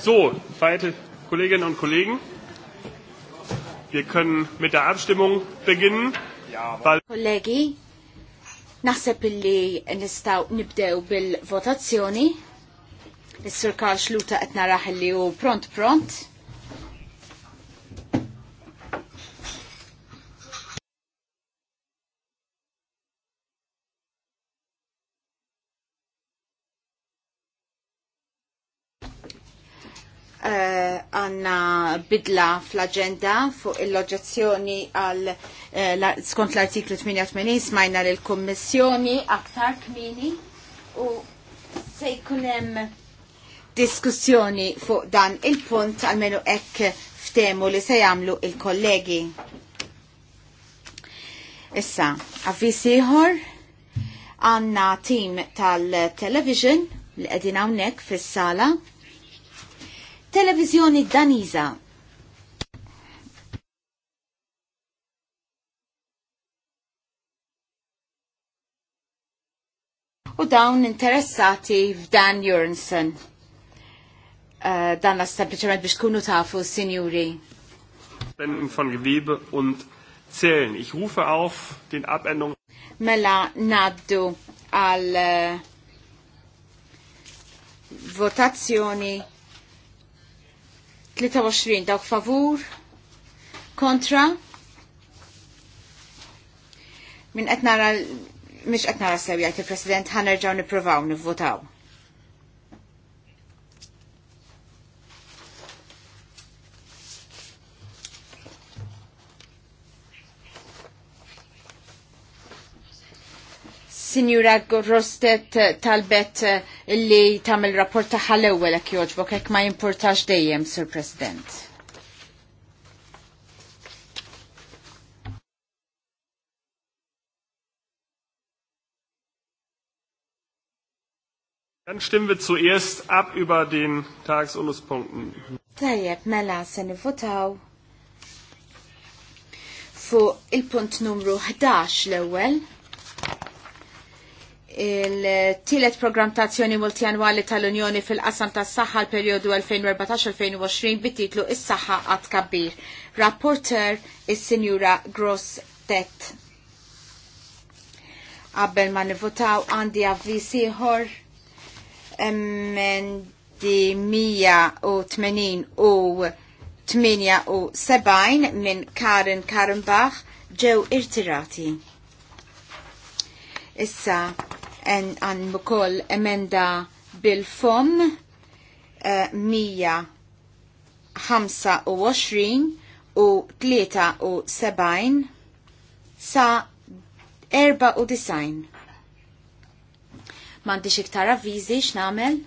So, verehrte Kolleginnen und Kollegen, wir können mit der Abstimmung beginnen. Kollegi, naħseb illi nistaw nibdew bil-votazzjoni. Is-Sur Karl Xluta qed naraħ u hu pront pront. għanna bidla fl-agenda fuq il-loġazzjoni għal eh, skont l-artiklu 88 smajna l-Kommissjoni aktar kmini u se jkunem diskussjoni fuq dan il-punt għalmenu ekk ftemu li se jamlu il-kollegi. Issa, avvisiħor għanna tim tal-television li għedin għawnek fis-sala televizjoni Daniza. U dawn interessati f'Dan Jurnsen. Uh, eh, dan sempliċement biex kunu tafu, sinjuri. Spenden von Gewebe und Zellen. Ich rufe auf den Abendung. Mela naddu għal eh, votazzjoni 23 dawk favur kontra min qed nara mhix qed nara sewja il-President ħanerġgħu nippruvaw nivvotaw. Signora Rostet eh, talbet eh, li tamil rapport ta' ħal-ewwel hekk jogħġbok hekk ma jimportax dejjem, Sur President. Dann stimmen wir zuerst ab über den Tagesordnungspunkten. Tajjeb, mela se nivvotaw fuq il-punt numru 11 l-ewwel il-tielet program ta' azzjoni multianwali tal-Unjoni fil-qasam tas saħħa l-periodu 2014-2020 bititlu Is-saħħa għad kabbir. Rapporter is-Sinjura Gross Tett. Qabel ma nivotaw għandi avvis ieħor emendi 180 u 78 minn Karin Karenbach ġew irtirati. Issa, en għan ukoll emenda bil-fom uh, eh, 125 u 73 sa 94. M'għandix iktar vizi x'namel?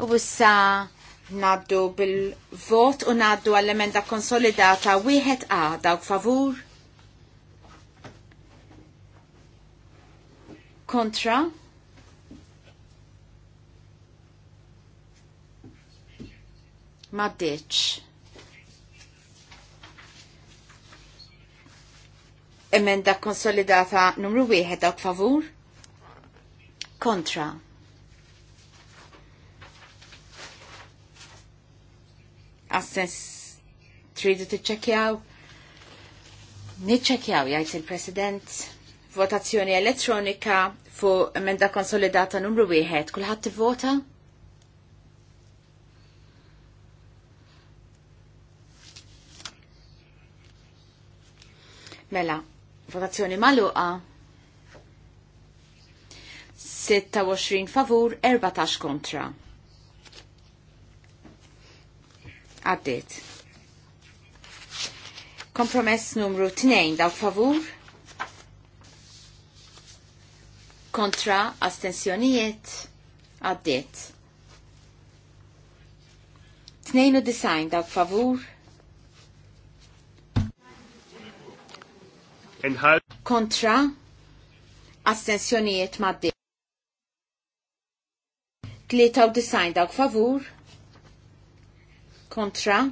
U issa Naddu bil-vot u naddu għall-emenda konsolidata wieħed A dawk favur. Kontra. ditx. Emenda konsolidata numru wieħed dawk favur. Kontra. assess tridu t-ċekjaw. Niċċekjaw jgħid il-President votazzjoni elettronika fuq emenda konsolidata numru wieħed. Kulħadd tivvota? Mela, votazzjoni maluqa. 26 favur, 14 kontra. Għaddit. Kompromess numru 2 dawk favur. Kontra astensjonijiet. Għaddit. 92 dawk favur. Kontra astensjonijiet u design dawk favur kontra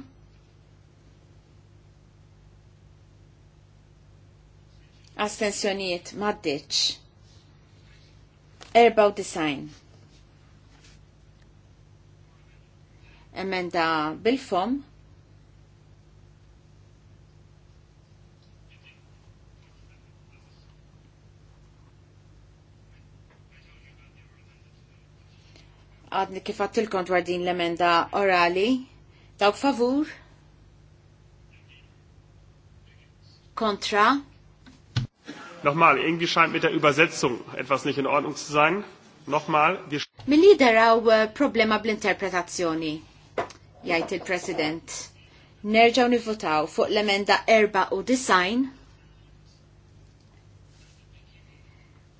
astensjonijiet maddiċ 94 emenda bil-fom għadni kif għattilkom dwar din l-emenda orali Dawk favur? Kontra? Nochmal, irgendwie scheint mit der Übersetzung etwas nicht in Ordnung zu sein. Nochmal, wir... Milli daraw uh, problema bl-interpretazzjoni, jajt il-President. Nerġaw nivvotaw fuq l-emenda erba u design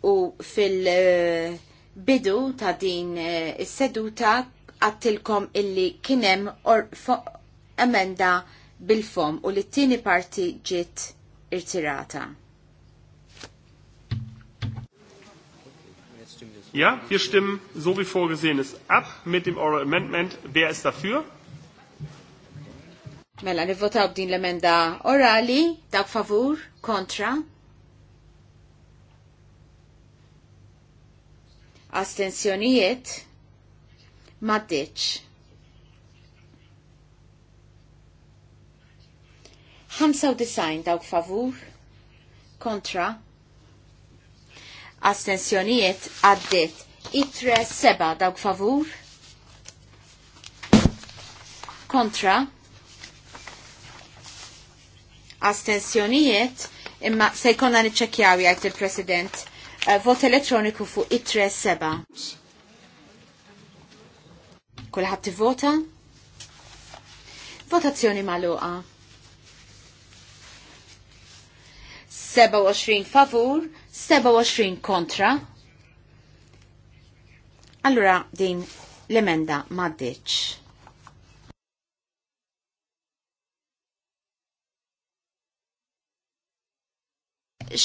u fil-bidu uh, ta' din uh, is-seduta għattilkom illi kienem or emenda bil-fom u li t-tini parti ġiet irtirata. Ja, wir stimmen so wie vorgesehen ist ab mit dem Oral Amendment. Wer ist dafür? Mela, nivvotaw din l-emenda orali, dak favur, kontra. Astensjonijiet u disajn dawk favur kontra astensjonijiet għaddit itre seba dawk favur kontra astensjonijiet imma se jkollna niċċekkjaw jgħid il-President eh, vot elettroniku fuq itre seba. Kulħadd tivvota? Votazzjoni magħluqa. 27 favur, 27 kontra. Allura din l-emenda maddiċ.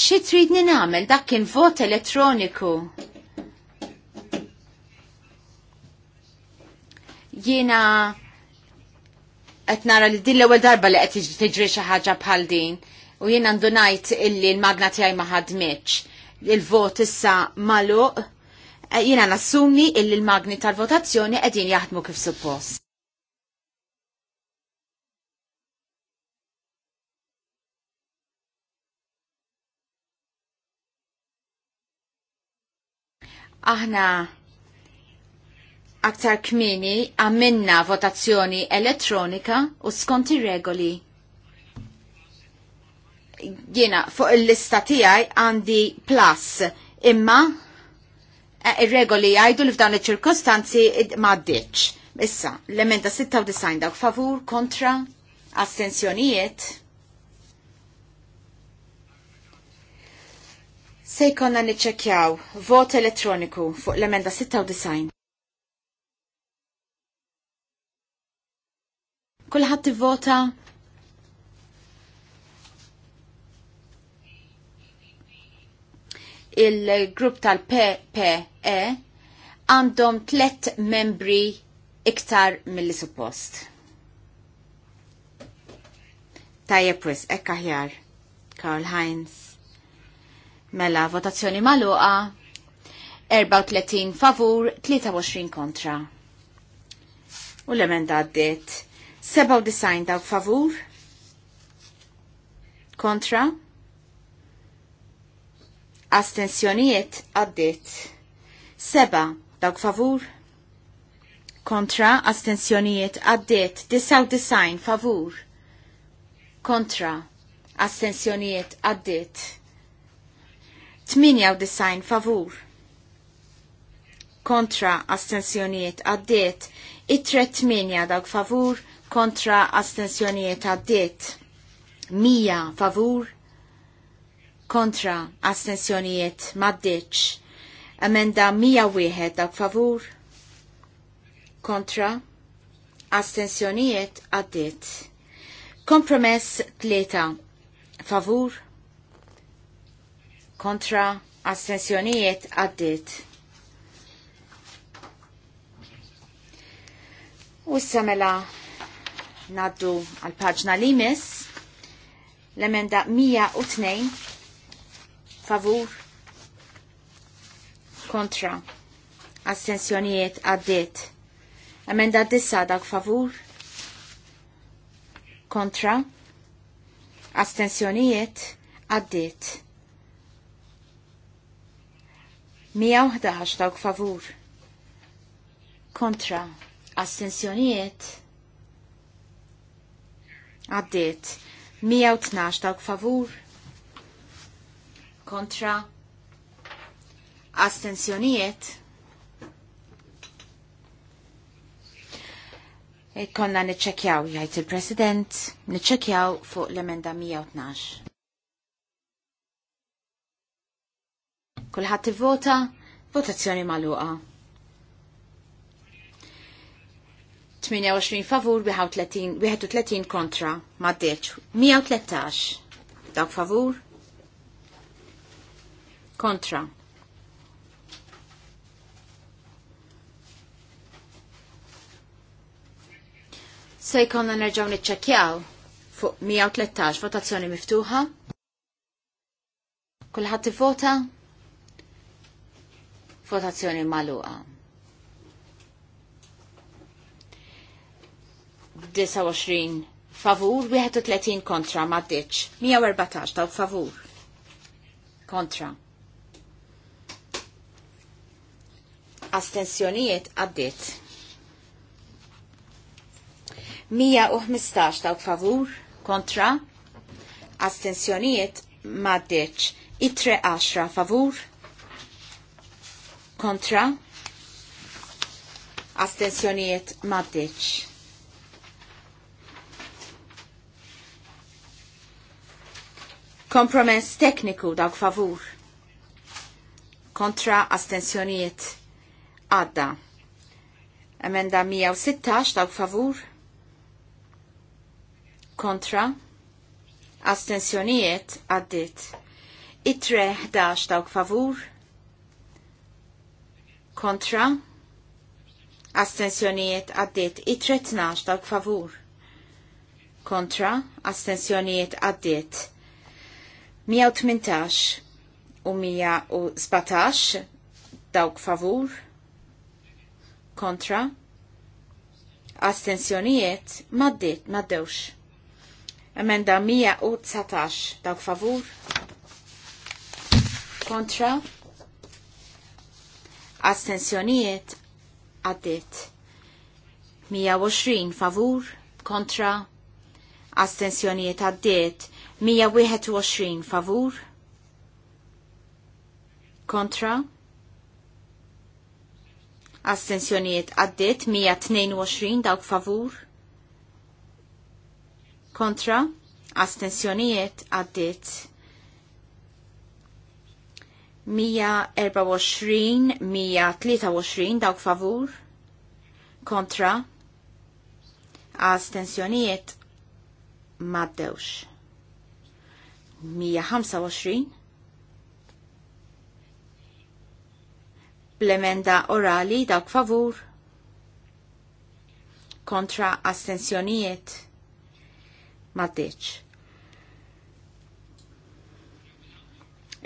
Xi tridni nagħmel dak kien vot elettroniku. Jiena qed nara li din l-ewwel darba li qed tiġri xi ħaġa bħal din u jiena ndunajt illi l-magna tiegħi ma ħadmitx. Il-vot issa magħluq e, jiena nassumi illi l-magni tal-votazzjoni qegħdin jaħdmu kif suppost. Aħna aktar kmini għamminna votazzjoni elettronika u skont ir-regoli. Jiena fuq il-lista tiegħi għandi plus imma e, ir-regoli jgħidu li f'dawn il ċirkostanzi id-maddiċ. Issa, l-emenda 96 dawk favur kontra astensjonijiet. Se jkollna niċċekkjaw vot elettroniku fuq l-emenda 96. Kulħadd ivvota il-grupp tal-PPE għandhom tlet membri iktar mill-li suppost. Tajjeb wis, ekk aħjar, Karl Heinz. Mela, votazzjoni maluqa, 34 favur, 23 kontra. U l-emenda għaddit. Seba'w disajn dawk favur kontra astensjonijiet għaddit. Seba dawk favur kontra astensjonijiet għaddit disajn favur kontra astensjonijiet għaddit disajn favur kontra astensjonijiet għaddit it-3 dawk favur kontra astensjonijiet għaddiet. Mija favur kontra astensjonijiet maddiċ. Amenda mija wieħed dak favur kontra astensjonijiet għaddiet. Kompromess tlieta favur kontra astensjonijiet għaddiet. U s-samela Naddu għal-paġna li mis, l-emenda 102, favur, kontra, assenzjonijiet għaddit. Emenda 9 dak favur, kontra, astensjonijiet għaddit. 111 dawk favur. Kontra, astensjonijiet Għaddiet. 112 dawk favur. Kontra. Astensjonijiet. E konna niċċekjaw, jgħid il-President, niċċekjaw fuq l-emenda 112. Kulħadd ivvota, votazzjoni magħluqa. 28 favur, 31 kontra, ma maddeċ. 113, dawk favur, kontra. Se jkollna nerġgħu niċċekkjaw fuq 113 votazzjoni miftuħa. Kulħadd ivota? Votazzjoni magħluqa. 29 favur, 31 kontra ma ddiċ. 114 dawk favur. Kontra. Astensjonijiet għaddit. 115 dawk favur, kontra. Astensjonijiet ma ddiċ. Itre 10 favur, kontra. Astensjonijiet ma Kompromess tekniku dawk favur. Kontra astensjonijiet għadda. Emenda 116 dawk favur. Kontra astensjonijiet għaddit. Itre 11 dawk favur. Kontra astensjonijiet għaddit. Itre 12 dawk favur. Kontra astensjonijiet għaddit 118 u 117 dawk favur kontra astensjonijiet maddit maddewx. Emenda 119 dawk favur kontra astensjonijiet għaddit. 120 favur kontra astensjonijiet għaddit 121 favur kontra Astensjonijiet għaddit 122 dawk favur kontra astensjonijiet għaddit 124, 123 dawk favur kontra astensjonijiet maddewx. 125 bl-emenda orali dawk favur kontra astensjonijiet maddeċ.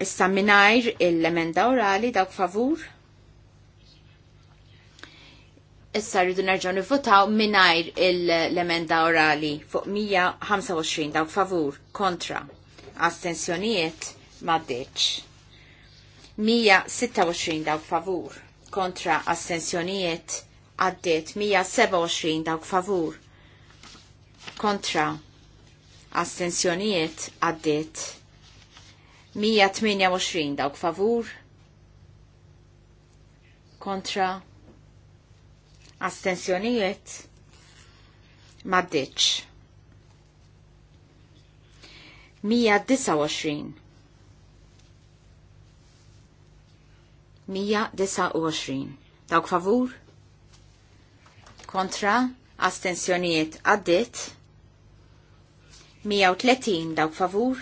Issa minajr il-emenda orali dawk favur. Issa rridu nerġaw nivvotaw minajr il-emenda orali fuq 125 dawk favur kontra astensjonijiet maddeċ. 126 dawk favur kontra astensjonijiet għaddiet 127 dawk favur kontra astensjonijiet għaddiet 128 dawk favur kontra astensjonijiet maddeċ. 129. Dawk favur? Kontra? Astensjoniet għaddit? 130 dawk favur?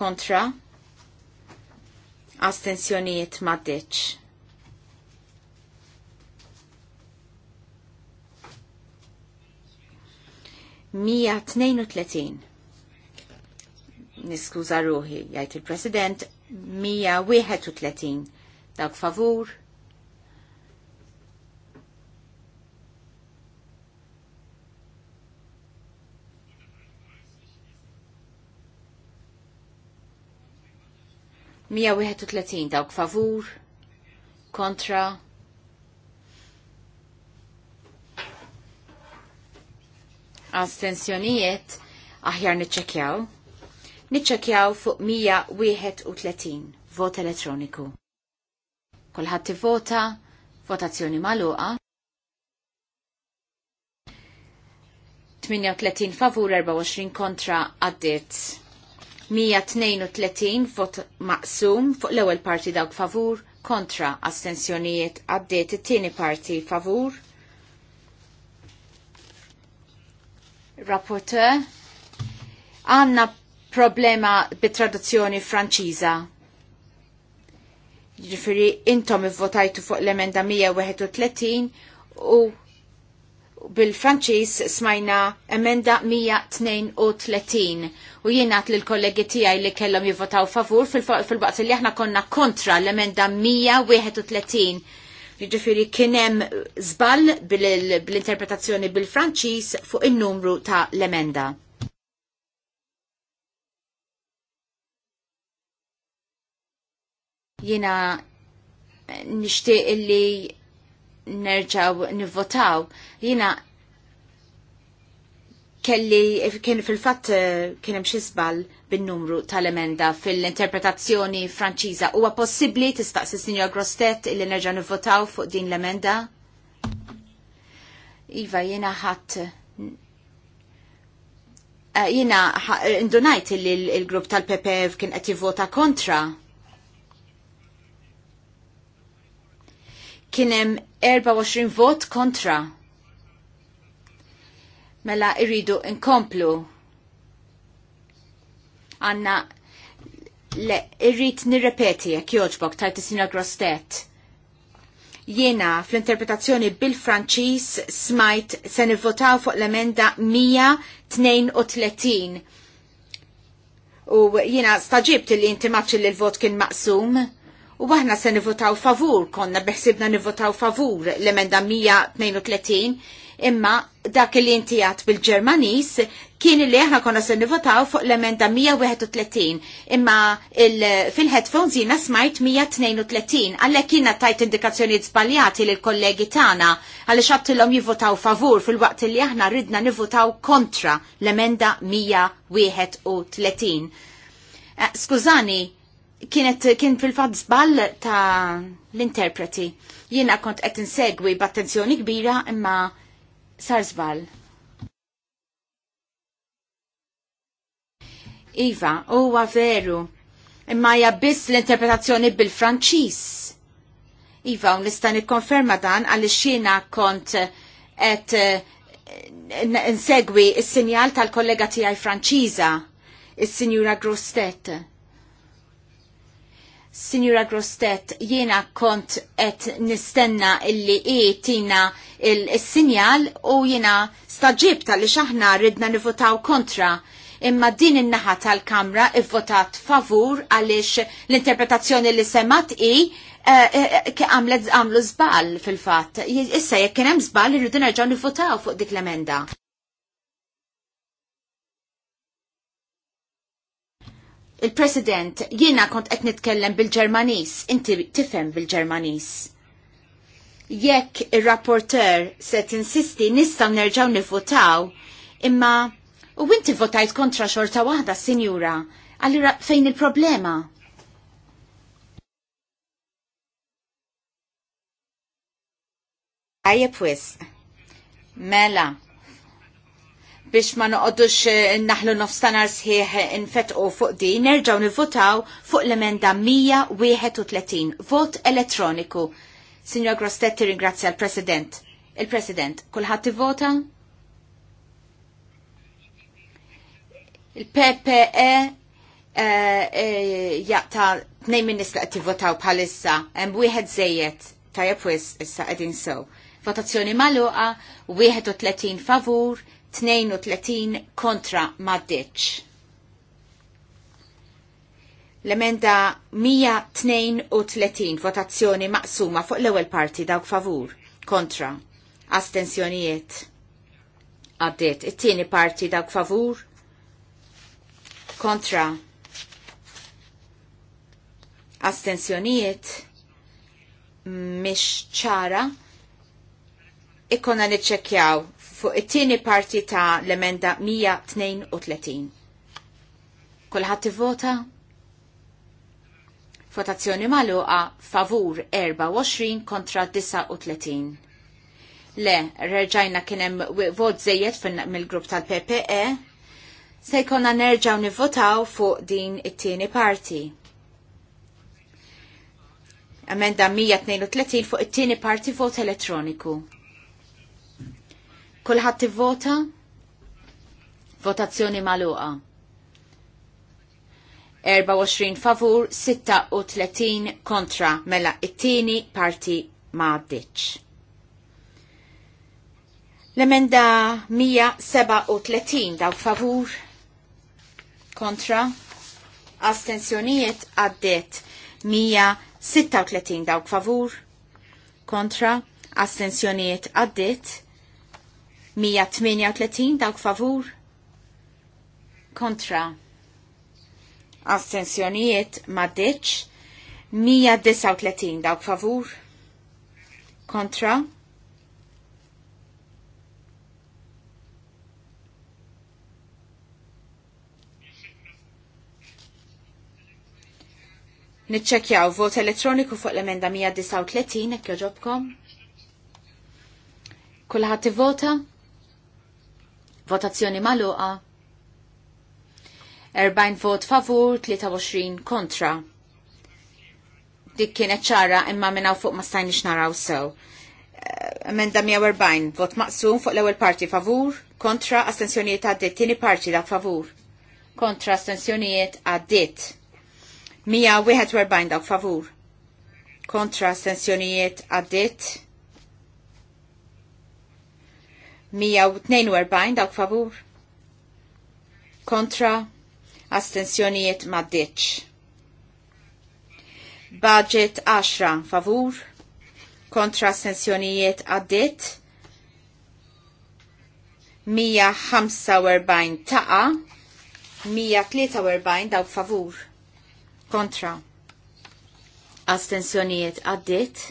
Kontra? Astensjoniet maddeċ? Mija tnejn u tletin niskuża ruħi, jgħid il-President, 131 dawk favur. Mija wieħed u tletin dawk favur, kontra, astensjonijiet, aħjar niċċekjaw niċċekjaw fuq 131 vot elettroniku. Kulħadd vota, votazzjoni magħluqa. 38 favur 24 kontra għaddit. 132 vot maqsum fuq l-ewwel parti dawk favur kontra astensjonijiet għaddit it-tieni parti favur. Rapporteur għanna problema bit-traduzzjoni Franċiża. Ġifiri, intom ivvotajtu fuq l-emenda 131 u bil franċiż smajna emenda 132 u jienat l kollegi tiegħi li kellhom jivvotaw favur fil waqt li aħna konna kontra l-emenda 131. Jiġifieri kien hemm żball bil-interpretazzjoni bil franċiż fuq in numru ta' l-emenda. Jina nishtiq illi nerġaw nivvotaw. Jina kelli kien fil-fatt kien hemm xi żball bin-numru tal-emenda fil-interpretazzjoni Franċiża. Huwa possibbli tistaqsi Sinjor Grostet illi nerġa' nivvotaw fuq din l-emenda? Iva, jiena ħadd eh, jiena indunajt li l-grupp tal-PPF kien qed jivvota kontra kienem 24 vot kontra. Mela irridu inkomplu. Għanna le irrid nirrepeti jekk joġbok tajt is-sina Grostet. Jiena fl-interpretazzjoni bil-Franċiż smajt se nivvotaw fuq l-emenda 132. U jiena staġibt li inti maċċi li l-vot kien maqsum U aħna se nivotaw favur, konna beħsibna nivotaw favur l-emenda 132, imma dak li inti għat bil-Ġermanis kien li aħna konna se nivotaw fuq l-emenda 131, imma fil-headphones jina smajt 132, għalle kiena tajt indikazzjoni zbaljati li l-kollegi tana, għalli xattilom jivotaw favur fil-waqt li aħna ridna nivotaw kontra l-emenda 131. Eh, skużani, kienet kien fil-fat zbal ta' l-interpreti. Jiena kont qed insegwi b'attenzjoni kbira imma sar zbal. Iva, huwa veru. Imma hija biss l-interpretazzjoni bil-Franċiż. Iva, u nista' nikkonferma dan għaliex jiena kont qed insegwi s-sinjal tal-kollega tiegħi Franċiża, is-Sinjura Grostet Signora Grostet, jiena kont et nistenna illi i tina il-sinjal u jiena staġibta li xaħna ridna nivotaw kontra imma din in-naħa tal-Kamra ivvotat favur għaliex l-interpretazzjoni li semat i eh, eh, għamlet għamlu zbal fil-fatt. Issa jekk kien hemm zbal irridu nerġaw nivvotaw fuq dik l-emenda. Il-President, jiena kont qed nitkellem bil-Ġermanis, inti tifhem bil-Ġermanis. Jekk ir-rapporter se tinsisti nista' nerġgħu nivvotaw, imma u inti votajt kontra xorta waħda, sinjura, allura fejn il-problema? Tajjeb wisq. Mela, biex ma noqodux eh, naħlu nofstanar sħiħ eh, infetqu fuq di, nerġaw nivvotaw fuq l-emenda 131, vot elettroniku. Signor Grostetti ringrazzja l-President. Il-President, kullħat vota? Il-PPE eh, jaqta nej minnis li t-votaw bħalissa, hemm wieħed zejiet, tajab wis issa qegħdin sew. Votazzjoni maluqa, 31 favur, 32 kontra maddiċ. L-emenda 132 votazzjoni maqsuma fuq l-ewwel parti dawk favur, kontra, astensjonijiet. għaddit. it-tieni parti dawk favur, kontra, astensjonijiet, mish ċara, ikkonna niċċekjaw fuq it-tieni parti ta' l-emenda 132. Kulħadd ivvota? Votazzjoni magħluqa favur 24 kontra 39. Le, reġajna kien hemm vot żejjed mill-grupp tal-PPE, se jkollna nerġgħu nivvotaw fuq din it-tieni parti. Emenda 132 fuq it-tieni parti vot elettroniku. Kulħadd tivvota? Votazzjoni magħluqa. 24 favur, 36 kontra mela it-tieni parti ma L-emenda 137 daw favur kontra astensjonijiet għaddet 136 dawk favur kontra astensjonijiet għaddiet 138 dawk favur kontra astensjonijiet deċ 139 dawk favur kontra Nitċekjaw vot elettroniku fuq l-emenda 139, ekk joġobkom. Kulħat vota? Votazzjoni maluqa. 40 vot favur, 23 kontra. Dik kienet ċara imma minnaw fuq ma stajni naraw sew. Eh, emenda 140, vot maqsum fuq l-ewwel parti favur, kontra astensjonijiet għaddit, tieni parti da favur. Kontra astensjonijiet għaddit. 141 dak favur. Kontra astensjonijiet għaddit. 142 dawk favur kontra astensjonijiet maddiċ. Budget 10 favur kontra astensjonijiet għaddit 145 taqa 143 dawk favur kontra astensjonijiet għaddit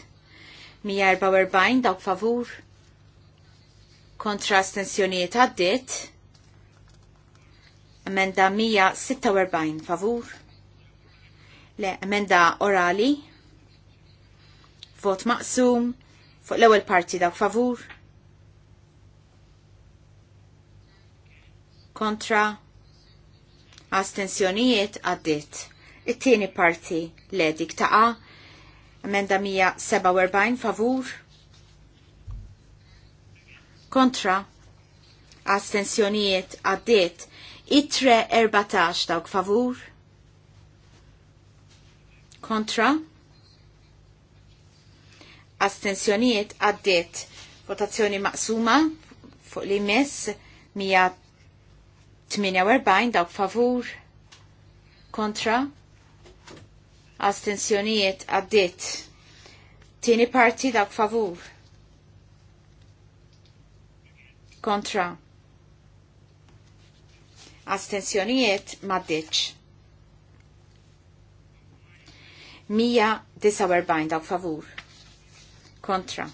144 dawk favur kontra astensjonijiet għaddit. Emenda 146 favur. Le, emenda orali. Vot maqsum. Fuq l-ewwel parti dak favur. Kontra astensjonijiet għaddit. It-tieni parti le diktaqa'. emenda 147 favur kontra astensjonijiet għaddiet itre 14 dawk favur kontra astensjonijiet għaddiet votazzjoni maqsuma fuq li mess 148 dawk favur kontra astensjonijiet għaddiet tieni parti dawk favur kontra astensjonijiet maddiċ. 149 daw favur kontra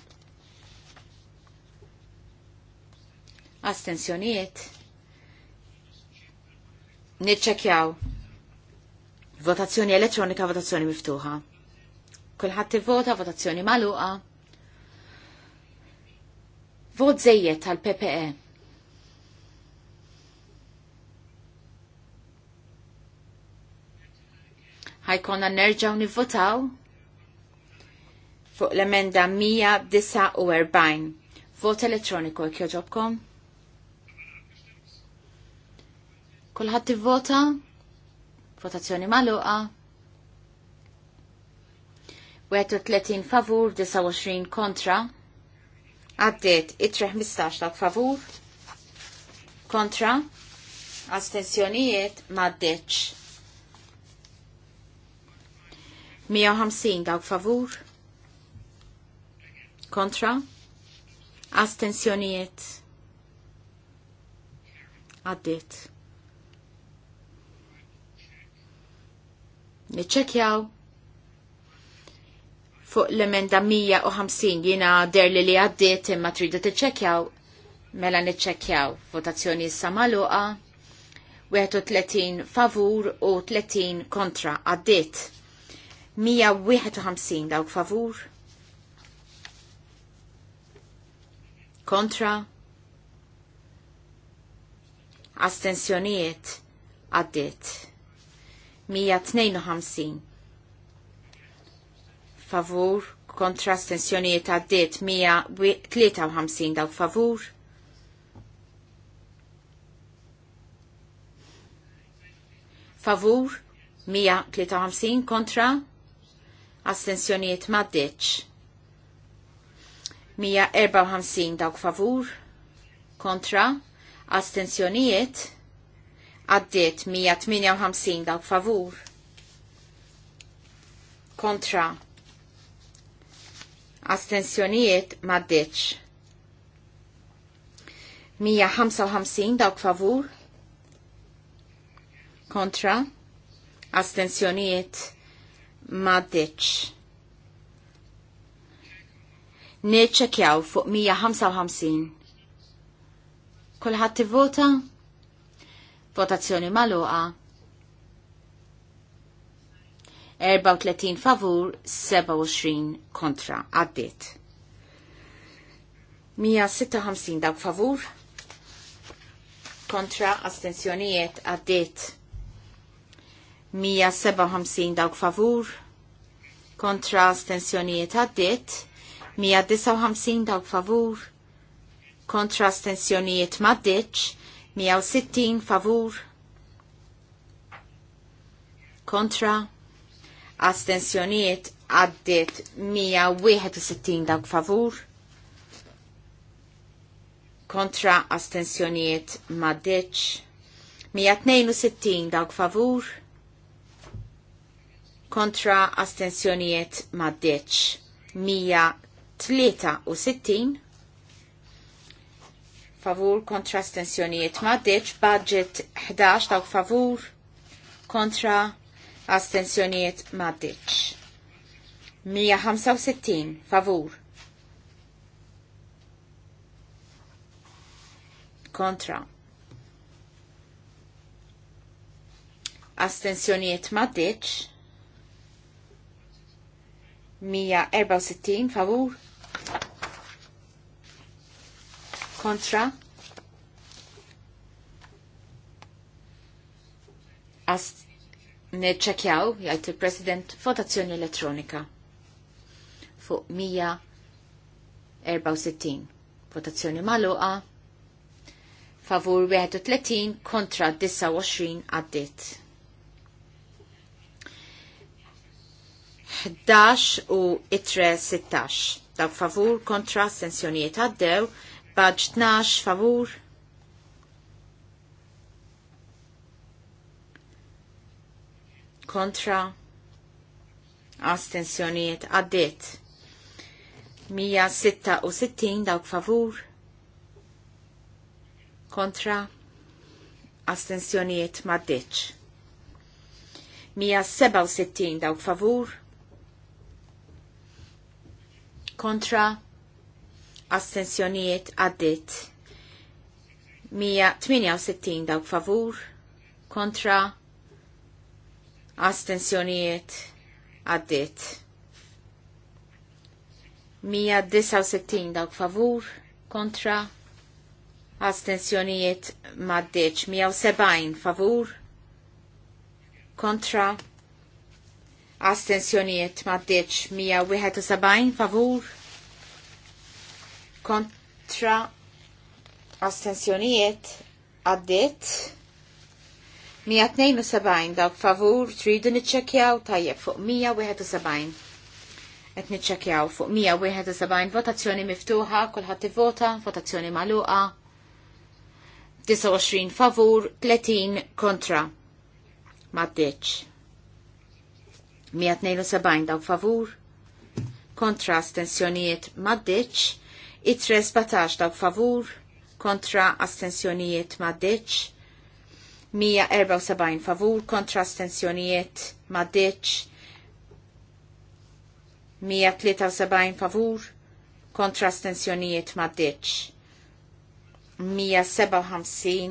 astensjonijiet Nitċekjaw. Votazzjoni elettronika, votazzjoni miftuħa. Kulħadd ivvota, votazzjoni maluqa. Vot zejjed tal-PPE. ħajkonna nerġaw nivvotaw fuq l-emenda 149. Vot elettroniku kjoġobkom. Kulħadd tivvota? Votazzjoni magħluqa. 31 favur, 29 kontra. Għaddiet it-3 15 dak favur kontra astensjonijiet maddeċ. 150 dawk favur kontra astensjonijiet għaddit. Niċċekjaw fuq l-emenda 150 jina der li li għaddit imma tridu t-ċekjaw, mela n-ċekjaw votazzjoni issa samaluqa 31 favur u 30 kontra għaddit. 151 dawk favur. Kontra. Astensjonijiet għaddit. 152 favur kontra stensjonijiet għaddit 153 dawk favur. Favur 153 kontra astensjonijiet maddeċ. 154 dawk favur kontra astensjonijiet għaddit 158 dawk favur kontra astensjonijiet maddiċ. 155 dawk favur kontra astensjonijiet maddiċ. Neċċekjaw fuq 155. Kulħadd tivvota? Votazzjoni maluqa. 34 favur, 27 kontra. Għaddit. 156 dawk favur, kontra astenzjonijiet għaddit. 157 dawk favur, kontra astenzjonijiet għaddit. 159 dawk favur, kontra astenzjonijiet maddiċ. 160 favur, kontra astensjoniet għaddit 161 dawk favur kontra astensjoniet maddeċ 162 dawk favur kontra astensjoniet maddeċ 163 favur kontra astensjonijiet maddeċ budget 11 dawk favur kontra astensjoniet maddiċ. 165 favur kontra astensjoniet maddiċ 164 favur kontra ast neċċekjaw, jgħid il-President, votazzjoni elettronika fuq 164. Votazzjoni maluqa, favur 31 kontra 29 għaddit. 11 u itre 16. Dak favur kontra sensjonijiet għaddew, baġ 12 favur kontra astensjoniet għaddit 166 dawk favur kontra astensjoniet maddiċ 167 dawk favur kontra astensjonijiet għaddit 168 dawk favur kontra astensjonijiet għaddit. 169 dawk favur kontra astensjonijiet maddeċ 170 favur kontra astensjonijiet maddeċ 171 favur kontra astensjonijiet għaddit 172 dawk favur tridu nitċekjaw tajjeb fuq 171. Qed nitċekjaw fuq 171 votazzjoni miftuħa, kulħadd ivota, votazzjoni magħluqa. 29 favur, 30 kontra. Maddeċ. 172 dawk favur, kontra astensjonijiet maddeċ, it 13 dawk favur, kontra astensjonijiet maddeċ, 174 favur kontra astensjonijiet deċ 173 favur kontra astensjonijiet deċ 157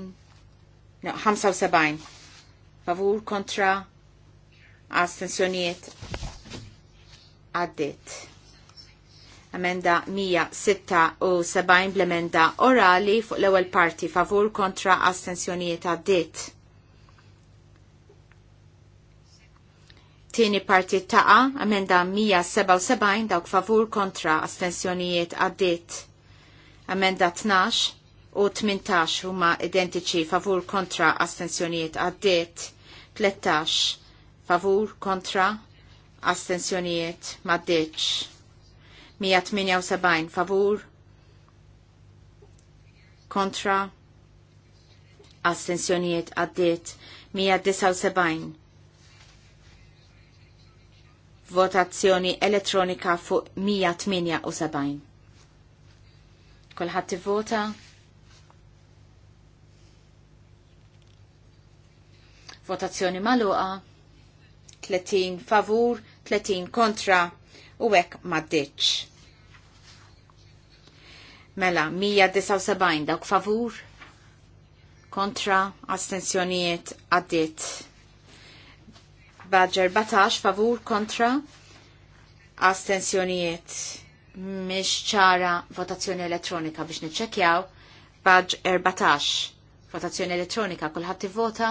no, 75 favur kontra astensjonijiet għaddit emenda 176 bl-emenda orali fuq l-ewwel parti favur kontra astensjonijiet għaddit. Tieni parti taqa, amenda 177 dawk favur kontra astensjonijiet għaddit. Amenda 12 u 18 huma identiċi favur kontra astensjonijiet għaddit. 13 favur kontra astensjonijiet maddeċ. 178 favur kontra astensjonijiet għaddit 179 votazzjoni elettronika fuq 178. Kolħat vota Votazzjoni maluqa. 30 favur, 30 kontra u hekk maddiċ. Mela, 179 dawk favur, kontra, astensjonijiet għaddit Badger 14 favur kontra astensjonijiet mhix ċara votazzjoni elettronika biex niċċekjaw. Badge 14 votazzjoni elettronika kulħadd vota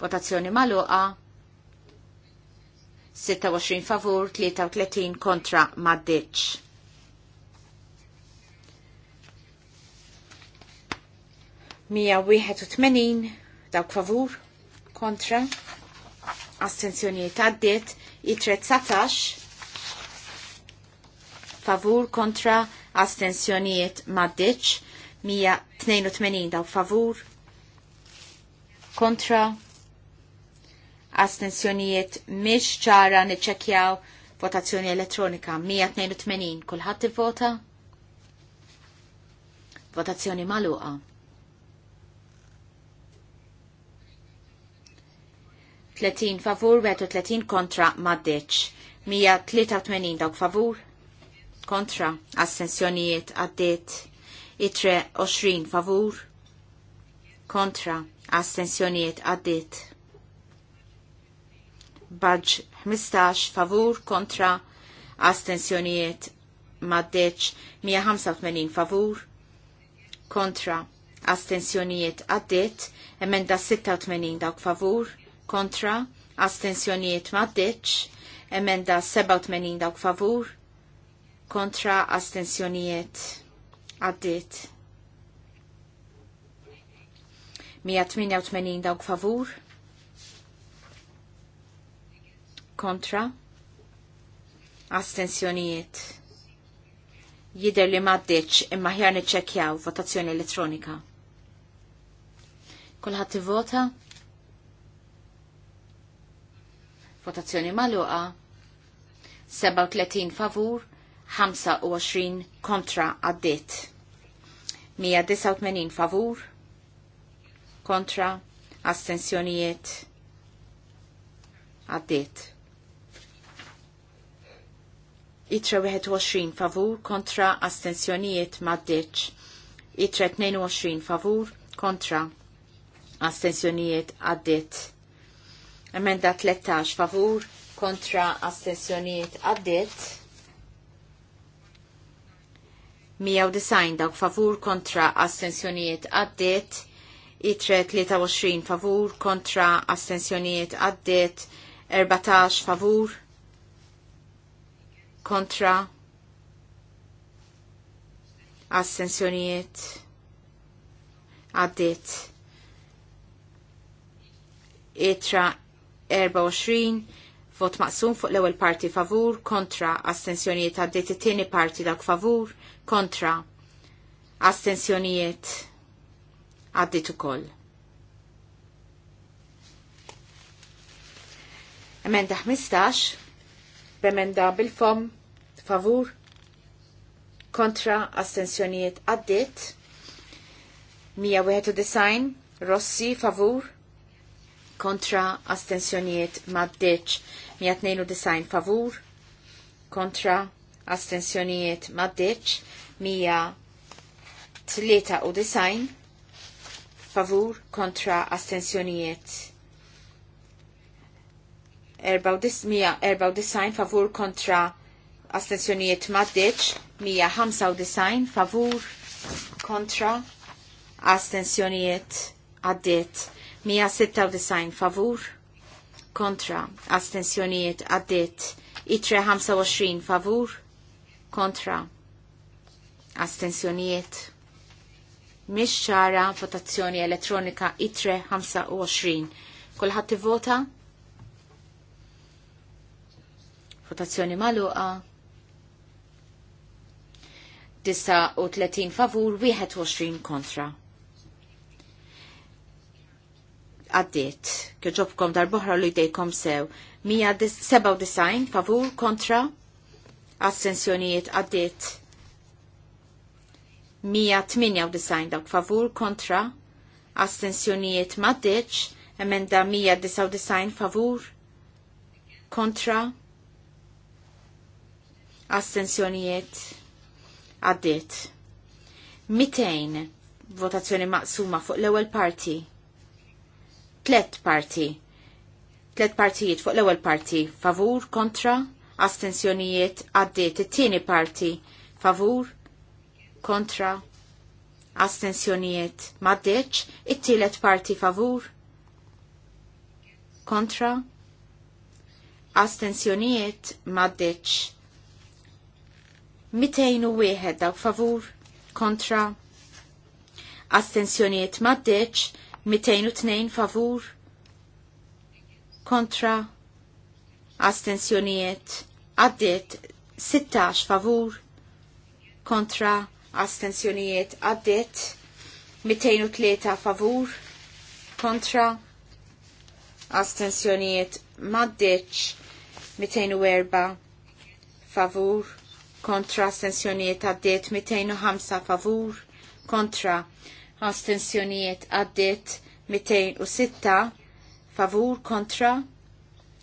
Votazzjoni magħluqa. 26 favur, 33 kontra maddiċ. Mija wieħed u tmenin dawk favur kontra astenzjonijiet i itret satax? favur kontra astenzjonijiet maddiċ, 182 daw favur kontra astenzjonijiet miex ċara niċċekjaw votazzjoni elettronika 182 kulħadd ivvota votazzjoni maluqa. 30 favur, 30 kontra maddeċ. 183 dawk favur, kontra assenzjonijiet għaddit. Itre 20 favur, kontra assenzjonijiet għaddit. Baġ 15 favur kontra astensjonijiet maddeċ 185 favur kontra astensjonijiet għaddit emenda 86 dawk favur kontra, astensjonijiet maddiċ, emenda 87 dawk favur, kontra astensjonijiet għaddit. 188 dawk favur, kontra, astensjonijiet. Jider li maddeċ imma ħjar niċċekjaw votazzjoni elettronika. Kulħadd ivota? vota Votazzjoni maluqa. 37 favur, 25 kontra għaddit. 189 favur, kontra astensjonijiet għaddit. Itra 21 favur kontra astensjonijiet maddeċ. Itra 22 favur kontra astensjonijiet għaddit. Emenda 13 favur kontra astensjoniet għaddit. 190 dawk favur kontra astensjoniet għaddit. Itre 23 favur kontra astensjoniet għaddit. 14 favur kontra astensjoniet għaddit itra 24 vot maqsum fuq l-ewwel parti favur kontra astensjonijiet għaddiet it-tieni parti dak favur kontra astensjonijiet għaddiet ukoll. Emenda 15 b'emenda bil-fom favur kontra astensjonijiet għaddiet 191 Rossi favur kontra astensjonijiet maddeċ 192 favur kontra astensjonijiet maddeċ 193 favur kontra astensjonijiet 194 favur kontra astensjonijiet maddeċ 195 favur kontra astensjonijiet għaddiet 196 favur kontra astensjonijiet għaddit itre 25 favur kontra astensjonijiet mish ċara votazzjoni elettronika itre 25 kolħat vota votazzjoni maluqa 39 favur 21 kontra għaddiet. Kjoġobkom darbohra li jdejkom sew. 197 favur kontra assenzjonijiet għaddiet. 198 dawk favur kontra astensjonijiet maddeċ, emenda 199 favur kontra astensjonijiet għaddiet. 200 votazzjoni maqsuma fuq l-ewwel parti tlet parti. Tlet partijiet fuq l-ewwel parti favur kontra astensjonijiet għaddiet it-tieni parti favur kontra astensjonijiet maddeċ it-tielet parti favur kontra astensjonijiet maddeċ 201 dawk favur kontra astensjonijiet maddeċ 202 favur kontra astensjonijiet għaddiet 16 favur kontra astensjonijiet għaddiet 203 favur kontra astensjonijiet mitejnu 204 favur kontra astensjonijiet għaddiet 205 favur kontra astensjonijiet għaddit 206 favur kontra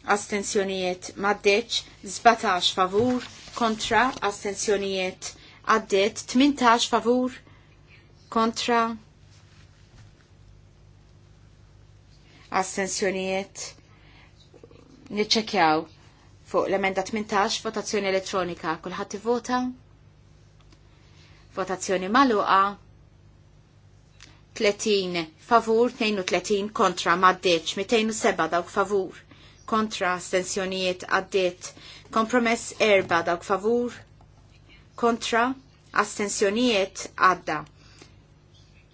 astensjonijiet maddeċ 17 favur kontra astensjonijiet għaddit 18 favur kontra astensjonijiet niċċekjaw fuq l-emenda 18 votazzjoni elettronika kulħadd ivota votazzjoni maluqa 30 favur, 32 kontra maddeċ, 207 dawk favur, kontra astensjonijiet għaddiet, kompromess erba dawk favur, kontra astensjonijiet għadda.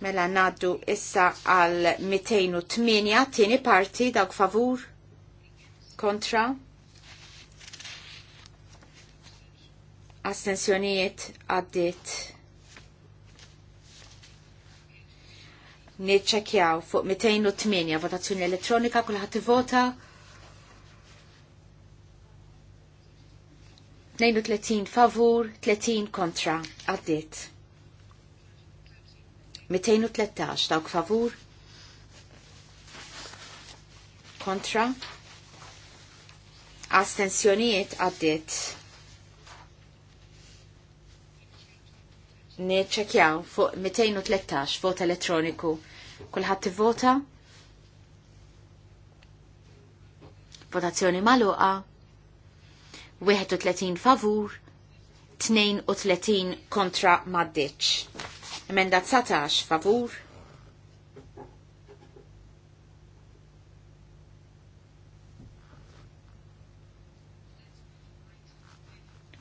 Mela naddu issa għal 208 tieni parti dawk favur, kontra astensjonijiet għaddiet. niċċekjaw fuq 208 votazzjoni elettronika kulħadd ivota. 32 favur, 30 kontra, għaddit. 213 dawk favur, kontra, Astenzjonijiet għaddit. Neċċekjaw fuq 213 vot elettroniku. Kulħadd tivvota? Votazzjoni magħluqa. 31 favur, 32 kontra maddiċ. Emenda 19 favur.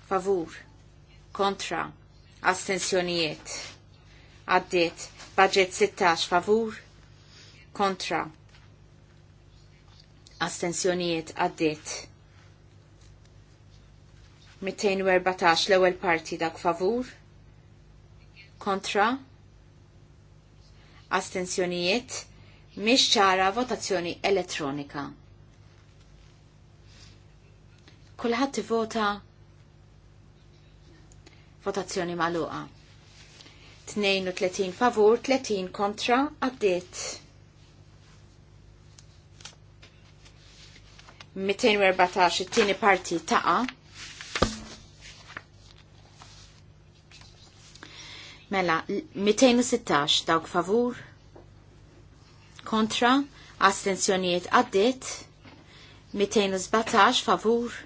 Favur. Kontra astensjonijiet għaddiet budget 16 favur kontra astensjonijiet għaddiet 214 l-ewwel parti dak favur kontra astensjonijiet mhix ċara votazzjoni elettronika. Kulħadd ivota Votazzjoni maluqa. 32 favur, 30 kontra, għaddit. 214 it-tieni parti taqa. Mela, 216 dawk favur, kontra, astensjonijiet għaddit, 217 favur,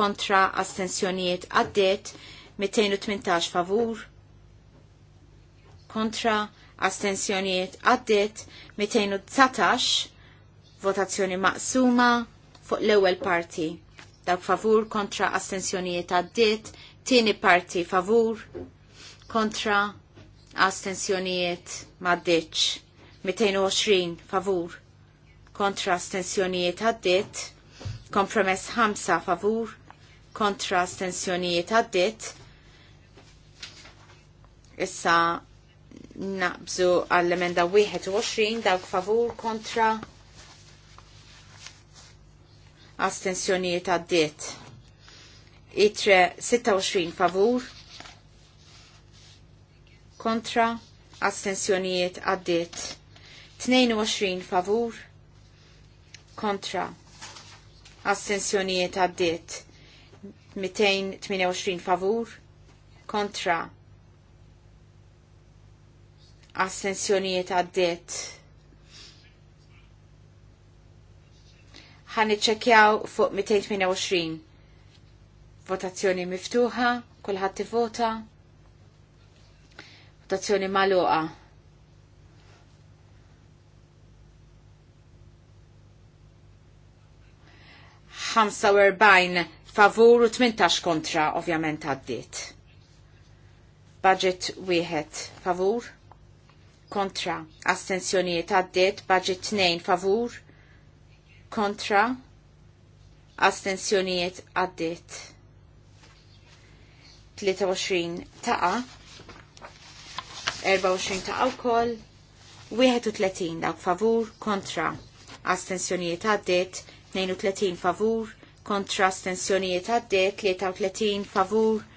kontra, astensjonijiet għaddit, 218 favur kontra astensjonijiet għaddit 219 votazzjoni maqsuma fuq l-ewwel parti. Dak favur kontra astensjonijiet għaddit, tieni parti favur kontra astensjonijiet maddiċ. 220 favur kontra astensjonijiet għaddit, kompromess 5 favur kontra astensjonijiet għaddit, Issa naqbżu għall-emenda 21 dawk favur kontra astensjonijiet għaddiet. Itre 26 favur kontra astensjonijiet għaddiet. 22 favur kontra astensjonijiet għaddiet. 228 favur kontra assenzjonijiet għaddiet. ħan iċċekjaw fuq 228. Votazzjoni miftuħa, kulħadd vota. Votazzjoni magħluqa. Ħamsa favur u 18 kontra ovvjament għaddiet. Budget wieħed favur kontra astenzjonijiet għaddiet budget tnejn favur kontra astenzjonijiet għaddiet 23 taqa 24 taqa u kol 31 dak favur kontra astensjonijiet għaddiet 32 favur kontra astensjonijiet għaddiet 33 favur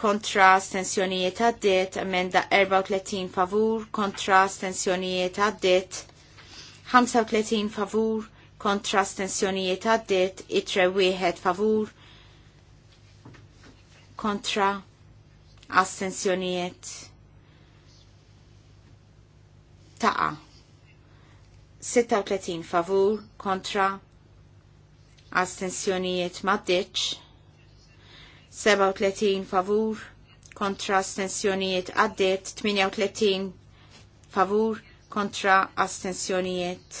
kontra stensjonijiet għaddit, emenda 34 favur, kontra stensjonijiet għaddit, 35 favur, kontra stensjonijiet għaddit, itre wieħed favur, kontra astensjonijiet taqa. 36 favur kontra astensjonijiet maddiċ. 37 favur kontra astensjonijiet għaddiet 38 favur kontra astensjonijiet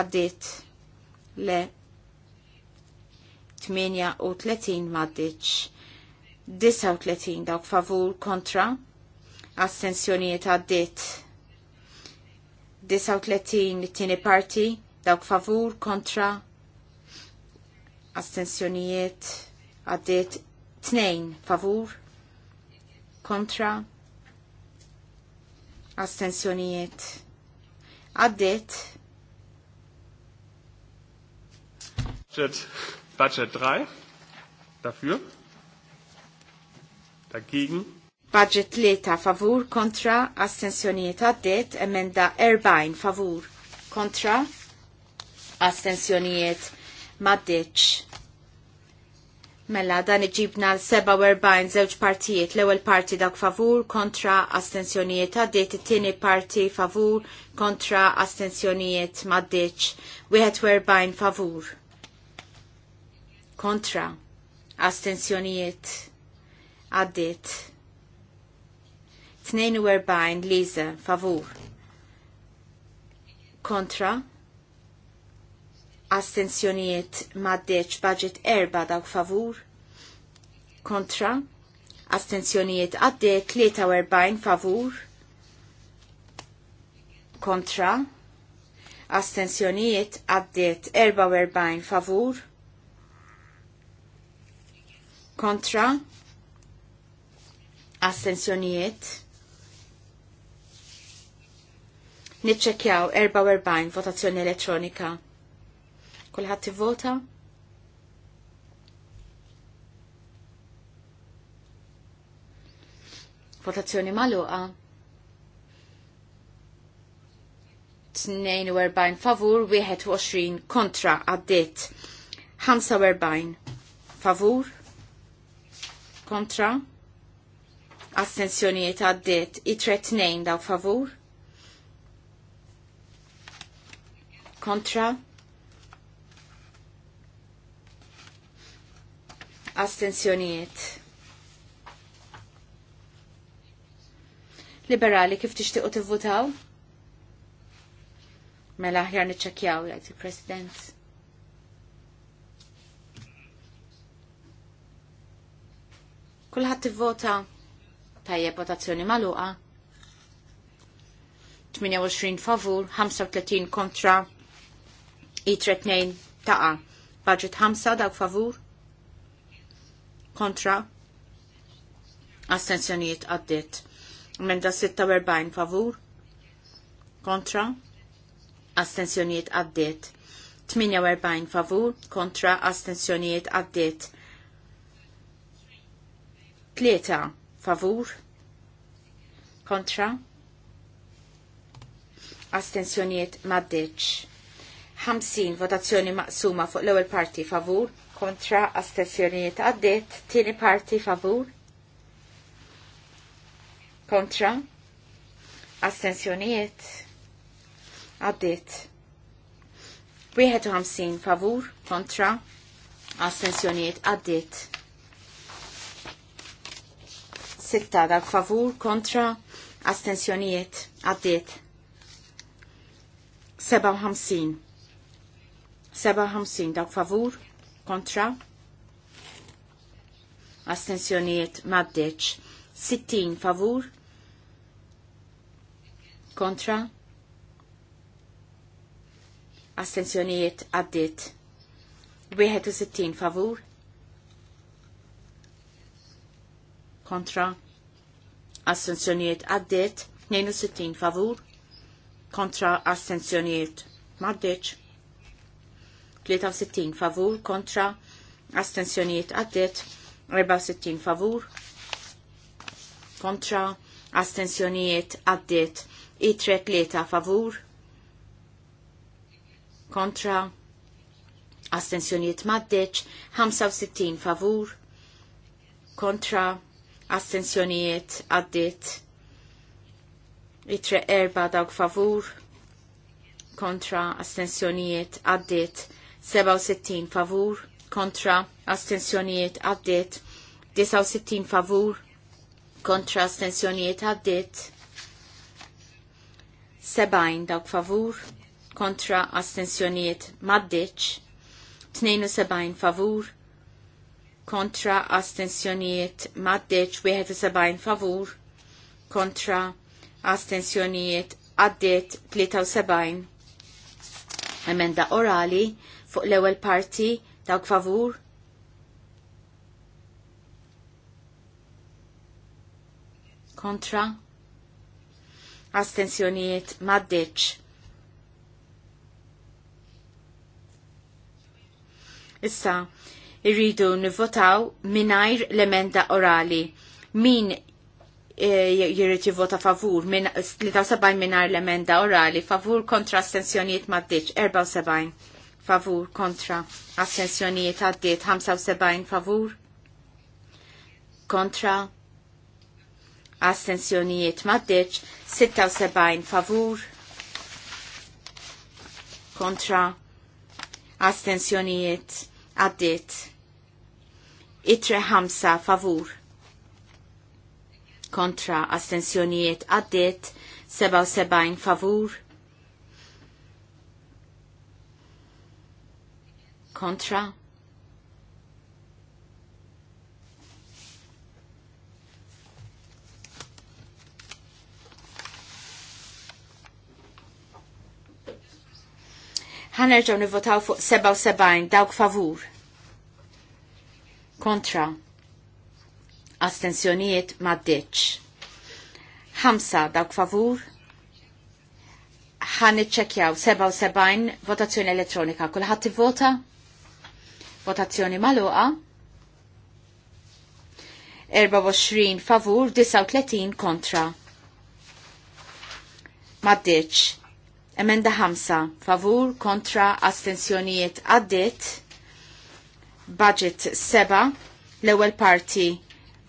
għaddiet le 38 maddiċ 39 dawk favur kontra astensjonijiet għaddiet 39 it-tieni parti dawk favur kontra astensjonijiet għaddit tnejn favur kontra astensjonijiet għaddit budget, budget 3 dafür dagegen Budget leta. favur kontra astensjonijiet għaddit emenda erbajn favur kontra astensjonijiet maddeċ Mela dan iġibna l-47 zewġ partijiet l-ewwel parti dak favur kontra astensjonijiet għaddiet it-tieni parti favur kontra astensjonijiet maddiċ Wieħed 41 favur kontra astensjonijiet għaddiet. 42 Liza favur kontra astensjonijiet maddeċ budget erba dawk favur, kontra, astensjonijiet għadde 43 favur, kontra, astensjonijiet għaddiet 44 favur, kontra, astensjonijiet, Nitċekjaw 44 votazzjoni elettronika. Kulħadd ivvota. Votazzjoni magħluqa. 42 favur, 21 kontra għaddit. 45 favur, kontra, astensjonijiet għaddit, itre 2 daw favur, kontra, Astenzjonijiet Liberali kif tixtiqu tivvutaw? Mela aħjar niċċakjaw, jgħid il-President. Kulħadd tivvota tajjeb votazzjoni magħluqa. 28 favur, 35 kontra, i 32 taqa. Budget 5 dawk favur, kontra astenzjonijiet għaddit. Menda 46 favur kontra astenzjonijiet għaddit. 48 favur kontra astenzjonijiet għaddit. 3 favur kontra astenzjonijiet maddeċ. 50 votazzjoni maqsuma fuq l-ewwel parti favur kontra astensjonijiet għaddit, tieni parti favur, kontra astensjonijiet għaddit. 51 favur kontra astensjonijiet għaddit. Sitta dak favur kontra astensjonijiet għaddit. 57 57 dak favur kontra astensjonijiet maddeċ 60 favur kontra astensjonijiet għaddit 61 favur kontra astensjonijiet għaddit 62 favur kontra astensjonijiet maddeċ 63 favur kontra astensjonijiet għaddet 64 favur kontra astensjonijiet għaddet i 3 favur kontra astensjonijiet maddeċ 65 favur kontra astensjonijiet għaddit itre erba dawk favur kontra astensjonijiet għaddet 67 favur kontra astensjonijiet għaddit 69 favur kontra astensjonijiet għaddit 70 dawk favur kontra astensjonijiet maddiċ 72 favur kontra astensjonijiet maddeċ 71 favur kontra astensjonijiet għaddit, 73 emenda orali fuq l-ewwel parti dawk favur. Kontra. Astensjonijiet maddiċ. Issa, irridu nivvotaw minajr l-emenda orali. Min eh, jirrit jivvota favur, min, 73 minar l-emenda orali, favur kontra astensjoniet maddiċ, 74 favur kontra assenzjonijiet għaddiet 75 favur kontra astensjonijiet maddeċ 76 favur kontra astensjonijiet għaddiet itre 5 favur kontra astensjonijiet għaddiet 77 favur kontra. ħanerġaw nivvotaw fuq 77 dawk favur. Kontra. Astensjonijiet maddeċ. Hamsa dawk favur. Ħan iċċekjaw 77 votazzjoni elettronika. Kulħadd ivvota? vota Votazzjoni maluqa. 24 favur, 39 kontra. Maddiċ. Emenda 5. Favur, kontra, astensjonijiet għaddit. Budget 7. L-ewel parti.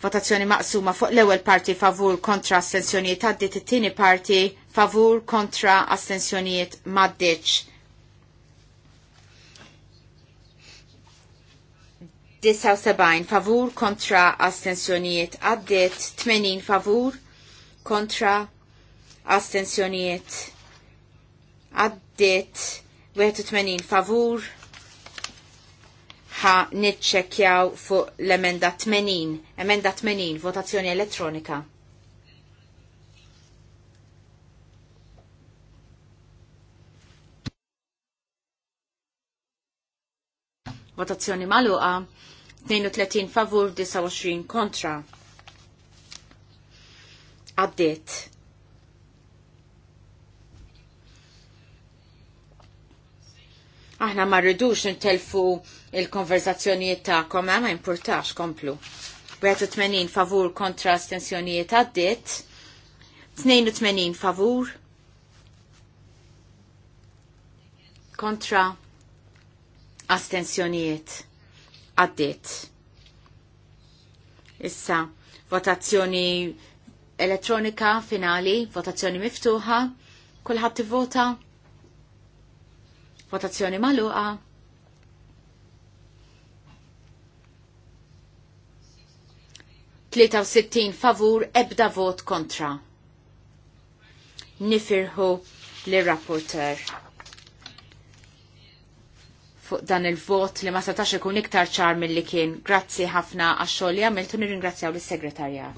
Votazzjoni maqsuma fuq l-ewel parti favur kontra astensjonijiet għaddit. It-tieni parti favur kontra astensjonijiet maddiċ. 79 favur kontra astensjonijiet għaddit 80 favur kontra astensjonijiet għaddit 81 favur ħa nitċekjaw fuq l-emenda 80, emenda 80, votazzjoni elettronika. Votazzjoni maluqa 32 favur 29 kontra. Għaddit. Aħna ma rridux nintelfu il-konverzazzjonijiet koma eh, ma importax komplu. 80 favur kontra astensjonijiet għaddit. 82 favur kontra astensjonijiet għaddit. Issa, votazzjoni elettronika finali, votazzjoni miftuħa, kulħadd tivvota, votazzjoni magħluqa. Tlita u sittin favur, ebda vot kontra. Nifirħu l-rapporter fuq dan il-vot li ma setax ikun iktar ċar mill-li kien. Grazzi ħafna għax-xogħol li għamiltu nirringrazzjaw l segretarja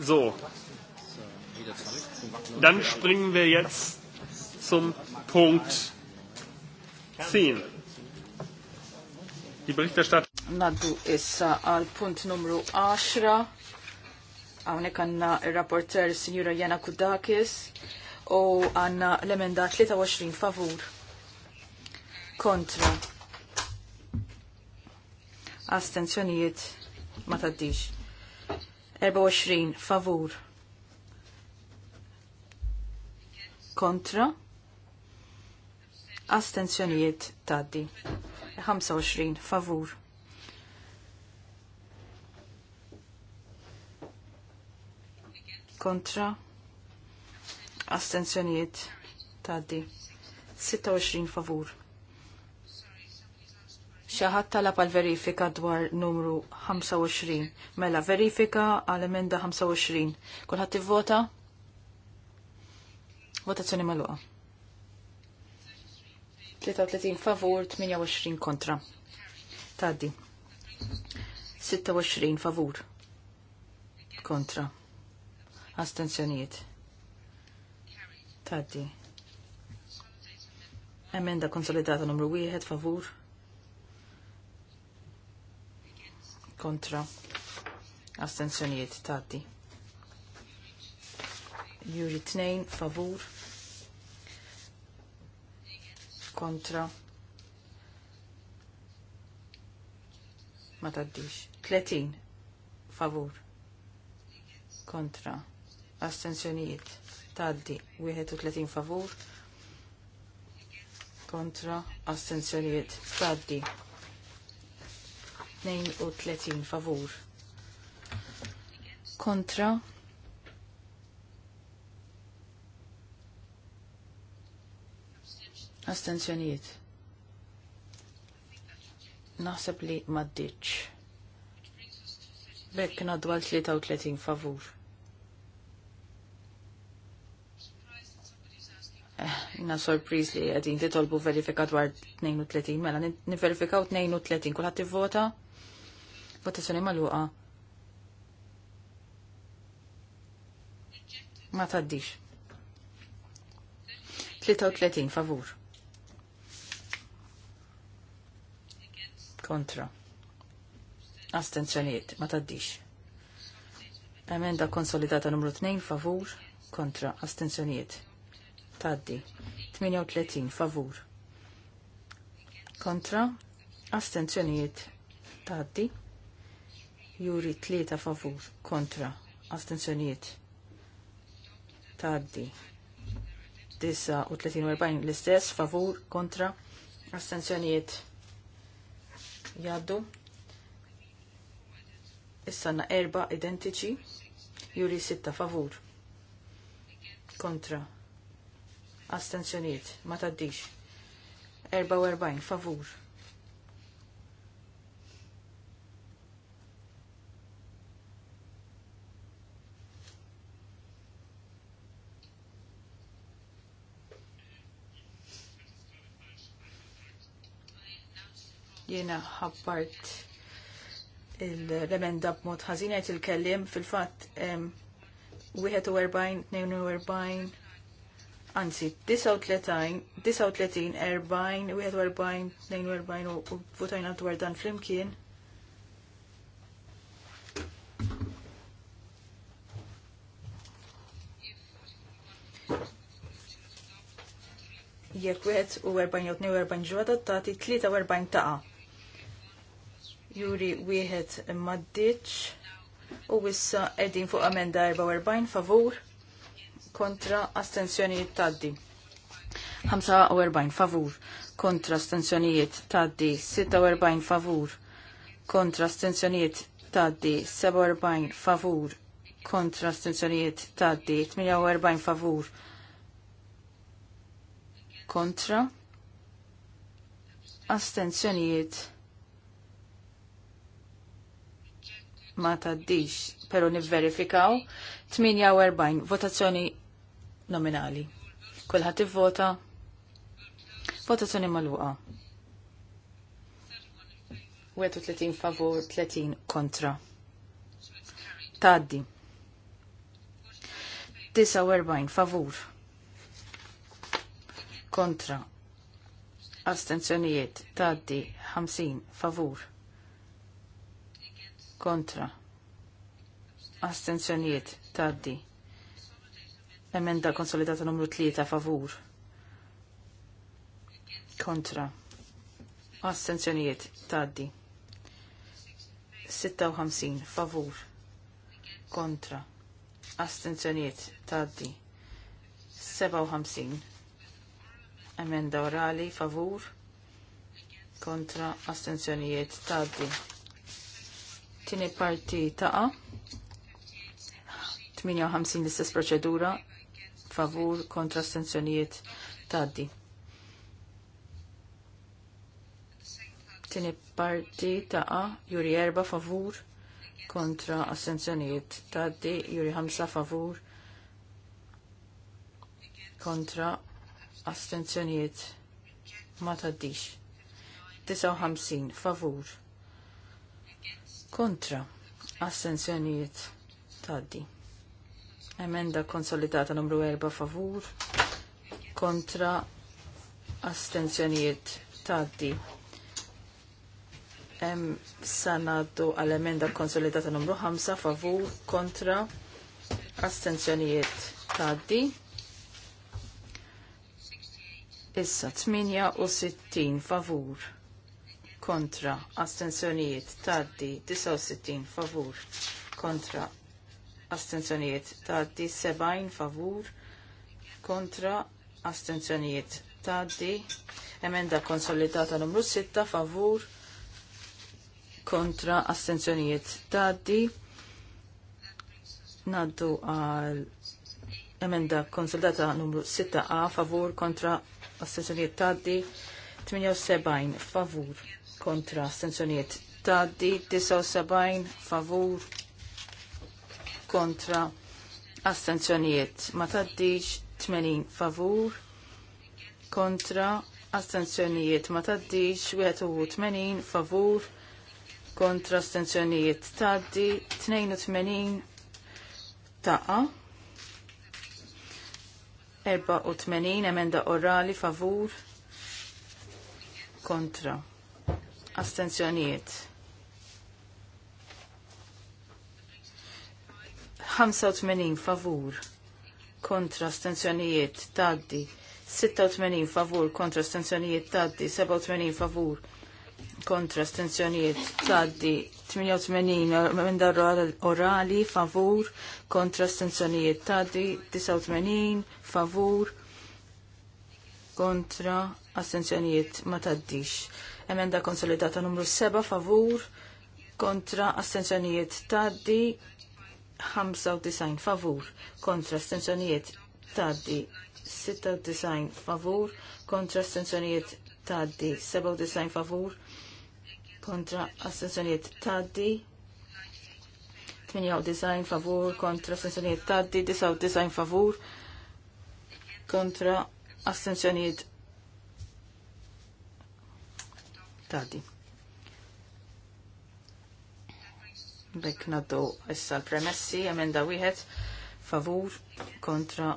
So. Dann springen wir jetzt zum Punkt 10. Die Berichterstattung Naddu issa għal punt numru 10. Għawnek għanna il-rapporter Signora Jana Kudakis u għanna l-emenda 23 favur kontra astenzjonijiet ma taddix 24 favur kontra astenzjonijiet taddi 25 favur kontra astenzjonijiet taddi 26 favur. Xaħat talab għal verifika dwar numru 25. Mela, verifika għal emenda 25. Kulħat vota? Votazzjoni maluqa. 33 favur, 28 kontra. Taddi. 26 favur. Kontra astenzjonijiet. Taddi. Emenda konsolidata numru 1 favur. Kontra. Astenzjonijiet taddi. Juri 2 favur. Kontra. Ma taddix. 30 favur. Kontra astensjonijiet taddi 31 favur kontra astensjonijiet taddi 32 favur kontra astensjonijiet naħseb li maddiċ bekk nadwal 33 favur Eh, Inna sorpriz li għedin titolbu verifika dwar 32, mela niverifikaw 32, kullħat t-vota? Votazzjoni maluqa. Ma taddix. 33 favur. Kontra. Astenzjoniet, ma taddix. Emenda konsolidata numru 2 favur kontra astenzjoniet taddi. 38 favur. Kontra, astenzjonijiet taddi. Juri 3 favur. Kontra, astenzjonijiet taddi. 39 l-istess, favur, kontra, astenzjonijiet jaddu. Issanna erba identiċi, juri sitta favur. Kontra, astenzjoniet ma taddix 44 favur Jiena ħabbart il-remenda b'mod ħażin il-kellim fil-fatt 41, 42, anzi 39, 40, 41, 42 u votajna dwar dan flimkien. Jekk wieħed u 40 u 42 ġew adattati, 43 taqa. Juri wieħed maddiċ u wissa qegħdin fuq amenda 44 favur kontra astensjonijiet taddi. 45 favur kontra astensjonijiet taddi. 46 favur kontra astensjonijiet taddi. 47 favur kontra astensjonijiet taddi. 48 favur kontra astensjonijiet ma taddix, pero nivverifikaw 48 votazzjoni nominali. Kulħadd ivvota. Votazzjoni magħluqa. 31 favur, 30 kontra. Taddi. 49 favur. Kontra. Astenzjonijiet. Taddi. 50 favur. Kontra. Astenzjonijiet. Taddi. Emenda konsolidata numru 3 favur. Kontra. Assenzjonijiet taddi. 56 favur. Kontra. Assenzjonijiet taddi. 57 emenda orali favur kontra Assenzjonijiet taddi. Tini parti taqa 58 l-istess proċedura favur kontra sanzjonijiet taddi. Tini parti ta' juri erba favur kontra assenzjonijiet taddi, juri ħamsa favur kontra astenzjonijiet ma taddix. 59 favur kontra astenzjonijiet taddi. Emenda konsolidata numru 4 favur kontra astenzjonijiet taddi. Em sanadu għal emenda konsolidata numru 5 favur kontra astenzjonijiet taddi. Issa 68 favur kontra astenzjonijiet taddi 69 favur kontra astenzjonijiet taddi 70 favur kontra astenzjonijiet taddi emenda konsolidata numru 6 favur kontra astenzjonijiet taddi naddu għal emenda konsolidata numru 6a favur kontra astenzjonijiet taddi 78 favur kontra astenzjonijiet taddi 79 favur kontra astenzjonijiet ma taddix 80 favur kontra astenzjonijiet ma taddix 81 favur kontra astenzjonijiet taddi 82 taqa 84 emenda orali favur kontra astenzjonijiet 85 favur kontra stenzjonijiet taddi 86 favur kontra stenzjonijiet taddi 87 favur kontra stenzjonijiet taddi 88 emenda orali favur kontra stenzjonijiet taddi 89 favur kontra astenzjonijiet ma taddix emenda konsolidata numru 7 favur kontra astenzjonijiet taddi 95 favur kontra stenzjonijiet taddi 96 favur kontra stenzjonijiet taddi 97 favur kontra astenzjonijiet taddi 98 favur kontra astenzjonijiet taddi 99 favur kontra astenzjonijiet taddi Bek naddu issa l-premessi, emenda wieħed favur kontra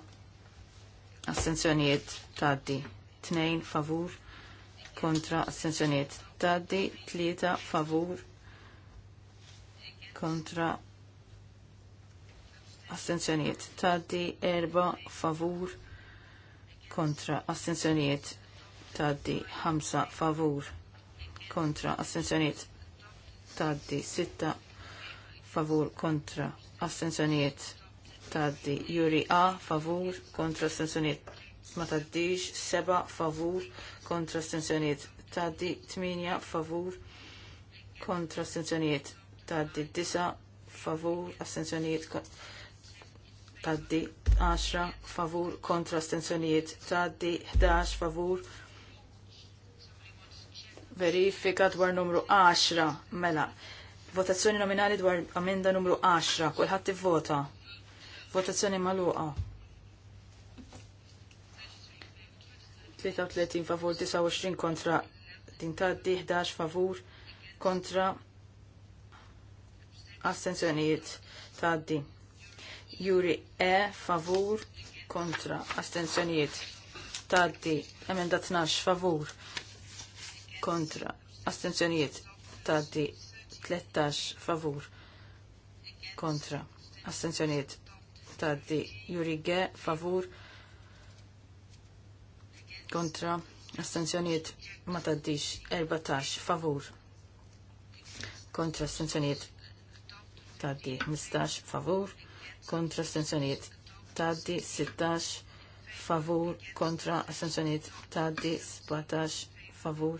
assenzjonijiet taddi. Tnejn favur kontra assenzjonijiet taddi. Tlieta favur kontra assenzjonijiet taddi. Erba favur kontra assenzjonijiet taddi. Hamsa favur kontra assenzjonijiet taddi. Sitta favur kontra astensjonijiet taddi. Juri A favur kontra astensjonijiet ma taddix. Seba favur kontra astensjonijiet taddi. Tminja favur kontra astensjonijiet taddi. Disa favur astensjonijiet taddi. 10 favur kontra astensjonijiet taddi. 11 favur verifika dwar numru 10 mela Votazzjoni nominali dwar amenda numru 10. Kulħadd vota. Votazzjoni magħluqa. 33 favur, 29 kontra. Din taddi. 11 favur kontra astenzjonijiet taddi. Juri E favur kontra astenzjonijiet taddi. Emenda 12 favur kontra astenzjonijiet taddi. 13 favur kontra astenzjoniet di jurige favur kontra astenzjoniet ma ta' taddix 14 favur kontra astenzjoniet di 15 favur kontra astenzjoniet di 16 favur kontra astenzjoniet taddi 17 favur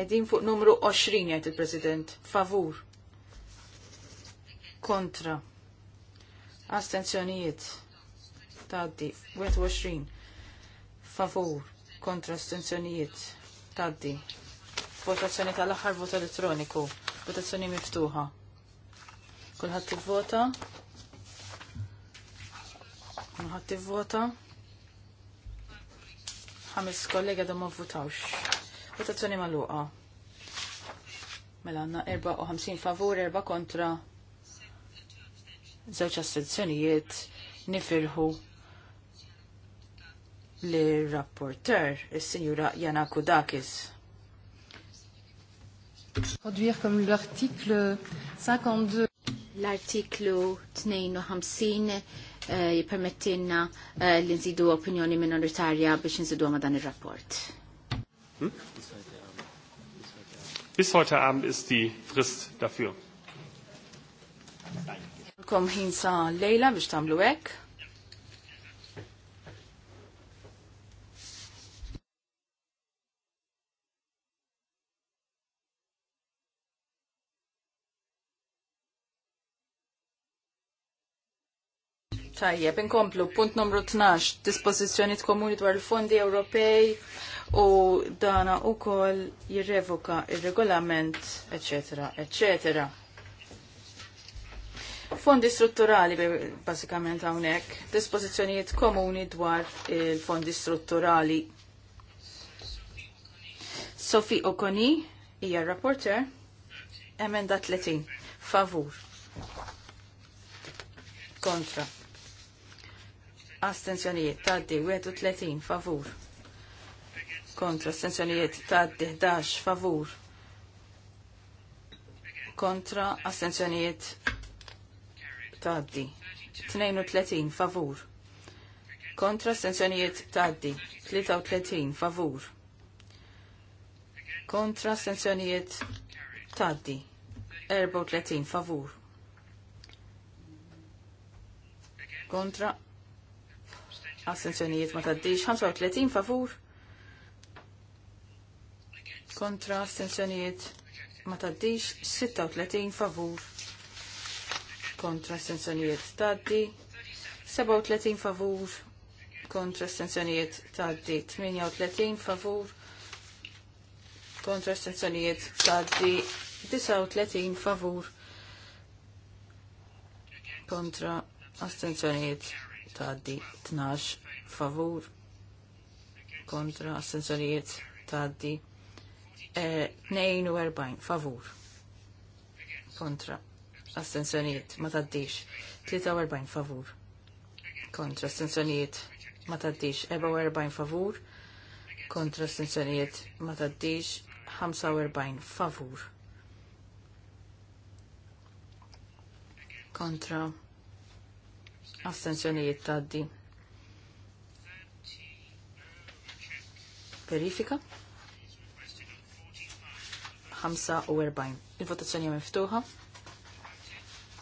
Edin fuq numru 20 jgħid il-President. Favur. Kontra. Astenzjonijiet. Taddi. 21. Favur. Kontra astenzjonijiet. Taddi. Votazzjoni tal-aħħar vot elettroniku. Votazzjoni miftuħa. Kulħadd tivvota. Kulħadd tivvota. Ħames kollega da ma votawx. Votazzjoni maluqa. Mela għanna 54 favur, 4 kontra. Zewċ astenzjonijiet nifirħu li rapporter il-Sinjura Jana Kudakis. Produire comme l'article 52. L'artiklu 52 eh, jipermettinna eh, l nżidu opinjoni minoritarja biex nżidu għamadan il-rapport. Hm? Bis heute Abend ist die Frist dafür. Tajjeb, inkomplu, punt numru 12, dispożizzjonijiet komuni dwar il-fondi Ewropej u dana u kol jirrevoka il-regolament, etc. etc. Fondi strutturali, basikament għawnek, dispozizjoniet komuni dwar il-fondi strutturali. Sofi Okoni, hija rapporter, emenda 30, favur. Kontra. Astenzjonijiet, taddi, 30, favur kontra astenzjonijiet ta' 11 favur kontra astenzjonijiet taddi 32 favur kontra astenzjonijiet taddi 33 favur kontra astenzjonijiet taddi 34 favur kontra Assenzjonijiet ma taddix 35 favur kontra astensjonijiet ma taddix 36 favur kontra astensjonijiet taddi 37 favur kontra astensjonijiet taddi 38 favur kontra astensjonijiet taddi 39 favur kontra astensjonijiet taddi 12 favur kontra astensjonijiet taddi 42 eh, favur kontra astensjoniet ma taddix 43 favur kontra astensjoniet ma taddix 44 favur kontra astensjoniet ma taddix 45 favur kontra astensjonijiet taddi verifika 45. Il-votazzjoni hija miftuħa.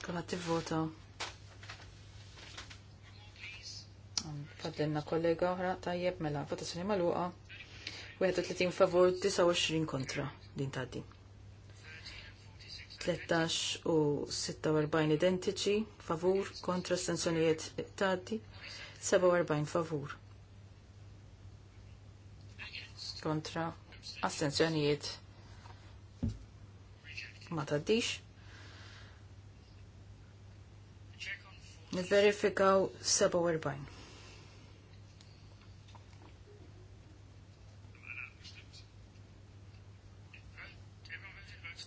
Kulħadd tivvota. Fadlenna kollega oħra tajjeb mela votazzjoni magħluqa. 31 favur, 29 kontra din tgħaddi. 13 u 46 identiċi, favur, kontra stenzjonijiet tgħaddi, 47 favur. Kontra astenzjonijiet ma taddix. Niverifikaw 47.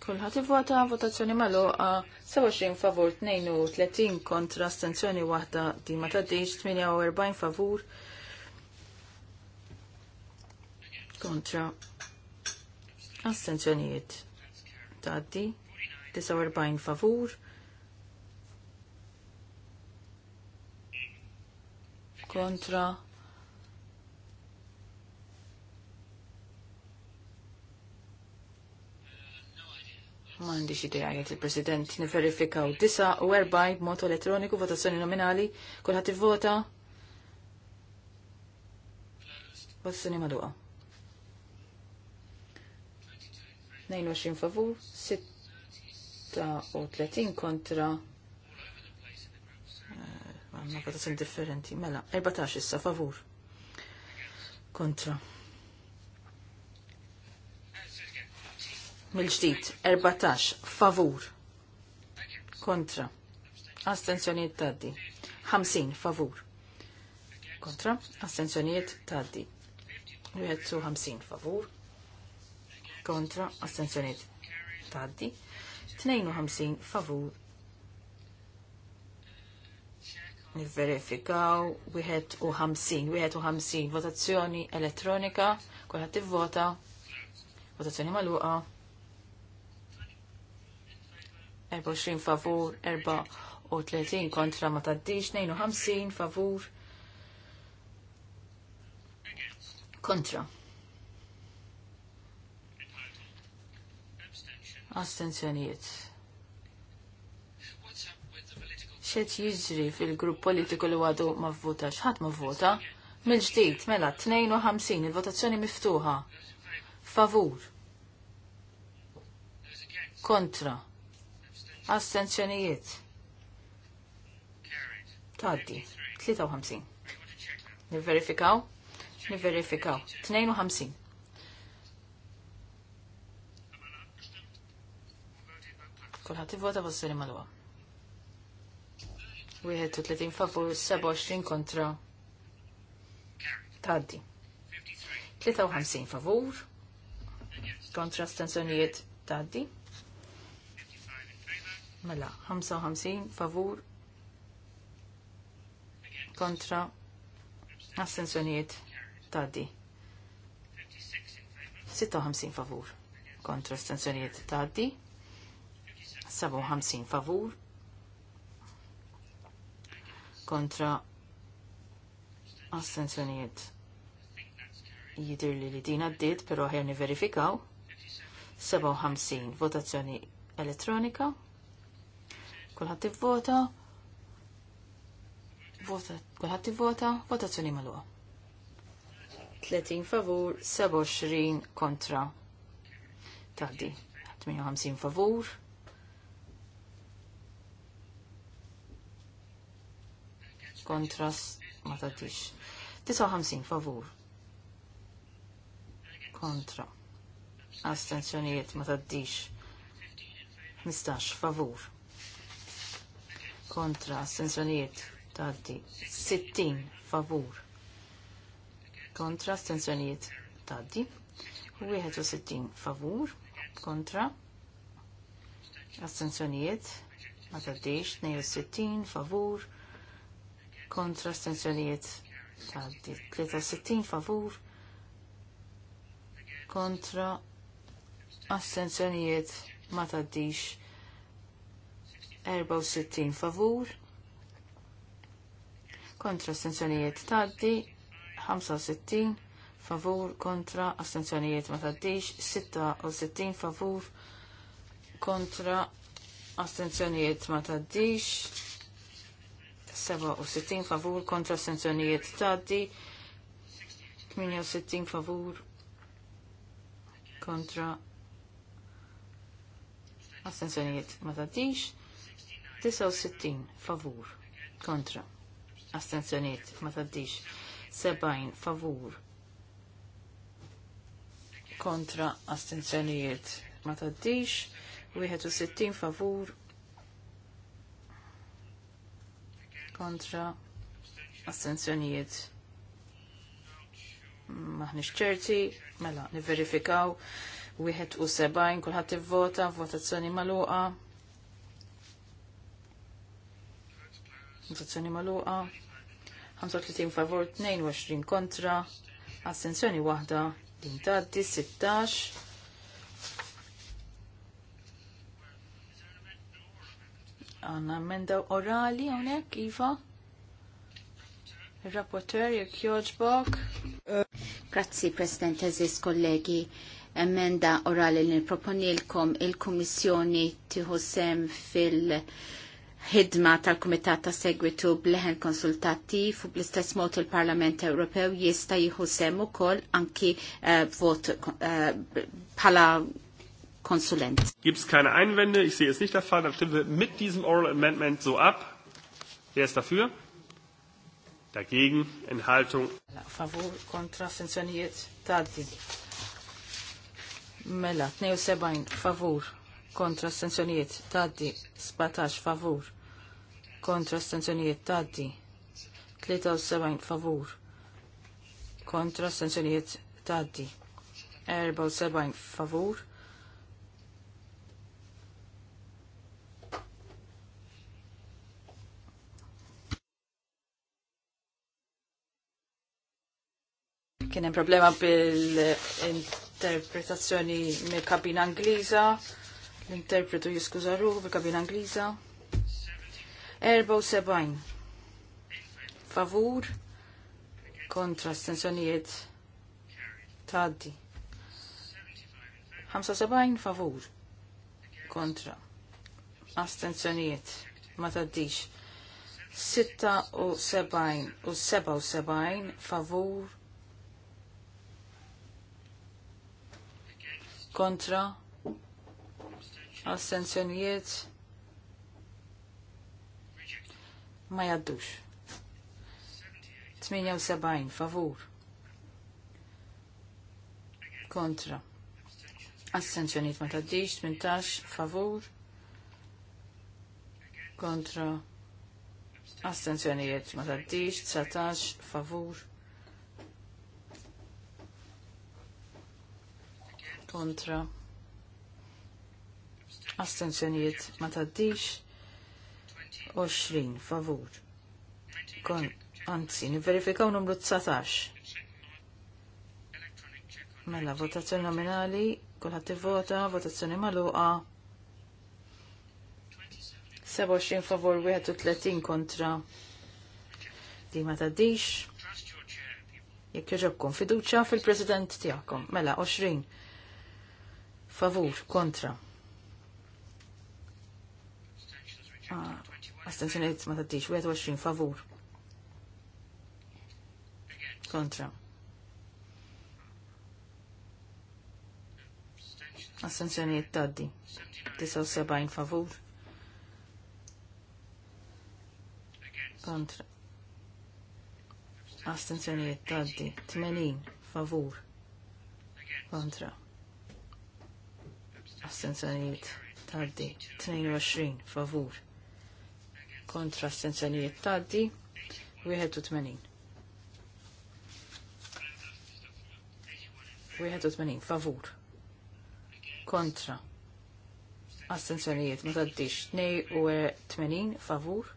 Kulħat vota votazzjoni maluqa 27 favur 32 kontra astenzjoni waħda di ma taddix 48 favur kontra astenzjonijiet Taddi, 49 favur, kontra Mandi idea jgħid il-President niverifikaw 9 u elettroniku votazzjoni nominali kulħadd ivvota. Votazzjoni madwa. 22 favur, 36 kontra eh, għanna votazzjoni differenti, mela, 14 issa favur. Kontra. Mil-ġdid, 14 favur. Kontra. Astenzjoniet taddi. 50 favur. Kontra. Astenzjoniet taddi. 51 favur kontra astenzjoniet taddi 52 favur nivverifikaw 51 51 votazzjoni elettronika kulħadd tivvota. votazzjoni magħluqa 24 favur 34 kontra ma taddix 52 favur kontra Astenzjonijiet. Xed jiġri fil-grupp politiku li għadu ma vvota, ħadd ma vvota. Mill-ġdid, mela 52 il-votazzjoni miftuħa. Favur. Kontra. Astenzjonijiet. Taddi. 53. Niverifikaw? Niverifikaw. 52. Kulħadd ivvota votazzjoni magħluqa. Wieħed u tletin favur, 27 kontra. Taddi. 53 favur. Kontra stenzjonijiet taddi. Mela, 55 favur. Kontra astenzjonijiet taddi. 56 favur kontra stenzjonijiet taddi, 57 favur kontra astenzjonijiet jidir li li din did pero ħer verifikaw 57 votazzjoni elettronika kullħat vota vota kullħat vota votazzjoni malwa 30 favur 27 kontra taħdi 58 favur Kontras ma tatix. 59 favur kontra Astenzjoniet ma tatix. 15 favur kontra astenzjonijiet taddi. 60 favur kontra astenzjonijiet taddi. 61 favur kontra Astenzjoniet ma tatix. 62 favur kontra kontra stenzjonijiet tal-di. 63 favur kontra astenzjonijiet ma taddix 64 favur kontra astenzjonijiet tal-di 65 favur kontra astenzjonijiet ma taddix 66 favur kontra astenzjonijiet ma taddix 67 favur kontra sanzjonijiet taddi 68 favur kontra astensjonijiet ma taddix 69 favur kontra astensjonijiet ma taddix 70 favur kontra astensjonijiet ma taddix 61 favur kontra astenzjonijiet Maħni ċerti, mela niverifikaw wieħed u sebajn kulħadd ivvota votazzjoni magħluqa. Votazzjoni magħluqa. 35 favor, 22 kontra, astenzjoni waħda din tgħaddi 16 Għanna emenda orali għonek, Iva? Il-rapporter, jek joġbok. Grazzi, President, eżis kollegi. Emenda orali li proponilkom il-Komissjoni sem fil- ħidma tal-Kumitat ta' Segwitu bleħen konsultattiv u bl-istess mod il-Parlament Ewropew jista' jieħu sem ukoll anki uh, vot eh, bħala Konsulent. Gibt es keine Einwände? Ich sehe es nicht der Fall. Dann stimmen wir mit diesem Oral Amendment so ab. Wer ist dafür? Dagegen? Enthaltung? Favor, kontra, sanzjonijiet, taddi. Mela, 72, favor, kontra, sanzjonijiet, taddi. 17, favor, kontra, sanzjonijiet, taddi. 73, favor, kontra, sanzjonijiet, taddi. 74, favur, Kien hemm problema bil-interpretazzjoni mill-kabina Angliża. L-interpretu jiskuża ruħu bil-kabina Angliża. 74. Favur kontra stenzjonijiet taddi. 75 favur kontra astenzjonijiet ma taddix 76 u 77 favur kontra assenzjonijiet ma jaddux 78 favur kontra assenzjonijiet ma taddix 18 favur kontra assenzjonijiet ma taddix 19 favur kontra astenzjonijiet ma taddix 20 favur kon anzi niverifikaw numru 19 mela votazzjoni nominali kulħadd vota votazzjoni magħluqa 27 favur 31 kontra di ma taddix jekk joġobkom fiduċa fil-president tiegħekom mela 20 favur kontra. Ah, Astenzjoniet ma taddix, 21 favur kontra. Astenzjoniet taddi, 79 favur kontra. Astenzjoniet taddi, 80 favur kontra astenzjonijiet taddi. 22 favur kontra assenzjonijiet taddi. 81. 81 favur kontra astenzjonijiet ma taddix 82 favur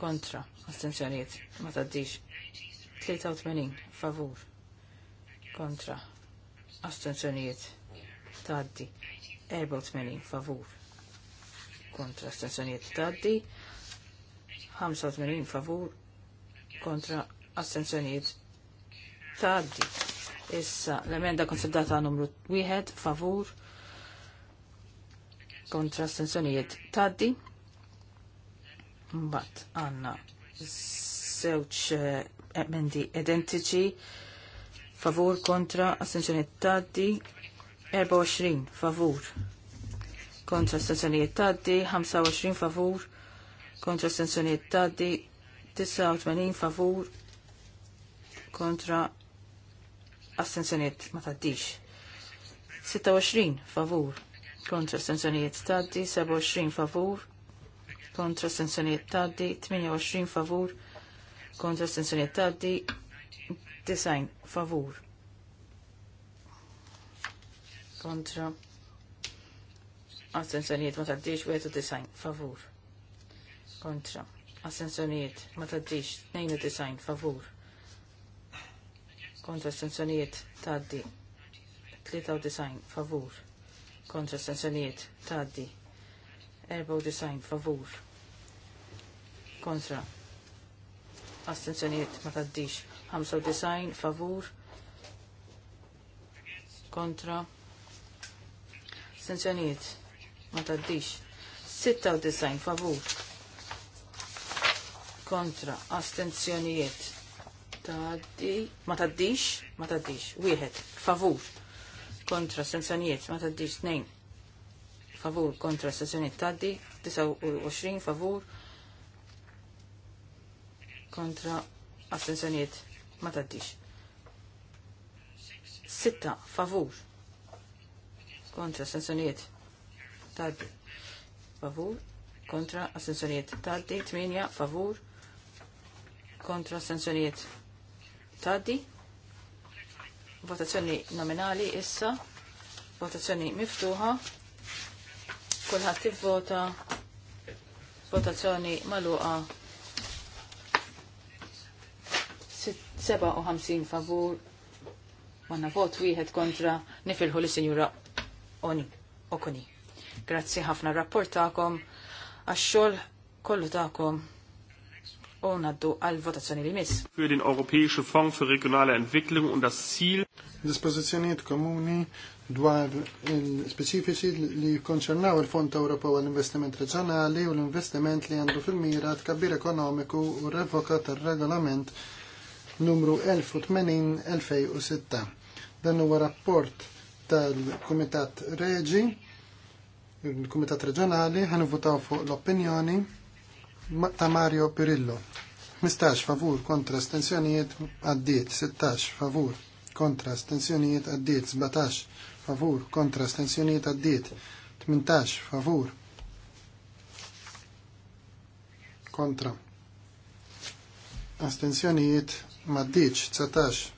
kontra astenzjonijiet ma taddix 83 favur kontra astenzjonijiet taddi. 84 favur kontra astensjonijiet taddi. 85 favur kontra astensjonijiet taddi. Issa l-emenda konsidata numru 1 favur kontra astensjonijiet taddi. Mbatt għanna zewċ eh, emendi identiċi favur kontra astensjonijiet taddi 24 favur kontra stenzjonijiet taddi, 25 favur kontra stenzjonijiet taddi, 89 favur kontra astenzjonijiet ma taddix. 26 favur kontra stenzjonijiet taddi, 27 favur kontra stenzjonijiet taddi, 28 favur kontra stenzjonijiet taddi, 9 favur kontra assenzjoniet ma taddix 91 favur kontra assenzjoniet ma taddix 92 favur kontra assenzjoniet taddi 93 favur kontra assenzjoniet taddi 94 favur kontra Assenzjoniet ma taddix 95 favur kontra Astenzjonijiet. Ma taddix. 96 favur. Kontra. Astenzjonijiet. Taddi. Ma taddix. Ma taddix. Wieħed. Favur. Kontra. Astenzjonijiet. Ma taddix. Nejn. Favur. Kontra. Astenzjonijiet. Taddi. 29 favur. Kontra. Astenzjonijiet. Ma taddix. Sitta. Favur kontra assenzjonijiet taddi. Favur kontra assenzjonijiet taddi. 8 favur kontra assenzjonijiet taddi. Votazzjoni nominali issa. Votazzjoni miftuħa. Kulħadd tivvota. Votazzjoni maluqa. 57 favur, għanna vot wieħed kontra nifilħu lis sinjura Oni, Okoni. Grazzi ħafna rapport ta'kom, għaxxol kollu ta'kom u naddu għal votazzjoni li mis. Für den Europäische Fonds für regionale Entwicklung und das Ziel. Dispozizjoniet komuni dwar il specifici li konċernaw il-Fond Ewropew għall-Investiment Reġjonali u l-investiment li għandu fil-mira tkabbir ekonomiku u revoka tar-regolament numru 1080-2006. Dan huwa rapport tal-Kumitat Reġi, il-Kumitat Reġjonali, ħan votaw fuq l-opinjoni ta' Mario Pirillo. 15 favur kontra stensjonijiet għaddiet, 16 favur kontra stensjonijiet għaddiet, 17 favur kontra stensjonijiet għaddiet, 18 favur kontra astensjonijiet maddiċ 19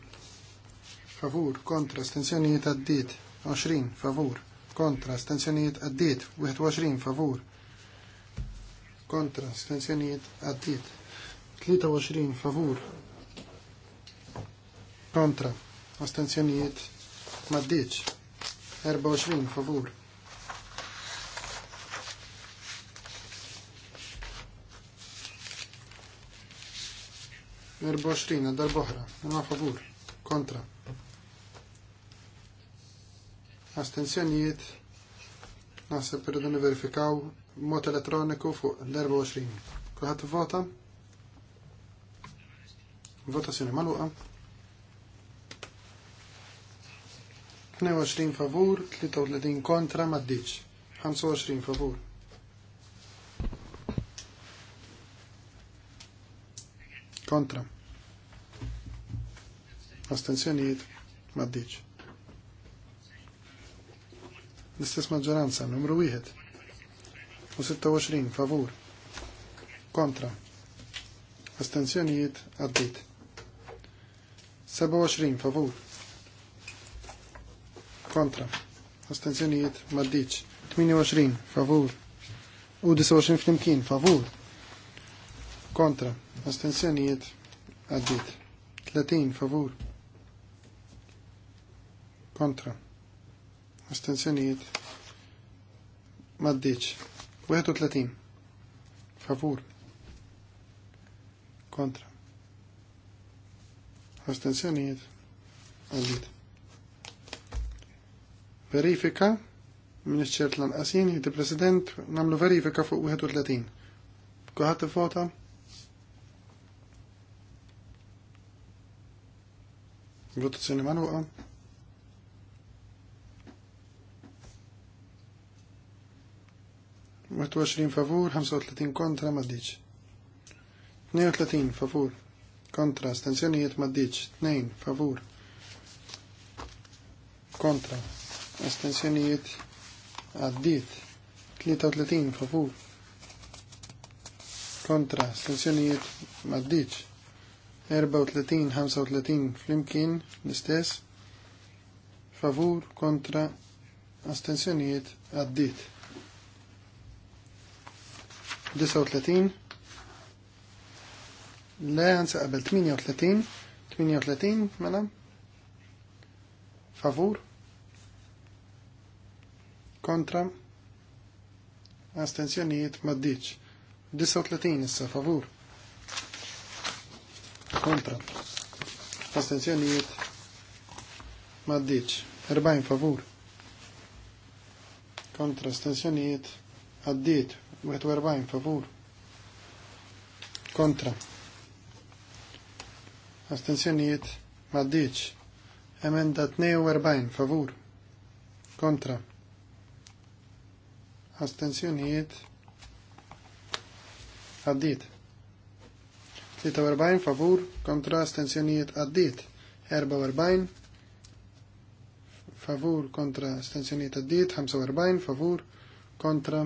favur kontra astensjonijiet għaddit 20 favur kontra astensjonijiet għaddit 21 favur kontra astensjonijiet għaddit 23 favur kontra astensjonijiet maddiċ 24 favur Erboxrin, għad darboħra, ma favur, kontra astenzjonijiet per irridu verifikaw mot elettroniku fuq l-24. Kulħadd vota. Votazzjoni maluqa. 22 favur, 33 kontra maddiċ. 25 favur. Kontra. Astenzjonijiet maddiċ l-istess maġġoranza, numru 1. U 26 favur. Kontra. Astenzjonijiet għaddit. 27 favur. Kontra. Astenzjonijiet maddiċ. 28 favur. U 29 flimkien favur. Kontra. Astenzjonijiet għaddit. 30 favur. Kontra astensjonijiet maddiċ 31 favur kontra astensjonijiet għaddit verifika minisċert iċċert lanqasin jiti president namlu verifika fuq 31 kuħat il-fota votazzjoni manuqa 21 favur, 35 kontra maddiċ. 32 favur, kontra, astensjonijiet maddiċ. 2 favur, kontra, astensjonijiet għaddit. 33 favur, kontra, astensjonijiet maddiċ. 34, 35 flimkien, nistess. favur, kontra, astensjonijiet għaddit. 39 le għansa qabel 38 38 mela favur kontra astenzjonijiet maddiċ 39 issa favur kontra astenzjonijiet maddiċ 40 favur kontra astenzjonijiet għaddiet 41 favur kontra astensjonijiet maddiċ emenda 42 favur kontra astensjonijiet għaddit 43 favur kontra astensjonijiet għaddit 44 favur kontra astensjonijiet għaddit 45 favur kontra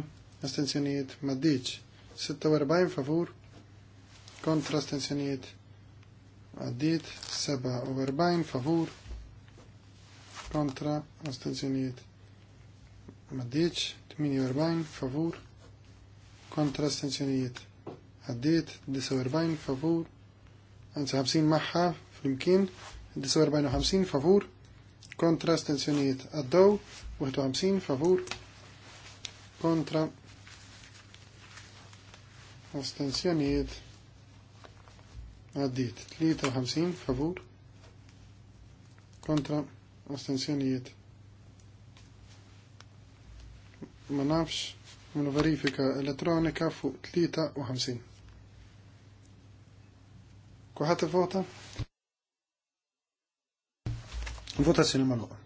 astenzjonijiet maddiċ. 46 favur kontra astenzjonijiet għaddit. 47 favur kontra astenzjonijiet maddiċ. 48 favur kontra astenzjonijiet għaddit. 49 favur għanzi 50 maħħa fl-imkien. 49 favur kontra astenzjonijiet għaddow. 51 favur kontra astenzjonijiet għaddit 53 favur kontra Astenzjoniet. ma nafx Minu verifika elettronika fu 53 kuħat vota votazzjoni maluqa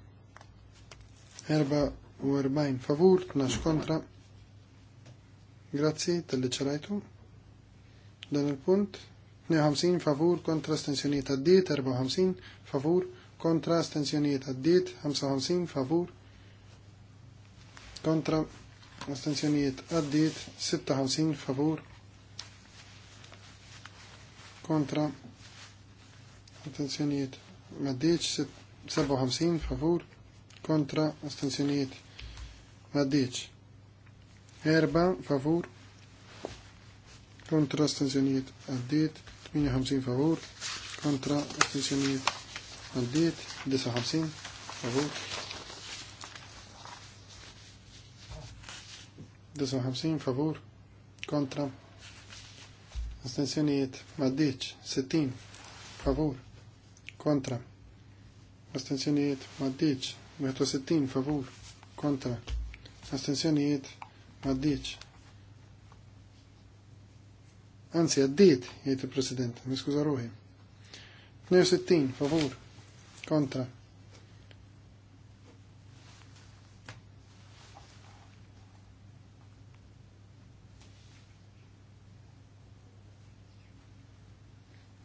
44 favur 12 kontra Grazie, tal-li ċerajtu. Dan il-punt 52 favur kontra stenzjoniet dit, 54 favur kontra stenzjoniet dit, 55 favur kontra ta' dit, 56 favur kontra ma' dit, 57 favur kontra ma' dit. 4 favur kontra astensjonijiet għaddiet 58 favur kontra astensjonijiet għaddiet 59 favur 59 favur kontra astensjonijiet maddiċ 60 favur kontra astensjonijiet maddiċ 61 favur kontra astensjonijiet maddiċ Anzi, għaddit, jiet il-President, mi niskuża ruħi. 62, favur, kontra.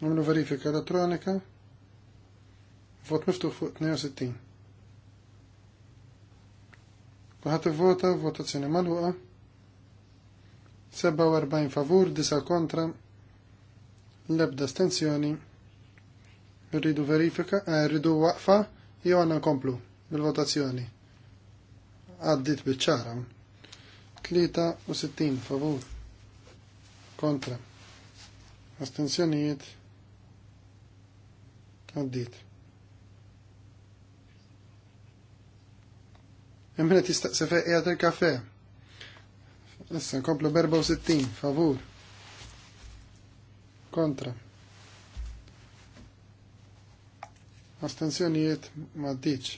Nomlu verifika elektronika. Vot miftuħ fuq 62. il vota, votazzjoni maluqa. 47 favur, 9 kontra, lebda stenzjoni, rridu verifika, eh, rridu waqfa, jew għanna nkomplu bil-votazzjoni. Għaddit bieċara. 63 favur, kontra, astenzjonijiet, għaddit. Imre tistaqsa fejqijat il-kafe. Issa, nkomplu 64, favur. Kontra. Astenzjonijiet ma diċ.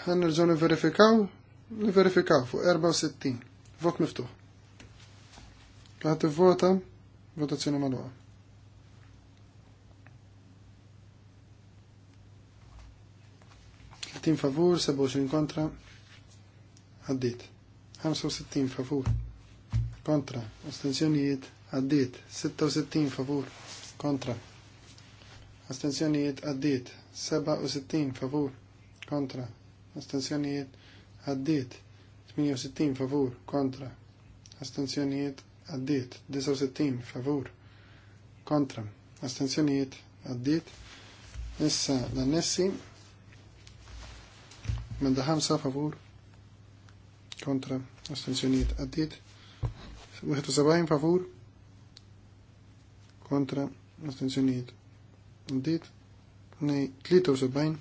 Għan nerġaw niverifikaw? Niverifikaw fuq 64. Vot miftuħ. Għat vota, votazzjoni manuqa. 60 favur, 27 kontra, għaddit. 65 favur, kontra, astensjonijiet, għaddit. 66 favur, kontra, astensjonijiet, għaddit. 67 favur, kontra, astensjonijiet, għaddit. 68 favur, kontra, astensjonijiet, għaddit. 69 favur, kontra, astensjonijiet, għaddit. Issa, l-annessi, كونترا ħamsa favur kontra astenzjonijiet għaddiet. كونترا favur kontra ني għaddiet. 73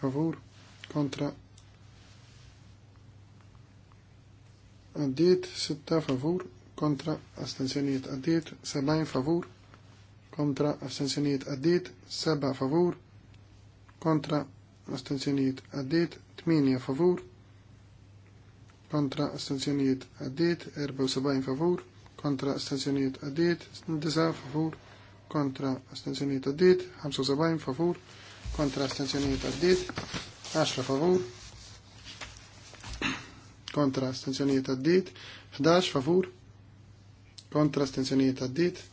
favur كونترا għaddiet ستة favur كونترا astenzjonijiet għaddiet 70 favur kontra astenzjonijiet għaddiet 7 favur kontra astenzjonijiet għaddiet 8 favur kontra astenzjonijiet għaddiet 74 favur kontra astenzjonijiet għaddiet 9 favur kontra astenzjonijiet għaddiet 75 favur kontra astenzjonijiet għaddiet 10 favur kontra astenzjonijiet għaddiet 11 favur kontra astenzjonijiet għaddiet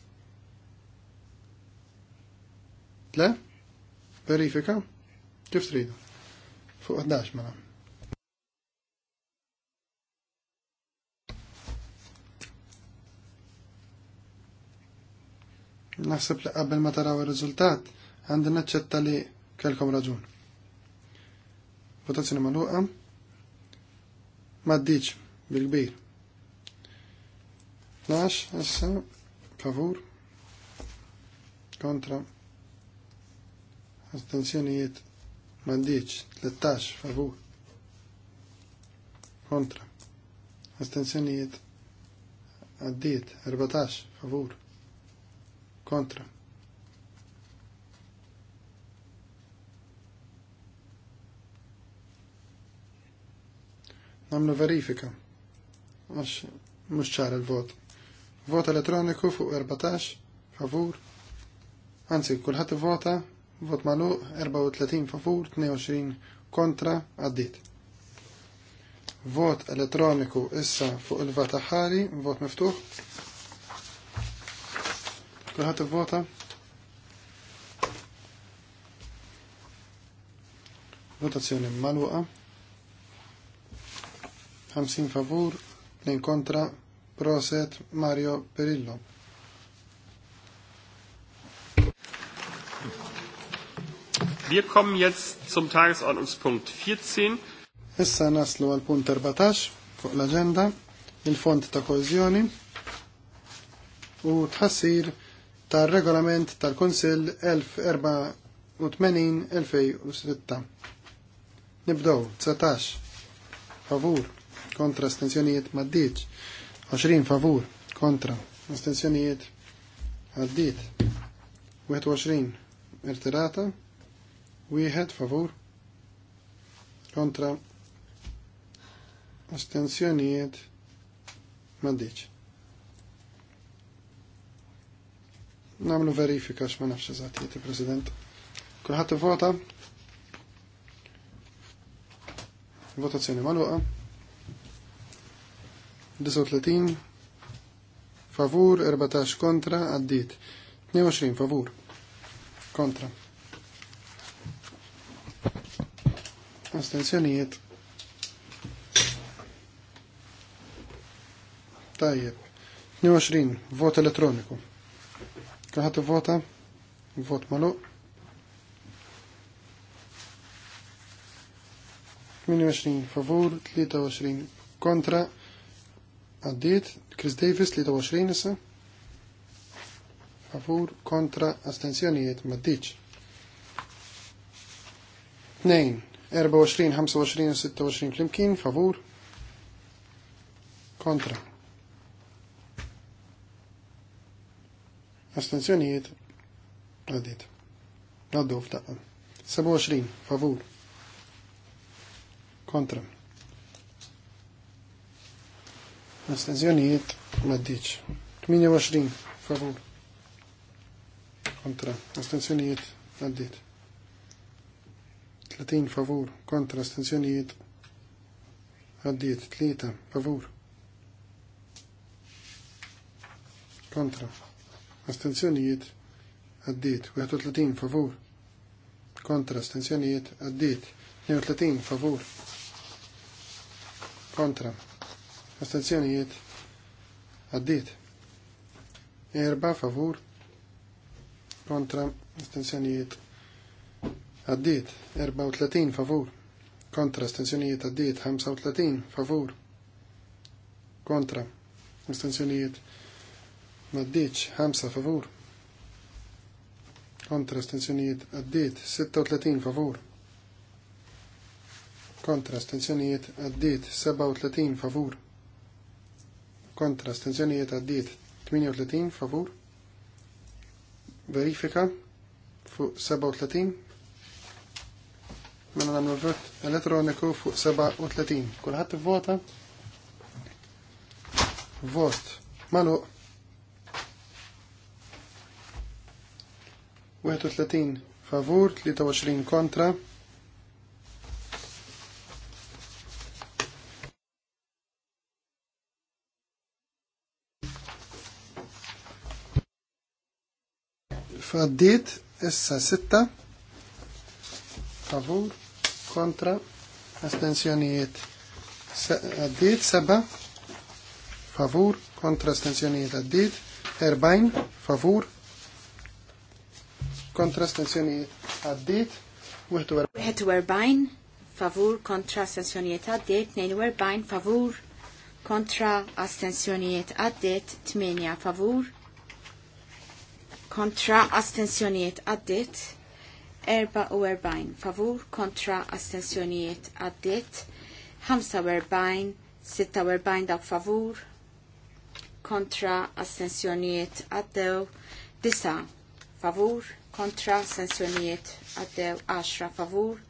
Le? Verifika? Kif tridu? Fuq 11 mela. Naħseb li qabel ma taraw ir-riżultat għandi naċċetta li kelkom raġun. Votazzjoni magħluqa m'għaddiċ bil-kbir. 12 issa favur kontra astensjonijiet Maddiċ, 13, favur. Kontra. Astenzjonijiet. Addiet, 14, favur. Kontra. Namlu verifika. Għax, mux ċar il-vot. Vot elettroniku fuq 14, favur. Anzi, kullħat vota Vot malu 34 favur 22 kontra għaddit. Vot elettroniku issa fuq il-vata ħari, vot miftuħ. Kulħat vota Votazzjoni maluqa. 50 favur, 2 kontra, proset Mario Perillo. Wir kommen jetzt zum Tagesordnungspunkt 14. Issa naslu għal punt 14 fuq l-agenda, il-fond ta' kohezjoni u tħassir tar regolament tal-Konsil 1480 2006 Nibdow, 19, favur, kontra stenzjonijiet maddiċ, 20 favur, kontra stenzjonijiet għaddiet, 21 irtirata, Wieħed favur kontra astensjonijiet maddiċ. Namlu verifika x'ma nafx eżatt President. Kulħadd ivota. Votazzjoni magħluqa. 39 favur, 14 kontra, għaddit. 22 favur kontra. Astenzjonijiet. Tajjeb. 22. Vot elettroniku. Kħat vota? Vot malu. 28 favur, 23 kontra. Għaddiet. Chris Davis, 23 issa. Favur, kontra, astenzjonijiet, maddiċ. 2. 24, 25 26 flimkien, favur. Kontra. Astenzjonijiet. Għaddit. Għaddu f'daqqa. 27, favur. Kontra. Astenzjonijiet. Għaddit. 28, favur. Kontra. Astenzjonijiet. Għaddit. 30 favur kontra astenzjonijiet għaddiet 3 favur kontra astenzjonijiet għaddiet 31 favur kontra astenzjonijiet għaddiet 32 favur kontra astenzjonijiet għaddiet 4 favur kontra astenzjonijiet Għaddiet 34 favur kontra astensjonijiet għaddiet 35 favur kontra astensjonijiet għaddiet 5 favur kontra astensjonijiet għaddiet 36 favur kontra astensjonijiet għaddiet 37 favur kontra astensjonijiet għaddiet 38 favur verifika fuq 37 Mena namlu l vot elettroniku fuq 37. Kulħadd vota. Vot Malu. 31 favur, 23 kontra. Faddit, issa 6 favur, kontra, astensjonijiet għaddit, seba, favur, kontra, astensjonijiet għaddit, erbajn, favur, kontra, astensjonijiet għaddit, erbajn, favur, kontra, astensjonijiet għaddit, erbajn, favur, kontra, astensjonijiet għaddit, tmenja, favur, kontra, astensjonijiet għaddit, 44 favur kontra astensjonijiet għaddit 45 46 dak favur kontra astensjonijiet għaddew 9 favur kontra astensjonijiet għaddew 10 favur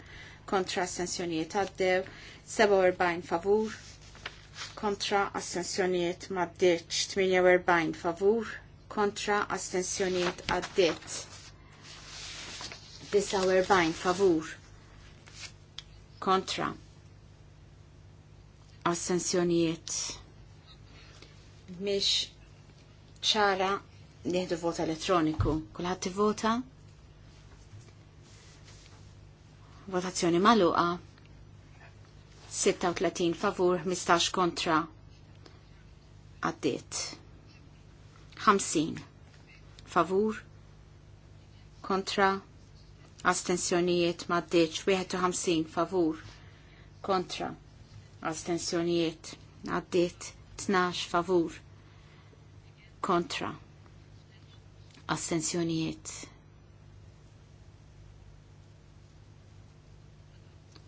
kontra astensjonijiet għaddew 47 favur kontra astensjonijiet maddeċ 48 favur kontra astensjonijiet għaddit 49 favur kontra assenzjonijiet mish ċara nieħdu vota elettroniku. Kulħadd vota? Votazzjoni maluqa. 36 favur, 15 kontra. Għaddiet. 50 favur kontra astensjonijiet maddeċ 51 favur kontra astensjonijiet għaddit 12 favur kontra astensjonijiet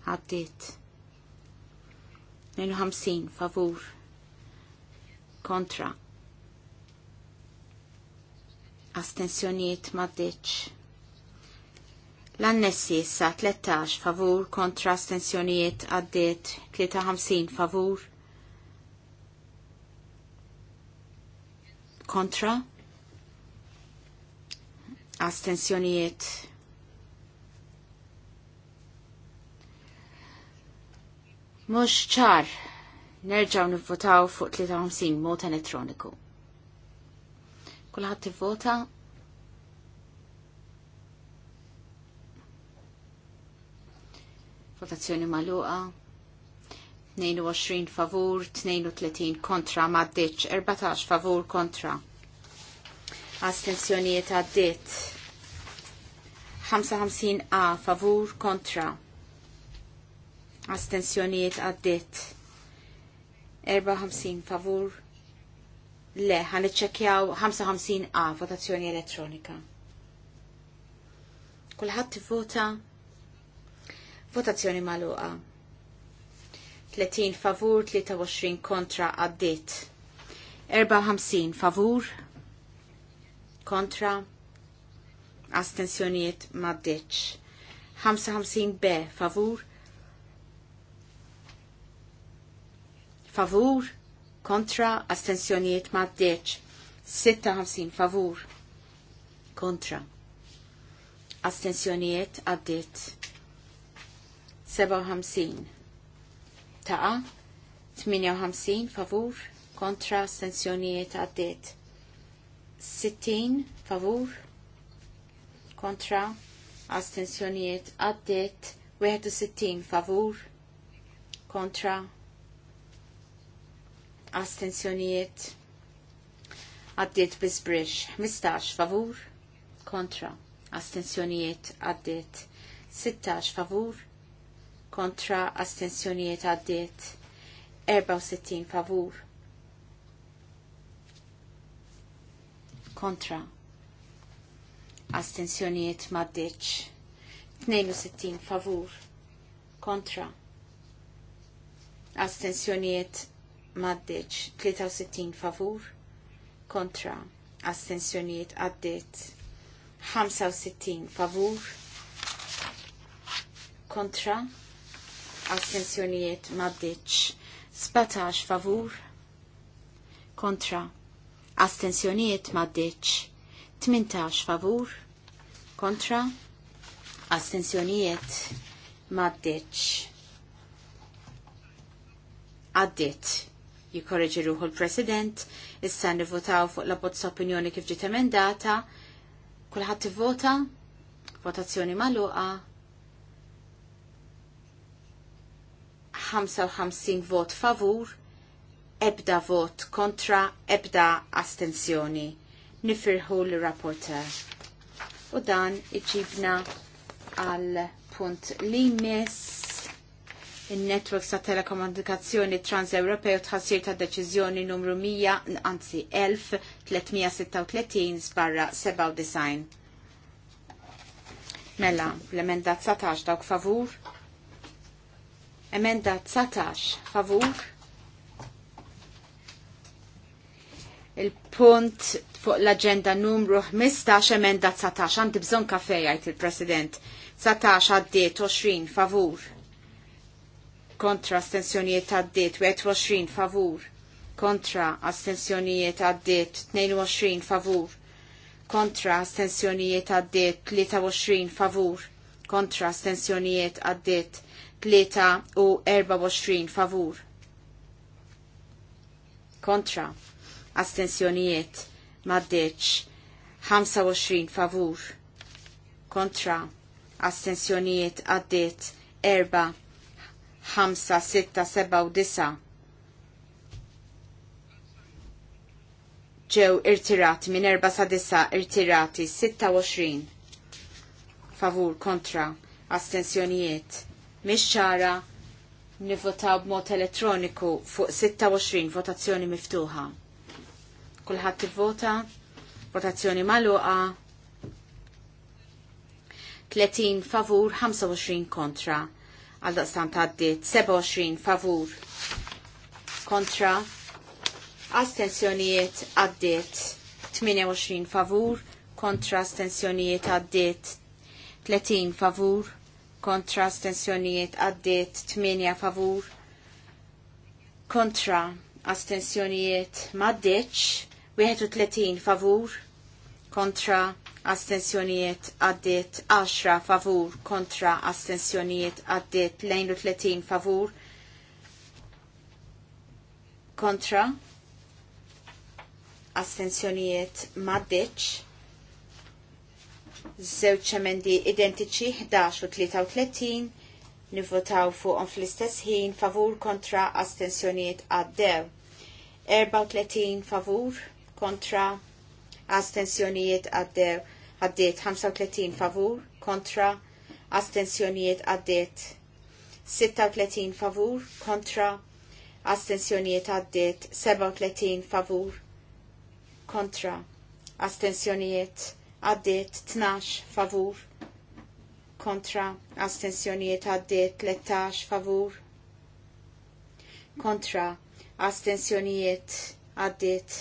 għaddit 52 favur kontra astensjonijiet maddeċ L-annessi issa 13 favur kontra stensjonijiet għaddiet 53 favur kontra astensjonijiet mux ċar nerġaw nivvotaw fuq 53 mod elettroniku. Kulħadd tivvota vota Votazzjoni maluqa. 22 favur, 32 kontra, maddiċ, 14 favur kontra. Astenzjonijiet għaddit. 55 a favur kontra. Astenzjonijiet għaddit. 54 favur. Le, għan iċċekjaw 55 a votazzjoni elettronika. Kulħadd tivvota vota Votazzjoni maluqa. 30 favur, 23 kontra għaddit. 54 favur, kontra, astensjoniet maddiċ. 55 b favur, favur, kontra, astensjoniet maddiċ. 56 favur, kontra, astensjoniet għaddit. 57 Ta' 58 favur kontra sensjonijiet għaddit 60 favur kontra astensjonijiet għaddit 61 favur kontra astensjonijiet għaddit bizbrix 15 favur kontra astensjonijiet għaddit 16 favur kontra astensjonijiet għaddiet 64 favur kontra astensjonijiet maddiċ 62 favur kontra astensjonijiet maddiċ 63 favur kontra astensjonijiet għaddiet 65 favur kontra ma maddiċ 17 favur kontra astensjonijiet maddiċ 18 favur kontra astensjonijiet maddiċ għaddit jikorreġi ruħu l-President, issa nivvotaw fuq la bozza opinjoni kif ġiet emendata, kulħadd vota votazzjoni magħluqa, 55 vot favur, ebda vot kontra, ebda astensjoni. Nifirħu l-rapporter. U dan iġibna għal punt li mis il-network ta' telekomunikazzjoni trans-Ewropew tħassir ta' deċiżjoni numru 100, anzi 1336 barra 97. Mela, l-emenda 19 dawk favur, Emenda 19 favur. Il-punt fuq l-agenda numru 15 emenda 19 għandi bżon kafejajt il-President. 19 għaddiet 20 favur. Kontra astensjonijiet għaddiet 21 favur. Kontra astensjonijiet għaddiet 22 favur. Kontra astensjonijiet għaddiet 23 favur. Kontra astensjonijiet għaddiet 3 u 24 favur. Kontra. Astensjonijiet. Maddeċ. 25 favur. Kontra. Astensjonijiet għaddit. 4. 5, 6, 7 u 9. Ġew irtirati minn 4 sa 9 irtirati 26. Favur kontra astensjonijiet mhix ċara nivvotaw b'mod elettroniku fuq 26 votazzjoni miftuħa. Kulħadd vota votazzjoni magħluqa, 30 favur, 25 kontra. Għal stant għaddit, 27 favur kontra. Astensjonijiet għaddit, 28 favur kontra astensjonijiet għaddit, 30 favur kontra astensjonijiet għaddiet 8 favur kontra astensjonijiet maddeċ 31 favur kontra astensjonijiet għaddiet 10 favur kontra astensjonijiet għaddiet 32 favur kontra astensjonijiet maddeċ Żewġ emendi identiċi 11 u 33 nivvotaw fuqhom fl-istess ħin favur kontra astensjonijiet għaddew. 34 favur kontra astensjonijiet għaddew għaddiet 35 favur kontra astensjonijiet għaddiet 36 favur kontra astensjonijiet għaddiet 37 favur kontra astensjonijiet għaddiet 12 favur kontra astensjonijiet għaddiet 13 favur kontra astensjonijiet għaddiet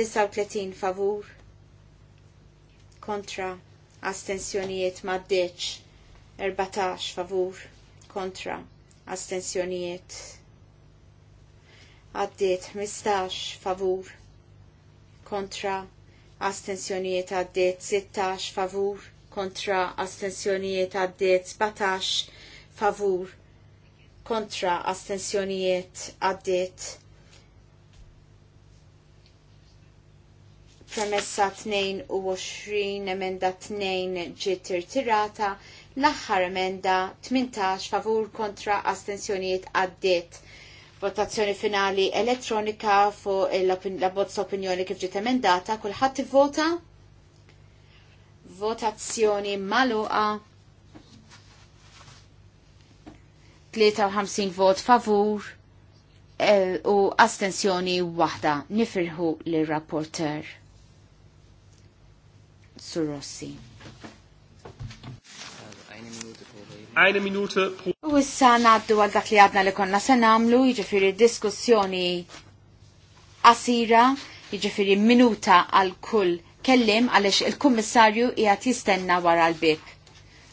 39 favur kontra astensjonijiet maddeċ 14 favur kontra astensjonijiet għaddiet 15 favur kontra astensjonijiet għaddiet 16 favur kontra astensjonijiet għaddiet 17 favur kontra astensjonijiet għaddiet premessa 22 emenda 2 ġiet tirata l-aħħar emenda 18 favur kontra astensjonijiet għaddiet votazzjoni finali elettronika fuq la bozza opinjoni kif ġiet emendata, kulħadd ivvota. Votazzjoni maluqa. 53 vot favur e, u astensjoni waħda nifirħu l-rapporter Surrossi eine Minute pro... U issa naddu għal dak li għadna li konna se namlu, jiġifieri diskussjoni qasira, jiġifieri minuta għal kull kellim għaliex il-kummissarju qiegħed jistenna wara l-bib.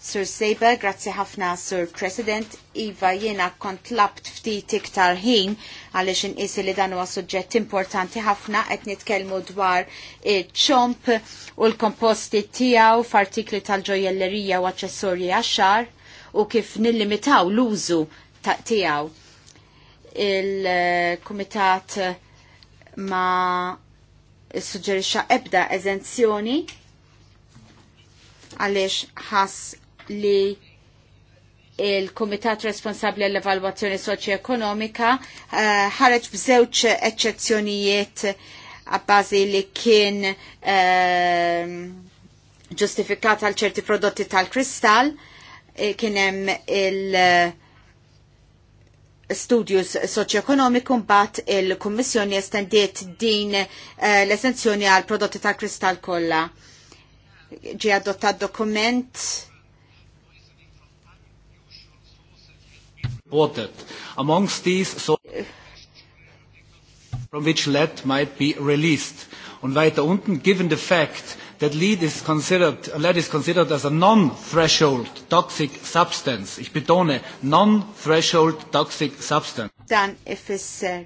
Sur Sejba, grazzi ħafna Sur President, Iva jiena kont labt ftit iktar ħin għaliex inqisi li dan huwa suġġett importanti ħafna qed nitkellmu dwar ċomp u l-komposti tiegħu f'artikli tal-ġojellerija u aċċessorji għax-xar u kif nillimitaw l-użu tiegħu. Il-Kumitat ma suġġerixxa ebda eżenzjoni għaliex ħass li il-Komitat Responsabli għall-Evalwazzjoni Soċjoekonomika eh, ħareġ b'żewġ eċċezzjonijiet għabbażi li kien eh, ġustifikat għal ċerti prodotti tal-kristall Eh, kienem il- eh, studios soċjoekonomiku mbagħad il-Kummissjoni estendiet din eh, l-esenzjoni għal prodotti tal kristall kollha. Ġie adottat dokument Water. Amongst these so from which lead might be released. Und weiter unten, given the fact that lead is considered, lead is considered as a non-threshold toxic substance. Ich betone, non-threshold toxic substance. Dan if ifisser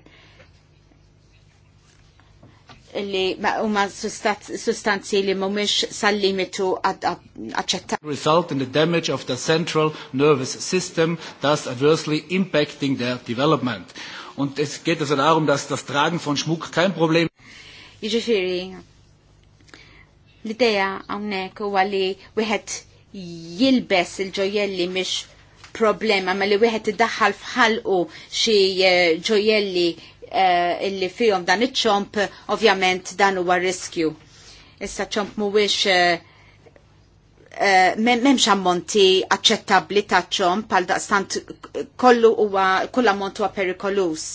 li ma huma sustanzi li mhumiex sal-limitu aċċettabbli. Result in the damage of the central nervous system, thus adversely impacting their development. Und es geht also darum, dass das Tragen von Schmuck kein Problem ist. Jiġifieri, L-ideja hawnhekk huwa li wieħed jilbes il-ġojelli mhix problema ma li wieħed iddaħħal fħalqu xi eh, ġojelli eh, illi fihom dan iċ-ċomp, ovvjament dan huwa riskju. Issa ċomp mhuwiex eh, memx ammonti accettabli ta' ċomp għal daqstant kollu huwa kull ammont huwa perikolus.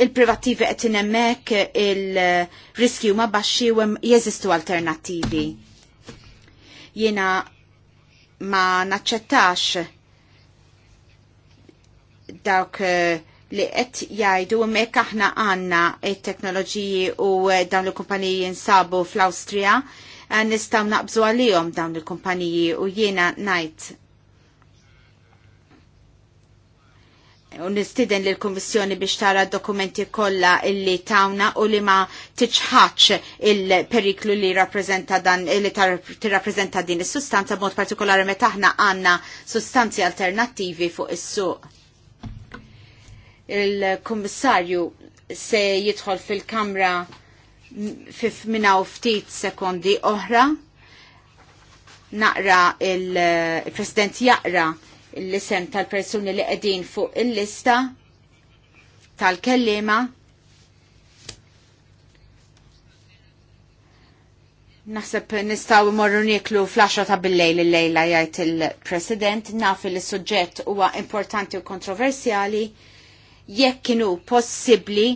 il-privattivi qed hemmhekk il-riski huma baxxi u jeżistu alternattivi. Jiena ma naċċettax dawk eh, li qed jgħidu hemmhekk aħna għandna t-teknoloġiji u eh, dawn il-kumpaniji jinsabu fl-Awstrija eh, nistgħu naqbżu għalihom dawn il-kumpaniji u jiena ngħid nistiden l-Komissjoni biex tara dokumenti kollha illi tawna u li ma tiċħaċ il-periklu li rappresenta dan li tirrappreżenta din is-sustanza b'mod partikolari meta aħna għandna sustanzi alternattivi fuq is-suq. Il-Kummissarju se jidħol fil-Kamra fif minna u ftit sekondi oħra naqra il-President jaqra l-isem tal-persuni li qegħdin fuq il-lista tal-kellima Naħseb nistaw imorru niklu flasha ta' bil-lejl il-lejla jgħid il-President naf li suġġett huwa importanti u kontroversjali jekk kienu possibbli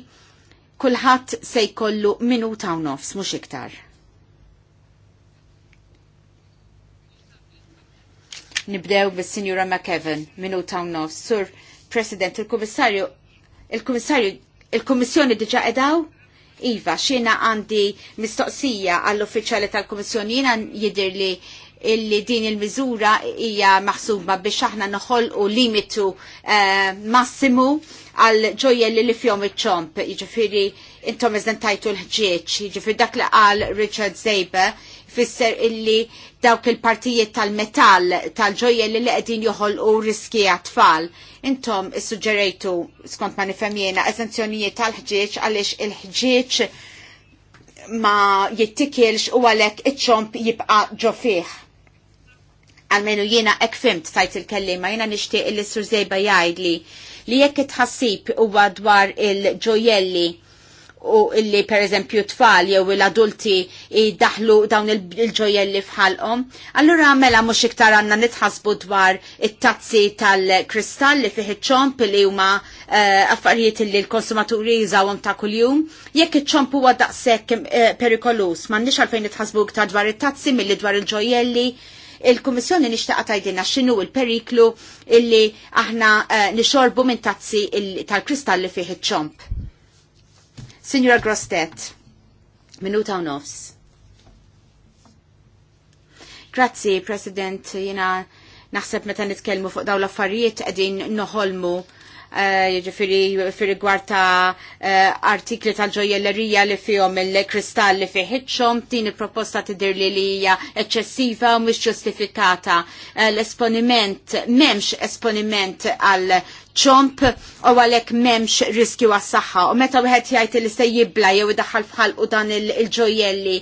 kulħadd se jkollu minuta u nofs mhux iktar. Nibdew bis-Sinjura McKevin, minuta u nofs. Sur President, il-Kummissarju, il-Kummissarju, il-Kummissjoni diġa edaw? Iva, xina għandi mistoqsija għall-uffiċjali tal-Kummissjoni jina jidir li illi din il-miżura hija maħsuba biex aħna u limitu eh, massimu għal ġojjelli li fjom iċ-ċomp, jiġifieri intom eżentajtu l-ħġieċ, jiġifieri dak li qal Richard Zaber tfisser illi dawk il-partijiet tal-metall tal-ġojja li qegħdin joħolqu riski għatfall. tfal Intom issuġġerejtu skont ma nifhem jiena eżenzjonijiet tal-ħġieġ għaliex il-ħġieġ ma jittikilx u għalhekk iċ jibqa' ġo Għalmenu jena jiena hekk fimt tajt il-kellima, jiena nixtieq il-Sur Zejba jgħidli li jekk tħassib huwa dwar il-ġojelli u illi per eżempju tfal jew l-adulti daħlu dawn il-ġojelli fħalqom. Allura mela mhux iktar għandna nitħasbu dwar it-tazzi tal-kristall li fih iċ-ċomp li huma eh, affarijiet li l-konsumaturi jużawhom ta' kuljum. Jekk iċ-ċomp huwa daqshekk eh, perikolus, m'għandniex għalfejn nitħasbu iktar dwar it-tazzi milli dwar il-ġojelli il-Kummissjoni nixtaqa tajdina xinu il-periklu illi aħna eh, nixorbu minn tazzi tal-kristalli fih iċ-ċomp. Signora Grostet, minuta u nofs. Grazzi, President, jena naħseb meta nitkelmu fuq dawn l-affarijiet qegħdin noħolmu Eh, jiġifieri fir-rigward ta' eh, artikli tal-ġojellerija li fihom il-kristall li fiħiċċhom din il-proposta tidher li hija eċċessiva u mhux ġustifikata. Eh, l-esponiment m'hemmx esponiment għal ċomp u għalek memx riskju għas-saħħa u meta wieħed jgħid li se jibla jew idaħħal fħalqu dan il-ġojelli.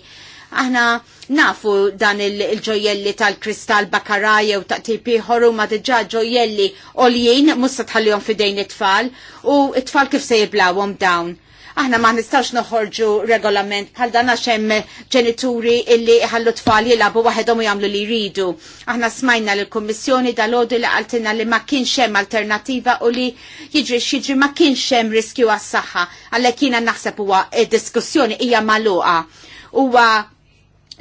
Aħna Nafu dan il-ġojelli il tal-kristall bakaraje u taqtipi u ma diġa ġojelli oljien musta tħallihom fidejn it-tfal u it-tfal kif se jiblawhom dawn aħna ma nistax noħorġu regolament bħal dan għax hemm ġenituri illi ħallu tfal jilabu waħedhom u jagħmlu li jridu. Aħna smajna l kummissjoni dal-għodu li qaltilna li ma kienx hemm alternattiva u li jiġri x'jiġri ma kienx hemm riskju għas-saħħa għalhekk jiena naħseb huwa id-diskussjoni eh, hija magħluqa. Huwa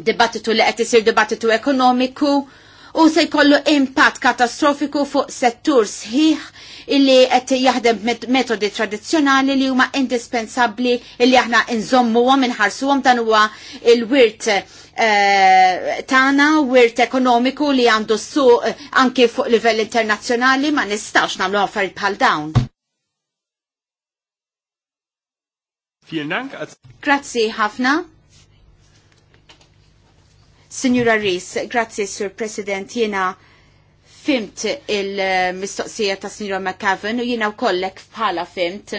dibattitu li qed isir dibattitu ekonomiku u se jkollu impatt katastrofiku fuq settur sħiħ illi qed jaħdem metodi tradizzjonali li huma indispensabbli illi aħna nżommuhom inħarsuhom dan huwa il-wirt eh, tagħna, wirt ekonomiku li għandu suq eh, anke anki fuq livell internazzjonali ma nistax nagħmlu affarijiet bħal dawn. Grazzi ħafna. Signora Rees, grazie Sur President, jena fimt il-mistoqsija ta' Signora McCavan u jena u kollek bħala fimt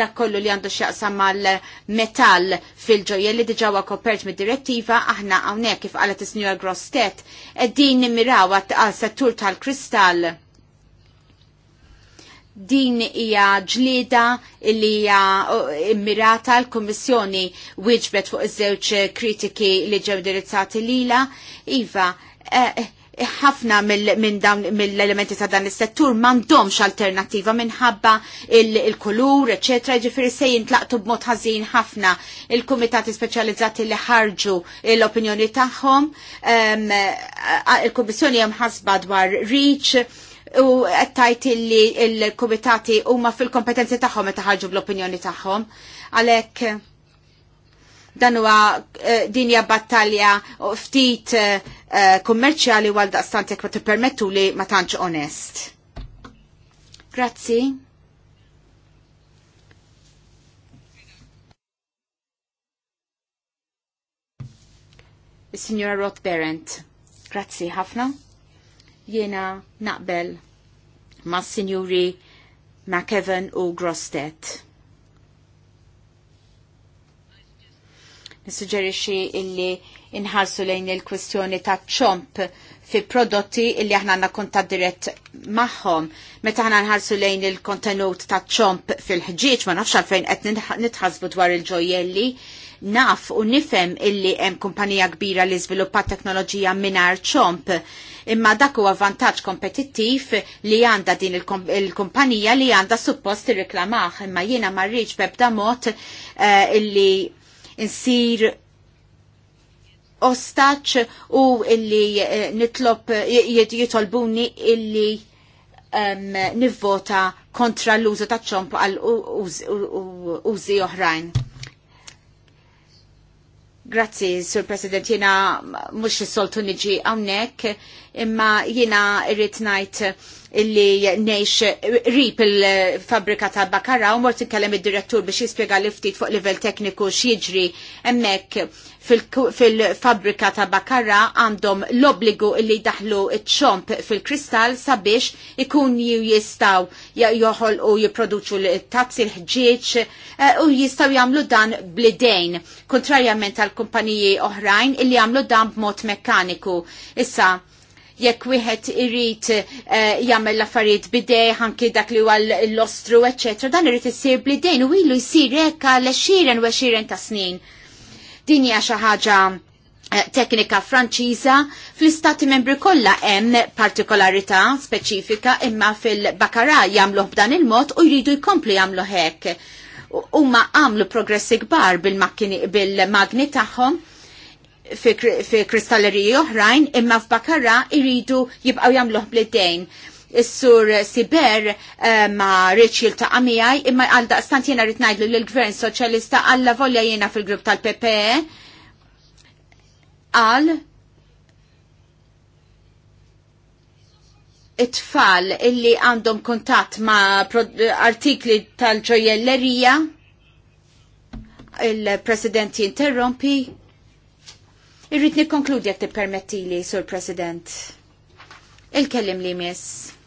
dak kollu li għandu xaqsa mal-metall fil-ġoja li diġawa kopert mid direttiva aħna għawnek kif għalet Signora Grostet, din nimiraw għal settur tal-kristall din hija ġlieda li hija immirata l-Kummissjoni wieġbet fuq iż-żewġ kritiki li ġew indirizzati lila. Iva, eh, eh, ħafna minn dawn mill-elementi ta' dan is-settur m'għandhomx alternattiva minħabba il-kulur, eċetera, ġifieri se jintlaqtu b'mod ħażin ħafna il-kumitati speċjalizzati li ħarġu l-opinjoni tagħhom. Eh, Il-Kummissjoni hemm ħasba dwar reach, u għattajt li il-komitati huma fil-kompetenzi tagħhom meta ħarġu bl-opinjoni tagħhom. Għalhekk dan huwa eh, dinja battalja ftit eh, kummerċjali għal daqstant jekk ma tippermettu li ma tantx onest. Grazzi. Signora Roth Berendt. Grazie, ħafna. Jiena naqbel ma' Sinjuri McEvan u Grostet. Nissuġġerixxi illi inħarsu lejn il-kwestjoni ta' ċomp fi prodotti illi aħna għanna konta dirett maħħom. Meta aħna nħarsu lejn il-kontenut ta' ċomp fil ħġiġ ma nafx għalfejn qed nitħasbu dwar il-ġojelli, naf u nifem illi hemm kumpanija kbira li żviluppat teknoloġija minar ċomp imma dak huwa vantaġġ kompetittiv li għandha din il-kumpanija li għandha suppost irreklamah imma jiena ma rridx bebda mod uh, illi insir ostaċ u illi eh, nitlob eh, jitolbuni illi um, nivvota kontra l-użu ta' ċomp għal użi oħrajn. Grazzi, Sur President, jena mux soltu niġi għawnek, imma jena irrit najt illi nejx rip il-fabrika ta' Bakara u mort inkellem id-direttur biex jispjega li ftit fuq livell tekniku x'jiġri hemmhekk fil-fabrika ta' Bakara għandhom l-obbligu illi daħlu ċomp fil-kristall sabiex ikun jistaw joħol u jiproduċu l-tazzi il ħġieċ eh, u jistaw jamlu dan blidejn, kontrarjament għal kumpaniji oħrajn illi jamlu dan b'mod mekkaniku. Issa, jekk wieħed irid eh, jagħmel l-affarijiet bidej anki dak li huwa l-ostru eċċetera, dan irid isir blidejn u ilu jsir hekk għal xiren u xiren ta' snin. Din hija xi ħaġa eh, teknika franċiża fl-istati membri kollha hemm partikolarità speċifika imma fil-bakara jagħmluh b'dan il-mod u jridu jkomplu jagħmlu hekk. Huma għamlu progressi kbar bil-magni bil tagħhom fi kristalleriji oħrajn, imma f'Bakara iridu jibqaw jagħmluh bledejn. Is-sur Siber eh, ma rridx ta' għamijaj imma għal stant jiena rrid l lill-Gvern Soċjalista alla volja jena fil-grupp tal-PPE qal it-tfal illi għandhom kontatt ma artikli tal-ġojellerija il-president jinterrompi Irrit nikkonkludi jekk li, Sur President. Il-kellim li miss.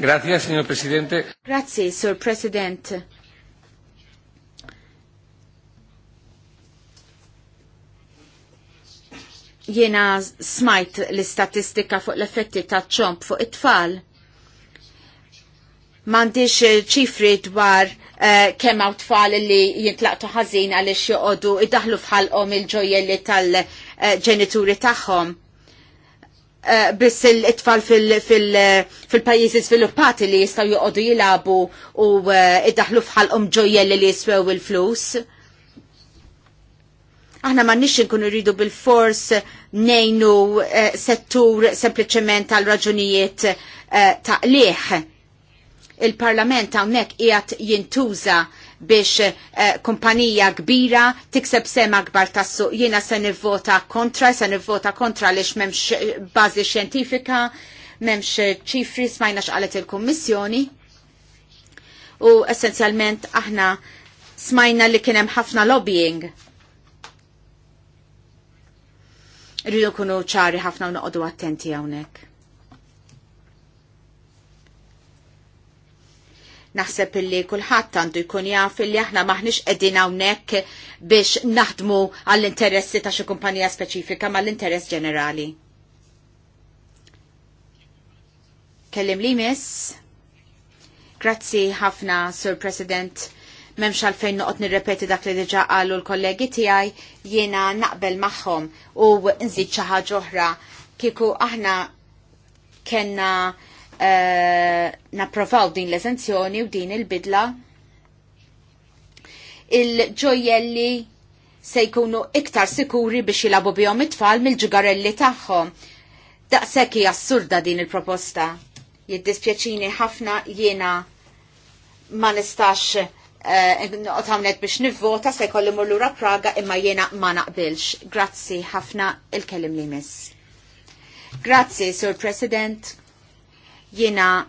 Grazie, signor Presidente. Grazie, Sur President. Jiena smajt l-istatistika fuq l-effetti ta' ċomp fuq it-tfal. Mandiċ ċifri dwar Eh, kemm hawn tfal li jintlaqtu ħażin għaliex joqogħdu iddaħlu fħalqhom il-ġojelli tal-ġenituri tagħhom. Eh, biss il-tfal fil-pajizi sviluppati li jistaw joqodu jilabu u eh, iddaħlu fħalqom ġojjel li jiswew il-flus. Aħna ma nix nkunu rridu bil-fors nejnu settur sempliciment għal raġunijiet taqliħ il-Parlament hawnhekk qiegħed jintuża biex eh, kumpanija kbira tikseb sema kbar tassu jina se nivvota kontra, se nivvota kontra lix memx eh, bażi xjentifika, memx eh, ċifri smajna x'qalet il-Kummissjoni. U essenzjalment aħna smajna li kien hemm ħafna lobbying. Rridu kunu ċari ħafna u noqogħdu attenti hawnhekk. Naħseb illi kulħadd għandu jkun jaf illi aħna maħniex qegħdin hawnhekk biex naħdmu għall-interessi ta' xi kumpanija speċifika ma l-interess ġenerali. Kellim li miss. Grazzi ħafna, Sir President memx għalfejn noqot nirrepeti dak li diġa għallu l-kollegi tijaj jiena naqbel maħħom u nżid ċaħġa oħra kiku aħna kena Eh, napprovaw din l esenzjoni u din il-bidla il ġojjelli se jkunu iktar sikuri biex jilabu bihom it-tfal mill-ġigarelli tagħhom. Daqshekk hija assurda din il-proposta. Jiddispjaċini ħafna jiena ma nistax eh, hawnhekk biex nivvota se jkolli mur lura Praga imma jiena ma naqbilx. Grazzi ħafna il-kelim li miss. Grazzi, Sur President. Jiena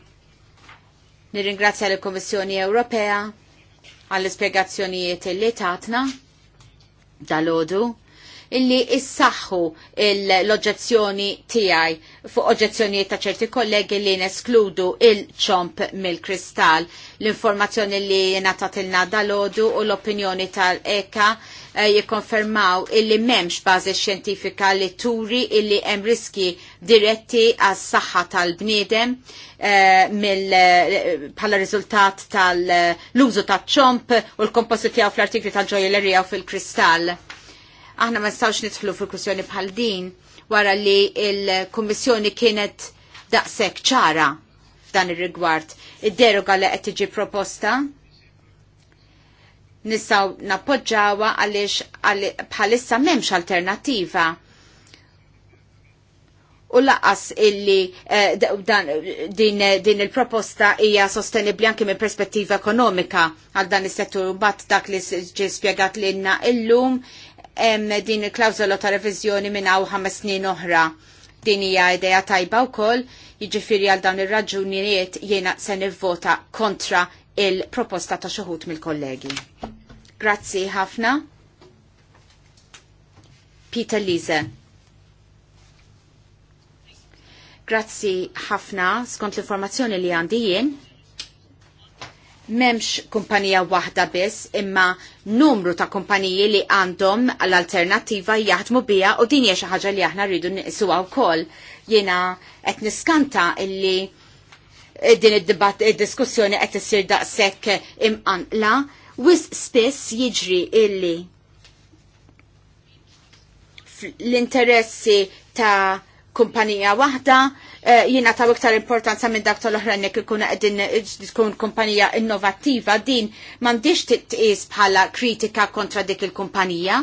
nirringrazzja l kommissjoni Ewropea għall-ispjegazzjonijiet li tatna dal-ħodu illi issaħħu l-oġġezzjoni tiegħi fuq oġġezzjonijiet ta' ċerti kollegi li neskludu il-ċomp mill-kristall. L-informazzjoni li natatilna dal-ħodu u l-opinjoni tal-EKA eh, jikonfermaw illi memx bażi xjentifika li turi illi hemm riski diretti għas saħħa tal-bniedem eh, eh, bħala riżultat tal-użu tal-ċomp u l-komposti tiegħu fl-artikli tal-ġojellerija u fil-kristall Aħna ma nistawx nidħlu fil kwistjoni bħal din wara li il-Kummissjoni kienet daqshekk ċara f'dan ir-rigward. Id-deroga li qed tiġi proposta nistgħu nappoġġawha għaliex bħalissa m'hemmx alternattiva u laqas illi eh, din, il-proposta hija sostenibli anke minn perspettiva ekonomika għal dan is-settur mbagħad dak li ġie spjegat lilna illum hemm din il-klawżola ta' reviżjoni minn hawn ħames snin oħra. Din hija idea tajba wkoll, jiġifieri għal dawn ir-raġunijiet jiena se nivvota kontra il-proposta ta' xuħut mill-kollegi. Grazzi ħafna. Peter Lise. Grazzi ħafna skont l-informazzjoni li għandi jien memx kumpanija wahda biss imma numru ta' kumpaniji li għandhom l-alternativa jaħdmu bija u din hija xi ħaġa li aħna rridu għaw wkoll. Jiena qed niskanta illi din id-diskussjoni qed issir daqshekk imqanqla wis spiss jiġri illi l-interessi ta' kumpanija waħda Eh, jina ta' iktar importanza minn dak tal-oħrajn jekk ikun qegħdin eh, tkun kumpanija innovattiva din m'għandix titqis bħala kritika kontra dik il-kumpanija.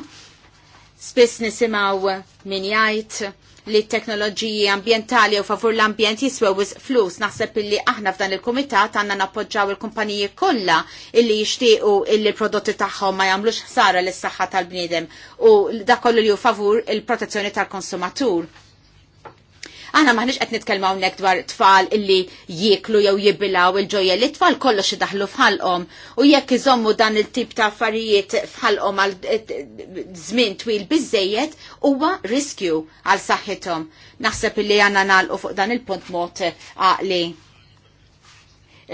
Spiss nisimgħu min jgħid li t-teknoloġiji ambientali u favur l-ambjent jiswew flus. Naħseb illi aħna f'dan il-komitat għanna nappoġġaw il-kumpaniji kollha illi jixtiequ illi prodotti tagħhom ma jagħmlux ħsara lis-saħħa tal-bniedem u dakollu li hu favur il-protezzjoni tal-konsumatur Aħna maħniex qed nitkellmu hawnhekk dwar tfal illi jieklu jew jibilaw il ġoja li tfal kollox idaħlu fħalqhom u jekk iżommu dan il-tip ta' affarijiet fħalqhom għal eh, żmien twil biżejjed huwa riskju għal saħħithom. Naħseb illi għandna nagħlqu fuq dan il-punt mod eh, għaqli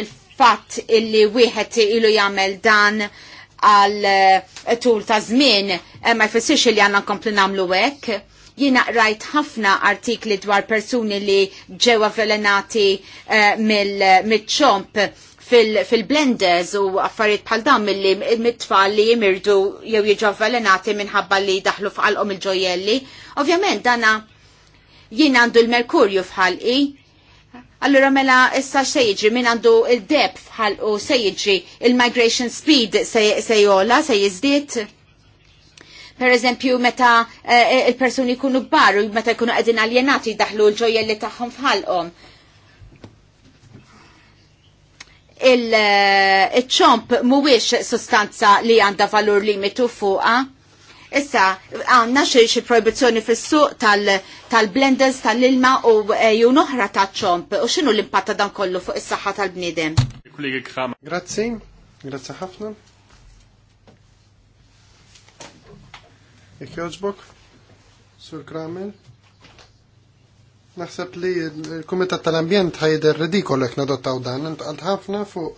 il-fatt illi wieħed ilu jagħmel dan għal eh, tul ta' żmien ma jfissirx li għandna nkompli nagħmlu hekk jina rajt ħafna artikli dwar persuni li ġewa velenati uh, eh, mill-ċomp fil-blenders fil u affarijiet bħal dam milli mit-tfal li jimirdu jew jiġu avvelenati minħabba li daħlu f'qalqhom il-ġojelli. Ovvjament dana jien għandu l-merkurju fħalqi. Allura mela issa se jiġri min għandu il-depth fħalqu se jiġri il-migration speed se jola, se jizdiet. Per eżempju, meta eh, eh, il-persuni jkunu kbar u meta jkunu qegħdin aljenati daħlu l ġoja li tagħhom fħalqom. Il-ċomp eh, mhuwiex sostanza li għandha valur limitu fuqha. Issa, għanna xie xie proibizjoni fil-suq tal-blenders tal tal-ilma u ju eh, noħra ta' ċomp. U xinu l-impatta dan kollu fuq is-saħħa tal-bnidem? Grazzi, grazie ħafna. Jek sur Kramer. Naħseb li l-Kumitat tal-Ambjent ħajder ridikol jek nadottaw dan, għad ħafna fuq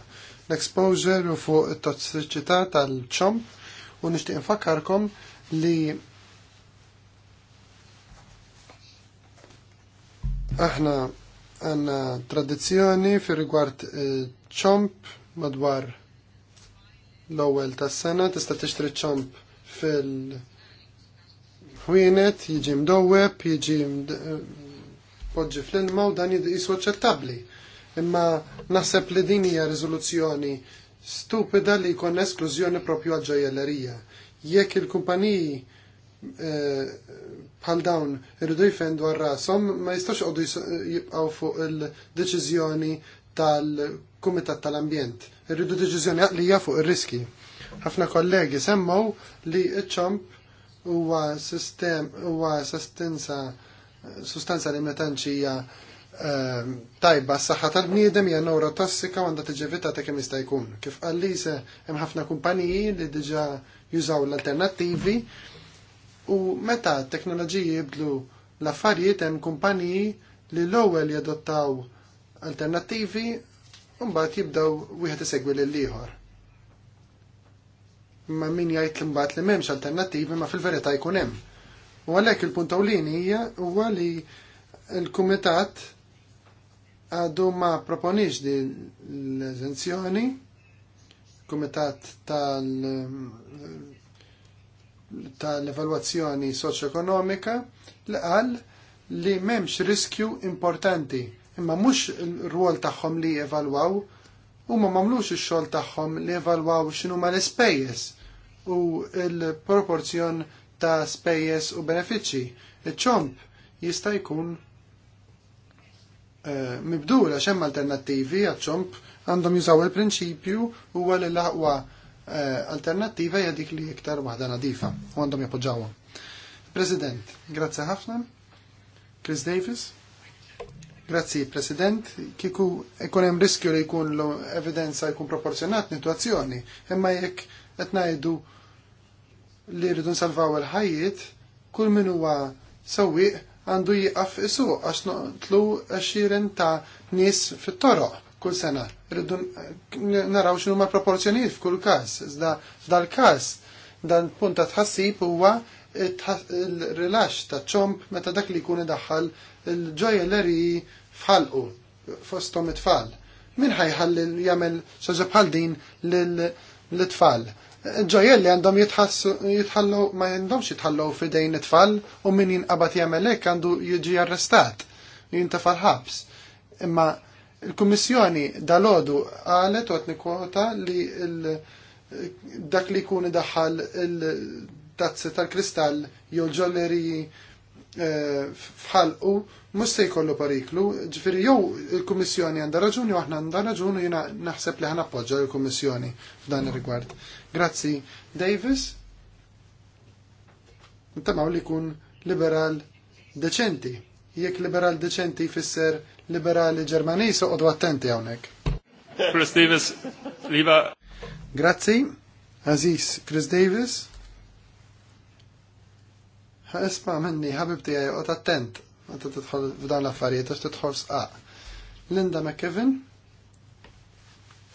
l-exposure u fuq it-tossiċità tal ċom u nixtieq infakkarkom li aħna għanna tradizjoni fi rigward eh, ċomp madwar l-ewwel tas-sena tista' tixtri ċomp fil- ħwienet, jiġi mdowweb, jiġi poġġi fl inma u dan jiswa ċettabli. Imma naħseb li din hija riżoluzzjoni stupida li jkun esklużjoni propju għal-ġojellerija. Jekk il-kumpaniji eh, bħal dawn irridu jifendu għal-rasom, ma jistax għodu jibqaw fuq il-deċiżjoni tal-Kumitat tal-Ambjent. Irridu deċiżjoni għaqlija fuq ir-riski. Ħafna kollegi semmaw li ċ-ċamp huwa sistem huwa sostanza sustanza li metanċija ehm, tajba s-saxħa tal-bniedem hija nora tossika għandha tiġi evitata kemm jista' jkun. Kif qallisa hemm ħafna kumpaniji li diġà jużaw l-alternattivi u meta t-teknoloġiji jibdlu l-affarijiet hemm kumpaniji li l-ewwel jadottaw alternattivi u mbagħad jibdew wieħed isegwi lil ieħor ma min jajt l mbagħad li m'hemmx alternattivi ma fil-verità jkun hemm. U għalhekk il-punt ewlieni hija huwa li l-kumitat għadu ma proponix di l-eżenzjoni kumitat tal tal-evaluazzjoni soċ-ekonomika li qal li memx riskju importanti imma mhux r-ruol tagħhom li evalwaw u ma mamlux ix-xogħol tagħhom li evalwaw xinu ma l-ispejjeż u l-proporzjon ta' spejjes u benefiċċji. Iċ-ċomp jista' jkun uh, eh, mibdul għax hemm alternattivi għaċ-ċomp għandhom jużaw il-prinċipju huwa għal l-aqwa uh, alternattiva hija dik li iktar waħda nadifa u għandhom jappoġġawha. President, grazzi ħafna. Chris Davis. Grazzi, President. Kiku ikun hemm riskju li jkun l-evidenza jkun proporzjonat nitwazzjoni, imma jekk qed ngħidu li rridu nsalvaw il-ħajjiet, kull min huwa sewwieq għandu jieqaf isuq għax noqtlu għaxiren ta' nies fit-toroq kull sena. Rridu naraw x'inhu ma' proporzjonijiet f'kull każ. Iżda f'dal-każ dan punt ta' tħassib huwa il-rilax ta' ċomp meta dak li jkun idaħħal il-ġojelleri fħalqu fostom it-tfal. Min ħajħalli jagħmel xi bħal din lil tfal ġajelli għandhom jitħallu, ma għandhomx jitħallu fidejn it-tfal u min jinqabad jagħmel hekk għandu jiġi arrestat, jintafal ħabs. Imma il-Kummissjoni dalodu għalet u kwota li dak li jkun daħal il-tazzi tal-kristall jew ġolleriji eh, fħalqu mhux se jkollu pariklu. ġifieri jew il-Kummissjoni għandha raġuni u aħna għandha raġuni jiena naħseb li ħana appoġġa l-Kummissjoni f'dan ir-rigward. Grazzi, Davis. Ntamaw li kun liberal deċenti. Jek liberal deċenti fisser liberali ġermani so soqodu attenti għonek. Chris Davis, liba. Grazzi, Aziz Chris Davis. Ha isma minni, ħabib tijaj, għot attent, għat t-tħol f'dan l-affarijiet, għat t-tħol s sqa. Linda McKevin,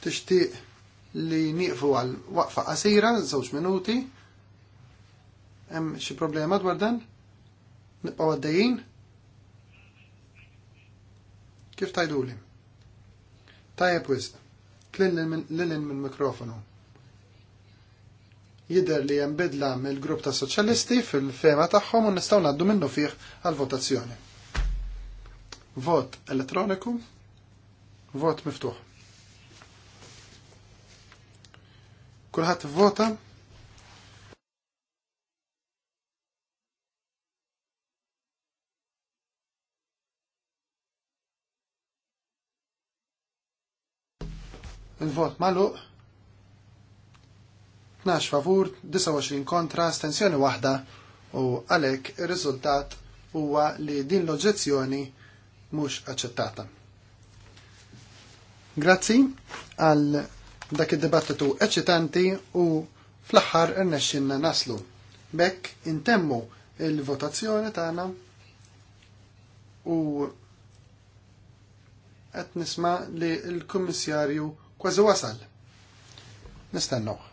t-ixtiq li nieqfu għal waqfa qasira, żewġ minuti. Hemm xi problema dwar dan? Nibqgħu għaddejjin? Kif tajduli? Tajjeb wisq. Tlilin minn mikrofonu. Jider li hemm bidla mill-grupp ta' soċjalisti fil-fema tagħhom u nistgħu ngħaddu minnu fih għal-votazzjoni. Vot elettroniku, vot miftuħ. Kulħadd vota. Il-vot maluq. 12 favur, 29 kontra, stensjoni waħda u għalek il-rizultat huwa li din l-oġġezzjoni mhux aċċettata. Grazzi għal dak id-dibattitu eċitanti u fl-aħħar irnexxinna naslu. Bekk intemmu il-votazzjoni tagħna u qed nisma' li l-Kummissarju kważi wasal. Nistennuh.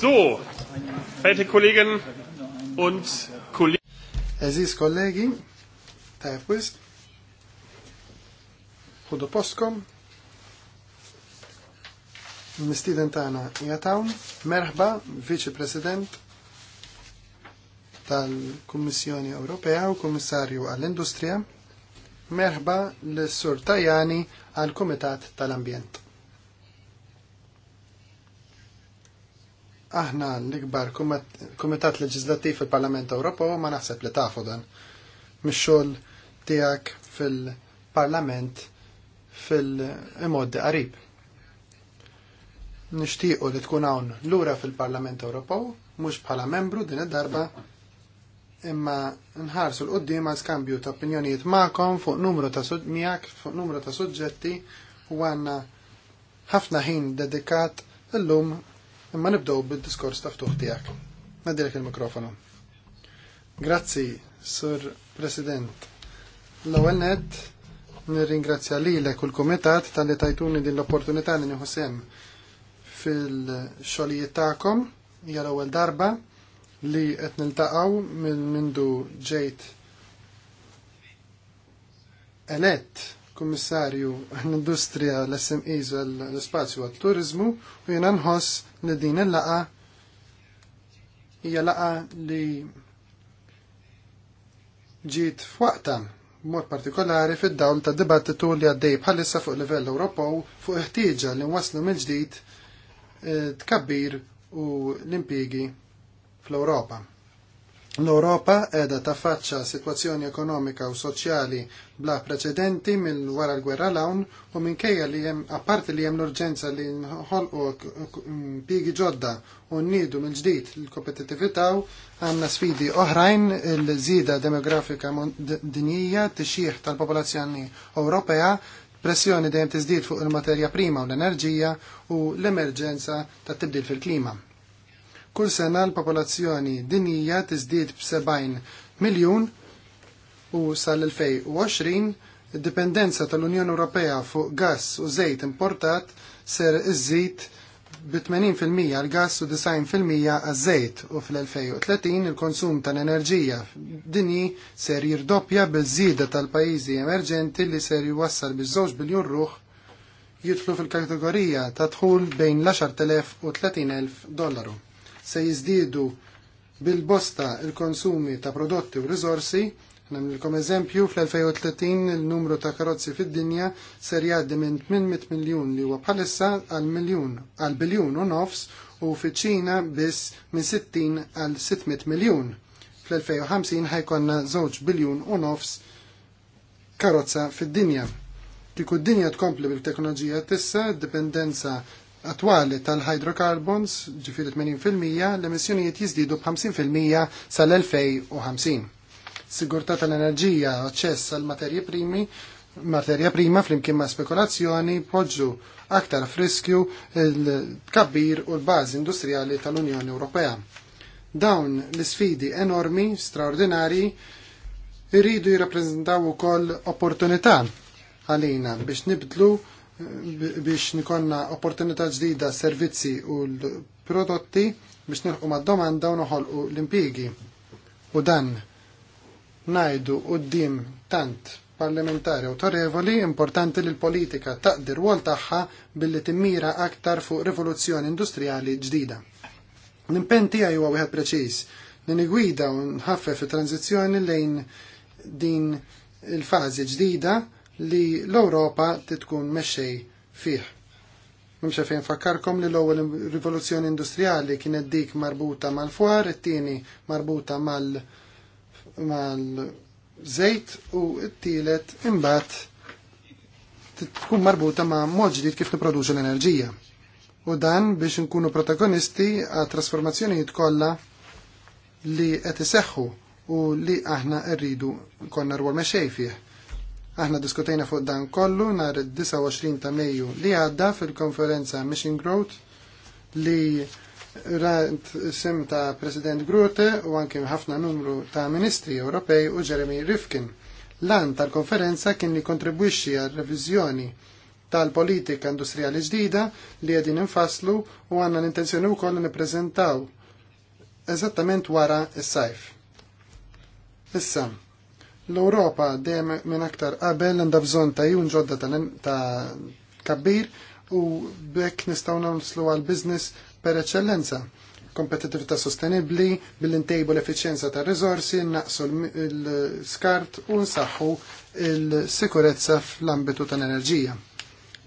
So, verehrte Kollegen und Kollegen. Aziz kollegi, tajf wis, hudu postkom, Mistidentana tana Merhba, Vicepräsident tal-Kummissjoni Ewropea u Kummissarju għall-Industrija, Merhba l-Sur Tajani għall komitat tal-Ambjent. aħna l-ikbar kumitat leġislattiv fil-Parlament Ewropew ma naħseb li tafu dan. Mix-xogħol tiegħek fil-Parlament fil-imoddi qarib. Nixtiequ li tkun hawn lura fil-Parlament Ewropew mhux bħala membru din id-darba imma nħarsu l-qoddim għal skambju ta' opinjonijiet ma'kom fuq numru ta' miegħek fuq numru ta' suġġetti u għandna ħafna ħin dedikat illum Imma nibdow bil-diskors ta' ftuħ tiegħek. Nadilek il-mikrofonu. Grazzi, Sur President. L-ewwel nett nirringrazzja lilek u l-Kumitat tal-li tajtuni din l-opportunità li nieħu fil-xogħlijiet tagħkom hija l-ewwel darba li qed niltaqgħu minn mindu ġejt elett kummissarju l-industrija l-SMEs l-spazju għal-turizmu u jena nħoss li din il-laqa hija laqa li ġiet f'waqta b'mod partikolari fid-dawl ta' dibattitu li għaddej bħalissa fuq livell Ewropew fuq iħtieġa li nwasslu mill-ġdid eh, tkabbir u l impjiegi fl-Ewropa. L-Europa edha tafaċċa situazzjoni ekonomika u soċjali bla preċedenti mill wara l-gwerra l-awn u minkejja li jem, apparti li jem l-urġenza li nħolqu pigi ġodda u nnidu mill-ġdid l-kompetitivita għanna sfidi oħrajn l-żida demografika dinjija tixjih tal-popolazzjoni Ewropea pressjoni dejjem tiżdied fuq il-materja prima u l-enerġija u l-emerġenza ta' tibdil fil-klima. Kull sena l-popolazzjoni dinjija tiżdied b'70 miljun u sal-2020 id-dipendenza tal-Unjoni Ewropea fuq gass u żejt importat ser iżid b-80% għal-gas u 90% għal-żejt u fl-2030 il-konsum tal-enerġija dinji ser jirdoppja bil-żida tal-pajizi emerġenti li ser jwassal bil-żewġ biljun ruħ jitlu fil-kategorija ta' dħul bejn l-10.000 u 30.000 dollaru se jiżdiedu bil-bosta il-konsumi ta' prodotti u rizorsi, Namlilkom eżempju, fl-2030 il-numru ta' karozzi fid-dinja ser jgħaddi minn 800 miljun li huwa bħalissa għal miljun għal biljun u nofs u fiċina ċina biss minn 60 għal 600 miljun. Fl-2050 ħajkonna 2 biljun u nofs karozza fid-dinja. Kieku d-dinja tkompli bil-teknoloġija tissa, dipendenza attwali tal-hydrocarbons ġifiri 80% l-emissjonijiet jizdidu b'50% sal-2050. Sigurtà tal-enerġija, aċċess għal materji primi, materja prima flimkien ma' spekulazzjoni poġġu aktar friskju l-kabbir u l-bażi industrijali tal-Unjoni Ewropea. Dawn l-sfidi enormi, straordinari, irridu jirrappreżentaw ukoll opportunità għalina biex nibdlu biex nikonna opportunità ġdida servizzi u l-prodotti biex nilħu ma' domanda u noħolqu l-impigi. U dan najdu u d-dim tant parlamentari autorevoli importanti li l-politika taqdir wol tagħha billi timmira aktar fuq rivoluzzjoni industriali ġdida. L-impenn tiegħi huwa wieħed preċiż li nigwida u nħaffef il tranzizzjoni lejn din il-fażi ġdida li l-Ewropa titkun mexxej fih. Mimxa fejn fakkarkom li l-ewwel rivoluzzjoni industriali kienet dik marbuta mal fuar it-tieni marbuta mal- mal-żejt u t-tielet imbagħad tkun marbuta ma' mod ġdid kif nipproduċu l-enerġija. U dan biex nkunu protagonisti għat trasformazzjonijiet kollha li qed iseħħu u li aħna rridu konna rwol mexxej fih Aħna diskutejna fuq dan kollu nhar id-29 ta' Mejju li għadda fil-konferenza Mission Growth li rant sim ta' President Grote u anke ħafna numru ta' Ministri Ewropej u Jeremy Rifkin. Lan tal-konferenza kien li kontribwixxi għal reviżjoni tal-politika industrijali ġdida li għedin infaslu u għanna l-intenzjoni u koll niprezentaw eżattament wara s-sajf. Issa, L-Europa dejjem minn aktar qabel għandha bżonn ta' jun ġodda ta' kabbir u bekk nistgħu nagħmlu għal business per eċċellenza. Kompetitività sostenibbli bil-intejbu l-effiċjenza ta' riżorsi, naqsu l-skart u nsaħħu l-sikurezza fl-ambitu tal-enerġija.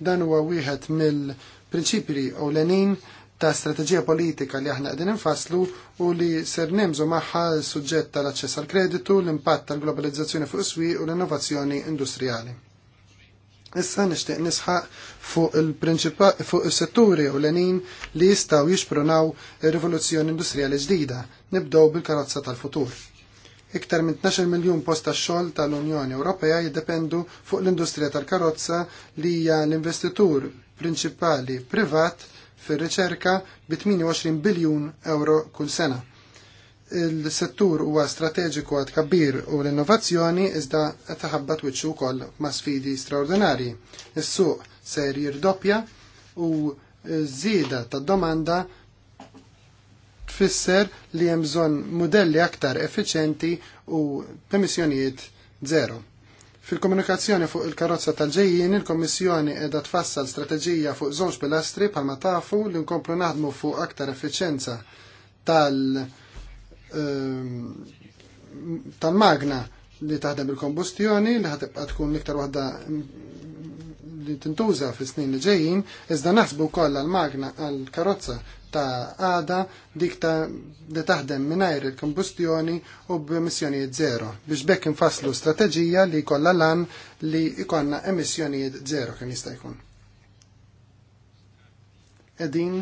Dan huwa wieħed mill-prinċipji ewlenin ta' strateġija politika li aħna għedin infasslu u li ser nemżu magħha s-suġġett tal-aċċess għal kreditu, l-impatt tal-globalizzazzjoni fuq is u l-innovazzjoni industrijali. Issa nixtieq nisħaq fuq fuq is-setturi u l-enin li jistgħu jixprunaw il rivoluzzjoni industriali ġdida, nibdew bil-karozza tal-futur. Iktar minn 12 miljun posta xogħol tal-Unjoni Ewropea jiddependu fuq l-industrija tal-karozza li hija l-investitur prinċipali privat fir-riċerka bi 28 biljun euro kull sena. Il-settur huwa strateġiku għad kabbir u l-innovazzjoni iżda qed taħabbat wiċċu wkoll ma' sfidi straordinarji. Is-suq ser jirdoppja u żieda tad-domanda tfisser li hemm bżonn modelli aktar effiċenti u emissjonijiet zero. Fil-komunikazzjoni fuq il-karozza tal-ġejjin, il-Kommissjoni edha tfassal strateġija fuq żewġ pilastri bħalma tafu li nkomplu naħdmu fuq aktar effiċenza tal- ehm, tal-magna li taħdem il-kombustjoni li ħatibqa tkun l-iktar waħda li tintuża fis snin li ġejjin, iżda naħsbu koll għal-magna għal-karozza ta' għada dik ta' li taħdem mingħajr il-kombustjoni u b'emissjonijiet zero biex bekk infaslu strateġija li jkollha lan li ikonna emissjonijiet zero kemm jista' jkun. Edin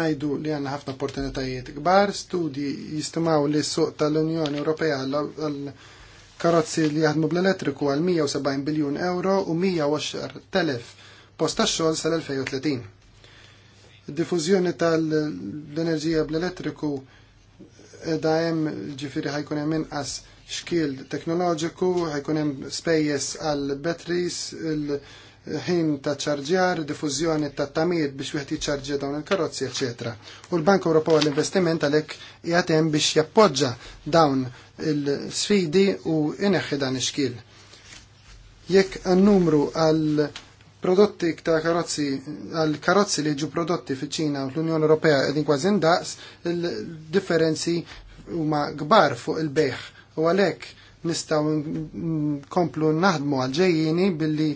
najdu li għanna ħafna opportunitajiet kbar, studi jistimaw li suq tal-Unjoni Ewropea għal-karozzi li jaħdmu bl-elettriku għal 170 biljun euro u 110 telef posta xogħol sal-2030 Diffużjoni tal-enerġija bl-elettriku da hemm ġifieri ħajkun hemm inqas xkiel teknoloġiku, ħajkun hemm spejjeż għal batteries, il-ħin ta' ċarġjar, diffużjoni ta' tamir biex wieħed jiċċarġja dawn il-karozzi, eċetera. U l-Bank Ewropew għall-Investiment għalhekk qiegħed hemm biex jappoġġa dawn il-sfidi u ineħħi dan ix-xkiel jekk n-numru għal prodotti ta' karozzi, għal karozzi li ġu prodotti fi ċina u l-Unjoni Ewropea edin kważi ndaqs, il-differenzi huma kbar fuq il-beħ. U għalhekk nistgħu nkomplu naħdmu għal ġejjini billi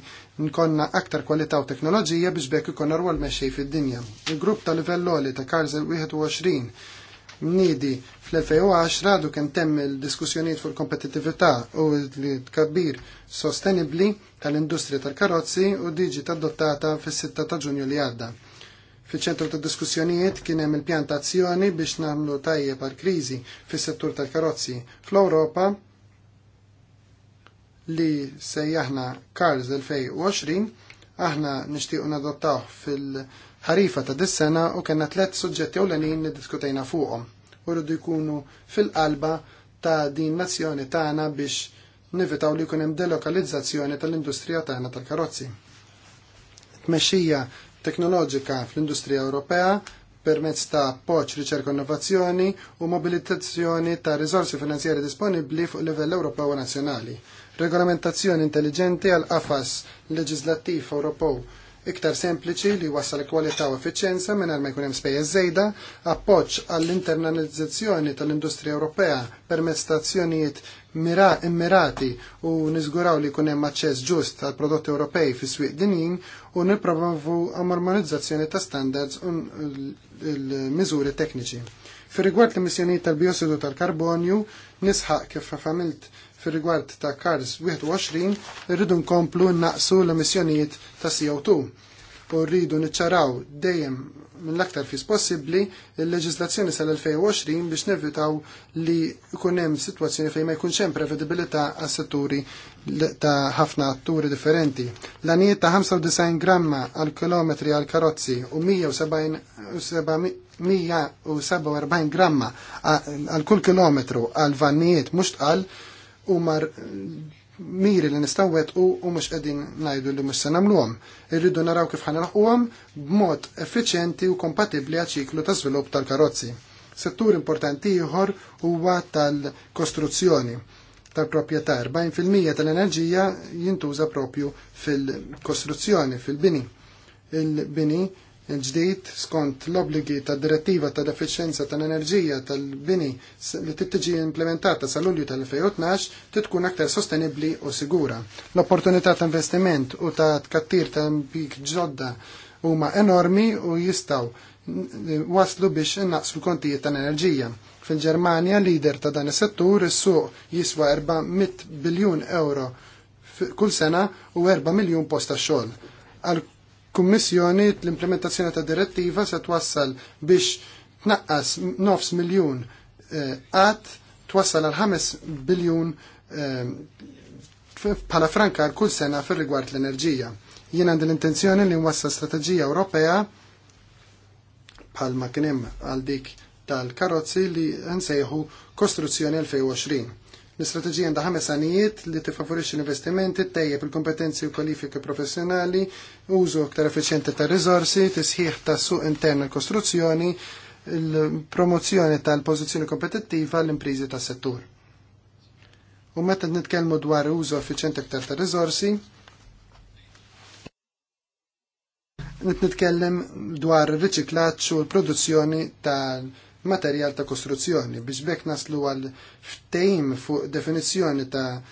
nkonna aktar kwalità u teknoloġija biex bekk ikonna rwol mexxej fid-dinja. Il-grupp tal livell ta' Karzel 21 nidi Fl-2010 għadu kien temm il-diskussjonijiet fuq il-kompetitività u l-tkabbir sostenibli tal-industrija tal-karozzi u diġi adottata fis-6 ta' Ġunju li għadda. Fiċ-ċentru ta' diskussjonijiet kien hemm il-pjan ta' azzjoni biex nagħmlu tajjeb par kriżi fis-settur tal-karozzi fl-Ewropa li sejjaħna Cars 2020 aħna nixtiequ nadottaw fil-ħarifa ta' dis-sena u kellna tliet suġġetti ewlenin li diskutejna fuqhom. Uridu jkunu fil-qalba ta' din nazzjoni tagħna biex nivitaw li jkun hemm delokalizzazzjoni tal-industrija tagħna tal-karozzi. Tmexxija teknoloġika fl-industrija Ewropea permezz ta' poċ riċerka innovazzjoni u mobilitazzjoni ta' risorsi finanzjari disponibbli fuq livell Ewropew u nazzjonali. Regolamentazzjoni intelligenti għal qafas leġislattiv Ewropew iktar sempliċi li wassal kwalità u effiċjenza mingħajr ma jkun hemm spejjeż żejda, appoġġ għall-internalizzazzjoni tal-industrija Ewropea permezz ta' azzjonijiet immirati u niżguraw li jkun hemm aċċess ġust għal prodotti Ewropej fis swieq dinin u nipprovavu armonizzazzjoni ta' standards u l-miżuri tekniċi. Fir rigward l-emissjonijiet tal-biossidu tal-karbonju, nisħaq kif għamilt fir rigward ta' Cars 21 irridu nkomplu naqsu l-emissjonijiet ta' CO2 u rridu niċċaraw dejjem mill-aktar fis possibbli il-leġislazzjoni sal-2020 biex nevitaw li jkun hemm sitwazzjoni fejn ma jkunx hemm prevedibilità għas setturi ta' ħafna atturi differenti. L-għaniet ta' 95 gramma għal kilometri għal karozzi u 147 gramma għal kull kilometru għal vannijiet mux tqal u mar miri li nistawet u u mux edin najdu li mux sanamluħom. Irridu naraw kif ħanilħuħom b'mod effiċenti u kompatibli għal-ċiklu ta' svilup tal-karozzi. Settur importanti ieħor huwa tal-kostruzzjoni tal fil-mija tal-enerġija jintuża propju fil-kostruzzjoni, fil-bini. Il-bini il-ġdid skont l-obligi ta' direttiva ta' deficienza ta' enerġija tal-bini li t-tġi implementata sa' lulju tal-2012 titkun aktar sostenibli u sigura. L-opportunità ta' investiment u ta' tkattir ta' bik ġodda huma enormi u jistaw waslu biex innaqsu l-kontijiet ta' enerġija. Fil-Ġermanja, lider ta' dan is-settur, is-suq jiswa 400 biljun euro kull sena u 4 miljun posta xogħol kummissjoni l-implementazzjoni ta' direttiva se twassal biex tnaqqas 9 miljun eh, għat twassal għal 5 biljun eh, bħala għal kull sena fir rigward l-enerġija. Jien għandi l-intenzjoni li nwassa strateġija Ewropea bħal ma kien hemm għal dik tal-karozzi li nsejħu Kostruzzjoni 2020. L-istrateġija għandha ħames sanijiet li tifavorixxi l-investimenti, tejjeb il-kompetenzi u kwalifiki professjonali, użu aktar effiċjenti ta' riżorsi, tisħiħ ta' suq intern għall kostruzzjoni il-promozzjoni tal-pożizzjoni kompetittiva l-imprizi tas settur. U meta nitkellmu dwar użu effiċjenti aktar ta' riżorsi, nitkellem dwar riċiklaġġ u l-produzzjoni tal materjal ta' kostruzzjoni biex bekk naslu għal ftejm fuq definizzjoni ta'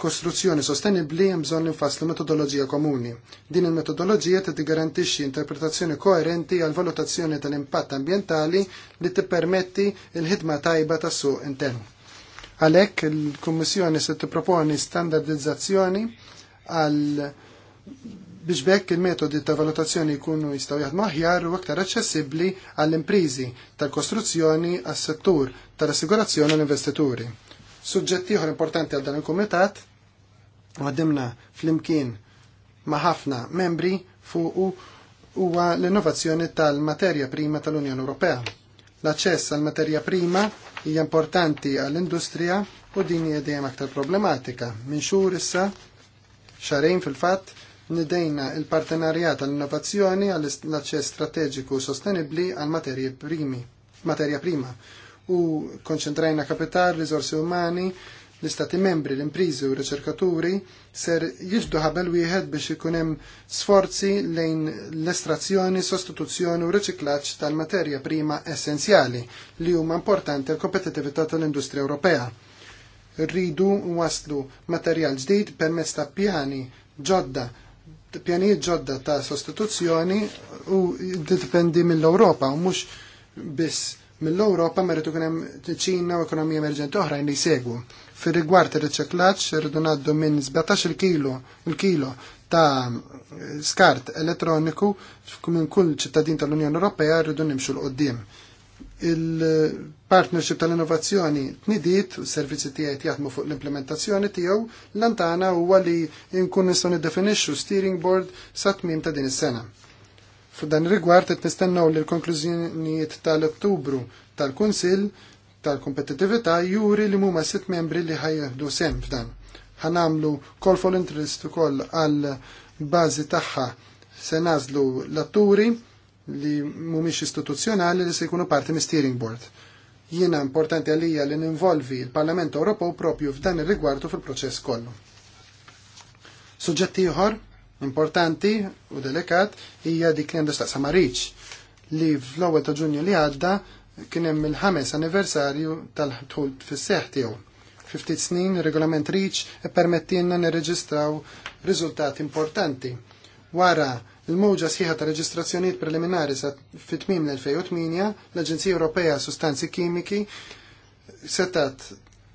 kostruzzjoni sostenibli hemm bżonn infasslu metodoloġija komuni. Din il-metodoloġija ti tigarantixxi interpretazzjoni koerenti għal valutazzjoni tal-impatt ambjentali li tippermetti il-ħidma tajba tas-suq intern. Għalhekk il-Kummissjoni se tipproponi standardizzazzjoni għal biex bekk il-metodi ta' valutazzjoni jkunu jistgħu jaħdmu aħjar u aktar aċċessibbli għall-imprizi tal-kostruzzjoni għas-settur tal-assigurazzjoni għall-investituri. Suġġett ieħor importanti għal dan il-kumitat għaddimna fl-imkien ma' ħafna membri fuq huwa l-innovazzjoni tal-materja prima tal-Unjoni Ewropea. L-aċċess għall materja prima hija importanti għall-industrija u din hija dejjem aktar problematika. Minxur xhur issa xarejn fil-fatt nidejna il-partenarjat għall-innovazzjoni għall-aċċess strateġiku sostenibli għal materje primi, materja prima u konċentrajna kapital, risorsi umani, l-istati membri, l-imprizi u r-reċerkaturi ser jiġdu ħabel wieħed biex ikun hemm sforzi lejn l-estrazzjoni, sostituzzjoni u riċiklaġġ tal-materja prima essenzjali li huma importanti għal kompetitività tal-Industrija Ewropea. Rridu waslu materjal ġdid permezz ta' pjani ġodda pjanijiet ġodda ta' sostituzzjoni u dipendi mill-Ewropa u mhux biss mill-Ewropa meritu kunem hemm ċina u ekonomija emerġenti oħra jni segwu. Fir rigward ir reċeklaċ rridu ngħaddu minn 17 kilo il-kilo ta' skart elettroniku minn kull ċittadin tal-Unjoni Ewropea rridu nimxu l-qoddim il-partnership tal-innovazzjoni tnidiet u servizzi tiegħi jaħdmu fuq l-implementazzjoni tiegħu l-antana huwa li nkun nistgħu niddefinixxu steering board sa tmiem ta' din is-sena. F'dan ir-rigward qed nistennew li l-konklużjonijiet tal-Ottubru tal-Kunsill tal-kompetitività juri li huma sitt membri li ħajjaħdu sem f'dan. Ħanamlu call for interest ukoll għal bażi tagħha se nażlu l-atturi li mhumiex istituzzjonali li se jkunu parti mis steering board. Jiena importanti għalija li ninvolvi il-Parlament Ewropew propju f'dan ir-rigwardu fil-proċess kollu. Suġġetti ieħor importanti u delikat hija dik li għandu staqsa mariċ li fl-ewwel ta' Ġunju li għadda kien hemm il-ħames anniversarju tal ħtul fis-seħħ tiegħu. 50 snin regolament Reach e nirreġistraw riżultati importanti. Wara Il-mowġa sħiħa ta' reġistrazzjonijiet preliminari sa' fit-tmim l-2008 l-Aġenzija Ewropea Sustanzi Kimiki setat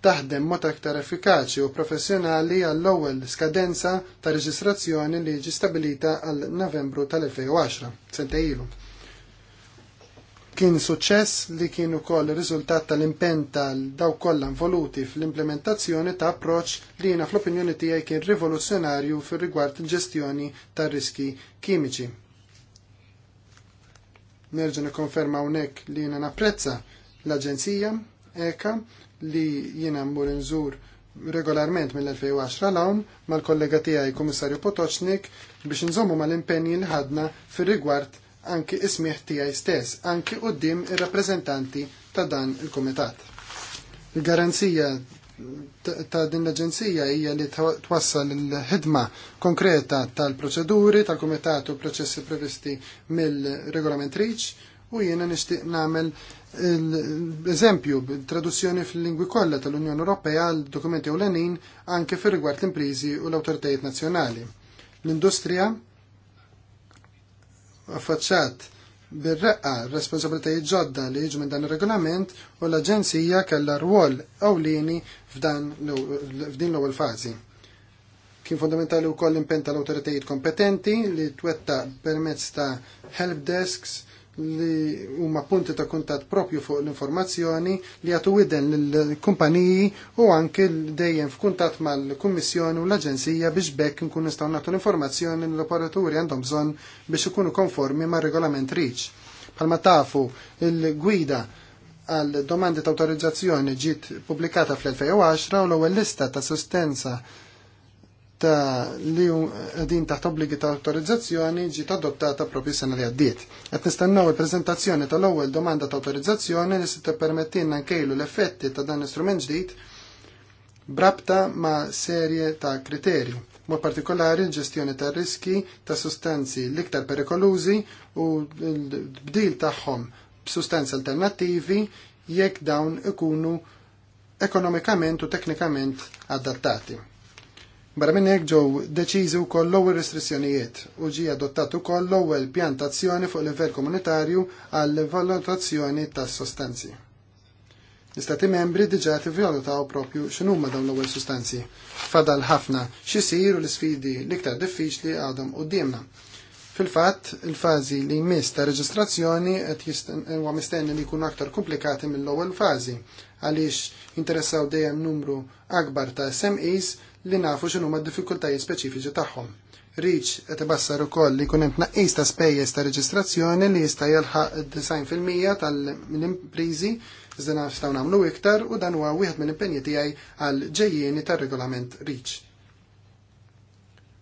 taħdem mod aktar effikaċi u professjonali għall-ewwel skadenza ta' reġistrazzjoni li ġi stabilita għal Novembru tal-2010, sente kien suċċess li kien ukoll riżultat tal-impenn tal daw kollha involuti fl-implementazzjoni ta' approċċ li jiena fl-opinjoni tiegħi kien rivoluzzjonarju fir-rigward il-ġestjoni tar riski kimiċi. Nerġa' nikkonferma hawnhekk li jiena napprezza l-Aġenzija EKA li jiena mmur inżur regolarment mill-2010 l-għom mal-kollega tiegħi Kummissarju Potoċnik biex nżommu mal impenni li ħadna fir-rigward anki ismieħ tiegħi stess, anki qudiem ir-rappreżentanti ta' dan il-kumitat. Il-garanzija ta' din l-Aġenzija hija li twassal il-ħidma konkreta tal-proċeduri, tal-kumitat u proċessi previsti mill-regolament u jiena nixtieq nagħmel eżempju traduzzjoni fil-lingwi kollha tal-Unjoni Ewropea għal dokumenti ewlenin anke fir rigward l-imprizi u l-awtoritajiet nazzjonali. L-industrija affaċċat bir-reqqa responsabilitajiet ġodda li jiġu minn dan ir-regolament u l-Aġenzija kellha rwol ewlieni f'din l-ewwel fażi. Kien fundamentali wkoll l-impen tal-awtoritajiet kompetenti li twetta permezz ta' help desks li huma punti ta' kuntat propju fuq l-informazzjoni li għatu widen l-kumpaniji u anke dejjem f'kuntat mal-Kummissjoni u l-Aġenzija biex bekk nkun nistgħu nagħtu l-informazzjoni l-operaturi għandhom bżonn biex ikunu konformi ma' regolament Reach. Palma tafu il-gwida għal domandi ta' autorizzazzjoni ġiet pubblikata fl-2010 u l-ewwel lista ta' sustenza ta' li għedin taħt obbligi ta' autorizzazzjoni ġiet adottata propri sena li għaddiet. Qed nistennew il-preżentazzjoni tal-ewwel domanda ta' autorizzazzjoni li se tippermettinna nkejlu l-effetti ta' dan l-istrument ġdid brabta ma' serje ta' kriterji, mod partikolari l-ġestjoni ta' riski ta' sustanzi l-iktar perikolużi u l-bdil tagħhom b'sustanzi alternattivi jekk dawn ikunu ekonomikament u teknikament adattati. Barra minn hekk ġew deċiżi wkoll l-ewwel restrizzjonijiet u ġie adottat ukoll l-ewwel pjan tazzjoni fuq livell komunitarju għall valutazzjoni tas-sostanzi. L-Istati membri diġà tivvalutaw propju x'inhuma dawn l-ewwel sustanzi. Fadal ħafna x'isir u l-isfidi l-iktar diffiċli għadhom qudiemna. Fil-fatt, il-fażi li jmiss ta' reġistrazzjoni qed huwa mistenni li jkunu aktar komplikati mill-ewwel fażi għaliex interessaw dejjem numru akbar ta' SMEs li nafu xinu ma' diffikultajiet speċifiċi tagħhom. Reach qed ibassar ukoll li jkun hemm tnaqqis ta' spejjeż ta' reġistrazzjoni li jista' jilħaq 90% tal-imprizi iżda staw nagħmlu iktar u dan huwa wieħed mill-impenji tiegħi għal ġejjieni tar-regolament Reach.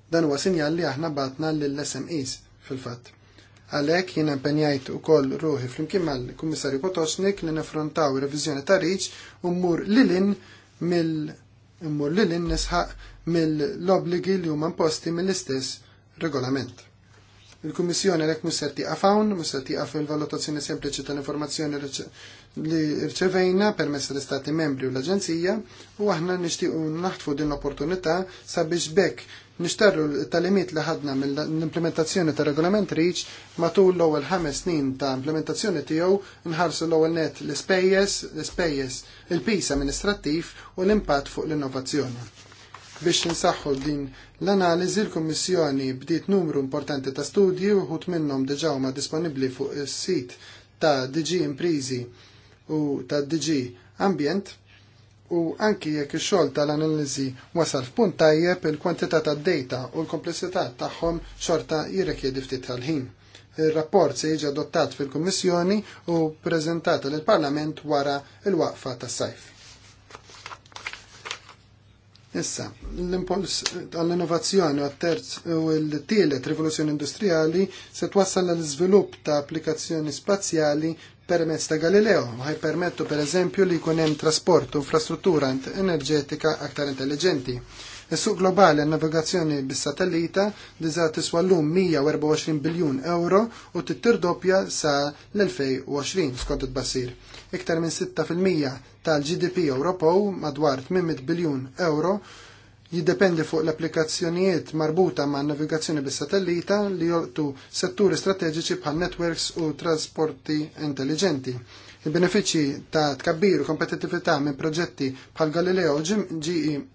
Dan huwa sinjal li aħna batna lill-SMEs fil-fatt. Għalek jien impenjajt u koll ruħi flimkien mal-Kummissarju Potoċnik li nifrontaw revizjoni ta' riċ u mmur lilin mill immur li l-nisħaq mill-obligi li huma imposti mill-istess regolament. Il-Kummissjoni għalhekk mhux se tieqa' fawn, mhux se fil-valutazzjoni sempliċi tal-informazzjoni li rċevejna permezz l-Istati membri u l-Aġenzija u aħna nixtiequ naħtfu din l-opportunità sabiex bekk Nixterru tal-limit li ħadna mill-implementazzjoni ta' regolament Reach matul l-ewwel ħames snin ta' implementazzjoni tiegħu nħarsu l-ewwel net l-ispejjeż, l-ispejjeż, il-pis amministrattiv u l-impatt fuq l-innovazzjoni. Biex nsaħħu din l-analiżi l-Kummissjoni bdiet numru importanti ta' studji ħut minnhom diġà huma disponibbli fuq is-sit ta' DG Imprizi u ta' DG Ambient u anki jekk ix-xogħol tal-analiżi wasal f'punt tajjeb il-kwantità tad-data u l-komplessità tagħhom xorta jirrikjedi ftit tal-ħin. Ir-rapport se jiġi adottat fil-Kummissjoni u preżentat lill-Parlament wara l-waqfa tas-sajf. Issa, l-impuls tal innovazzjoni u l-tielet rivoluzzjoni industrijali se twassal l-iżvilupp ta' applikazzjoni spazjali permezz ta' Galileo ħajpermettu per eżempju li jkun hemm trasport u infrastruttura enerġetika aktar intelligenti. Is-suq globali għan navigazzjoni bis-satellita diża tiswa llum 124 biljun euro u tittirdoppja sa l-2020 skont it Iktar minn 6% tal-GDP Ewropew madwar 800 biljun euro jiddependi fuq l-applikazzjonijiet marbuta ma' navigazzjoni bis-satellita li joqtu setturi strateġiċi bħal networks u trasporti intelligenti. Il-benefiċċji ta' tkabbir u kompetitività minn proġetti bħal Galileo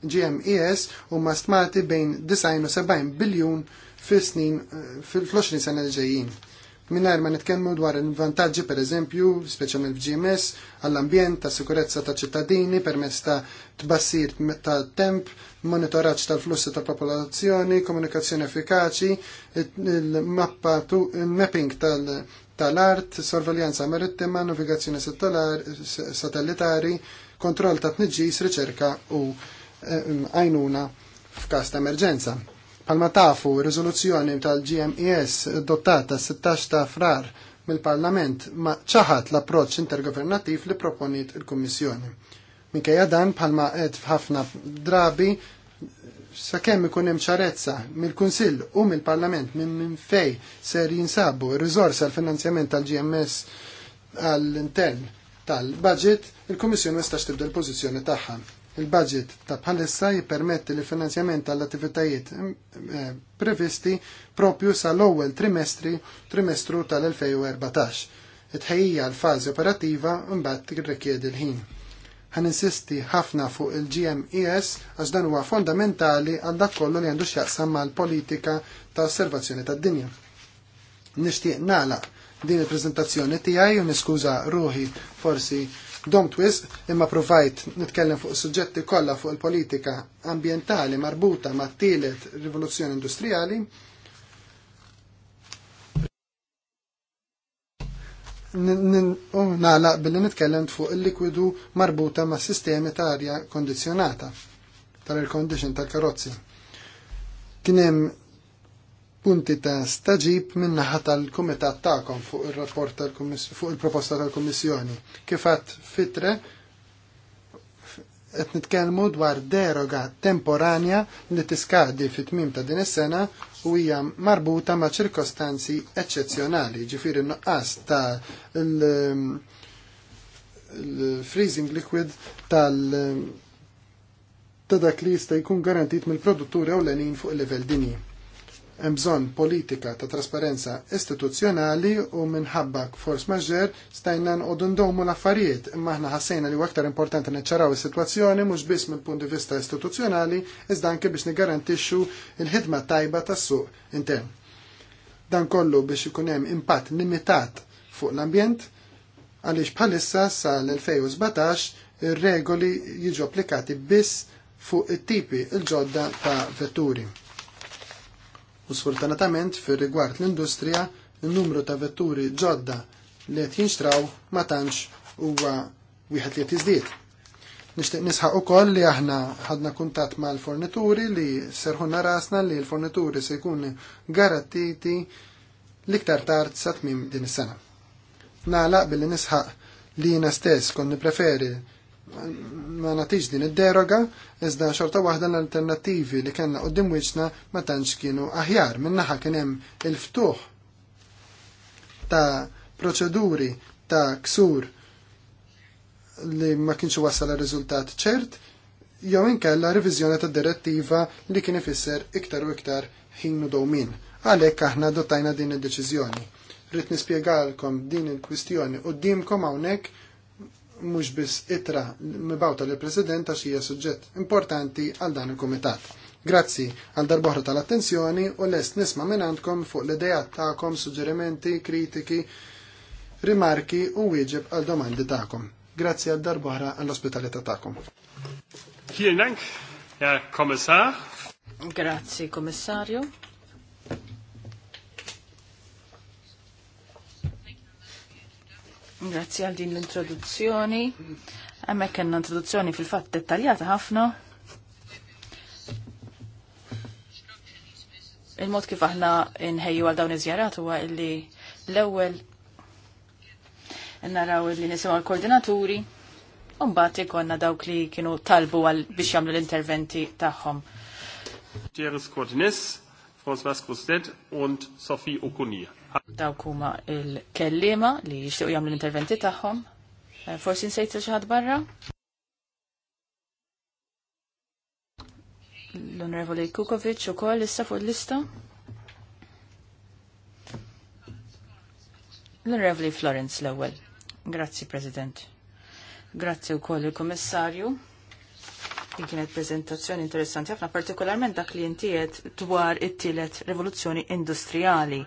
GMES huma stmati bejn 79 biljun fil-snin eh, fil-20 sena li ġejjin. Minnar ma nitkellmu dwar il-vantaġġi per eżempju, specialment f'GMS, e għall-ambjent, ta' sikurezza ta' ċittadini, permezz ta' tbassir ta' temp, monitoraġġ tal-flussi ta' popolazzjoni, komunikazzjoni effikaċi, il-mappa mapping tal-art, sorveljanza marittima, navigazzjoni satellitari, kontroll ta' tniġġis, riċerka u eh, għajnuna f'każ ta' emerġenza. Palma tafu, riżoluzzjoni tal-GMES adottata 16 ta' frar mill-Parlament ma ċaħat l-approċċ intergovernattiv li proponiet il-Kummissjoni Minkejja dan bħalma qed f'ħafna drabi sakemm ikun hemm ċarezza mill-Kunsill u mill-Parlament minn min fej ser jinsabu r riżors għall finanzjament tal-GMS għall-intern tal-budget, il-Kummissjoni ma stax tibda l-pożizzjoni tagħha. Il-budget ta' bħalissa jippermetti li finanzjament tal-attivitajiet eh, previsti propju sal-ewwel trimestri trimestru tal-2014. Itħejja l-fażi operattiva mbagħad tirrikjedi l-ħin ħan insisti ħafna fuq il-GMES għax dan huwa fondamentali għal dak kollu li għandu x'jaqsam mal-politika ta' osservazzjoni tad-dinja. Nixtieq nagħlaq din il-preżentazzjoni tiegħi u niskuża ruħi forsi dom wisq imma provajt nitkellem fuq suġġetti kollha fuq il-politika ambientali marbuta mat-tielet rivoluzzjoni industrijali nalaq billi nitkellem fuq il-likwidu marbuta ma' sistemi ta' arja kondizjonata tal-air condition tal-karozzi. Kienem punti ta' staġib minnaħa tal-Kumitat ta'kom fuq il-rapport fuq il-proposta tal-Kummissjoni. Kifat fitre qed nitkellmu dwar deroga temporanja li tiskadi fit-tmim ta' din is-sena u hija marbuta ma' ċirkostanzi eċċezzjonali, ġifieri nuqqas ta' l-freezing um, liquid tal- ta' dak li jista' jkun garantit mill-produtturi ewlenin fuq il-livell dinji hemm bżonn politika ta' trasparenza istituzzjonali u minħabba kfors maġġer stajna nqogħdu ndomu l-affarijiet imma aħna ħassejna li aktar importanti neċċaraw is-sitwazzjoni mhux biss mill-punt di vista istituzzjonali iżda anke biex nigarantixxu l-ħidma tajba tas-suq intern. Dan kollu biex ikun hemm impatt limitat fuq l-ambjent għaliex bħalissa sa l-2017 ir-regoli jiġu applikati biss fuq it-tipi il-ġodda ta' vetturi U sfortunatament fir rigward l-industrija, il-numru ta' vetturi ġodda li qed jinxtraw ma tantx huwa wieħed li qed jiżdied. Nixtieq nisħaq ukoll li aħna ħadna kuntatt mal-fornituri li serħuna rasna li l-fornituri se jkunu garantiti l-iktar tard sa tmiem din is-sena. Nagħlaq billi nisħaq li jiena stess kon nippreferi ma natiġ din id-deroga, iżda xorta waħda l-alternativi li kellna qoddim wiċċna ma tantx kienu aħjar. Minnaħa kien hemm il-ftuħ ta' proċeduri ta' ksur li ma kienx wasal riżultat ċert, jew inkella riviżjoni ta' direttiva li kien ifisser iktar u iktar ħin u dowmin. Għalhekk aħna dotajna din id-deċiżjoni. Rrid nispjegalkom din il-kwistjoni qudiemkom hawnhekk mhux biss itra mibawta lill president għax hija suġġett importanti għal dan il-kumitat. Grazzi għal darbohra tal-attenzjoni u lest nisma' minn għandkom fuq l-idejat tagħkom, suġġerimenti, kritiki, rimarki u wieġeb għal domandi tagħkom. Grazzi għal darbohra għall-ospitalità tagħkom. Vielen Dank, Herr Kommissar. Grazzi, Kommissarju. Grazzi għal din l-introduzzjoni. Għemmek kena introduzzjoni fil-fat dettaljata ħafna. Il-mod kif aħna nħejju għal dawn iż-żjarat huwa li l-ewwel naraw li nisimgħu l-koordinaturi u mbagħad ikonna dawk li kienu talbu għal biex jagħmlu l-interventi tagħhom. Gutierrez Cortines, François Crustet und Sophie Okunia. Dawk huma il-kellima li jixtiequ jagħmlu l-interventi tagħhom. Eh, forsi nsejtu xi ħadd barra? L-Onorevoli Kukovic ukoll issa fuq il-lista. L-Onorevoli Florence l-ewwel. Grazzi, President. Grazzi ukoll il-Kummissarju Din kienet prezentazzjoni interessanti ħafna, partikolarment dak li intiet dwar it-tielet rivoluzzjoni industrijali.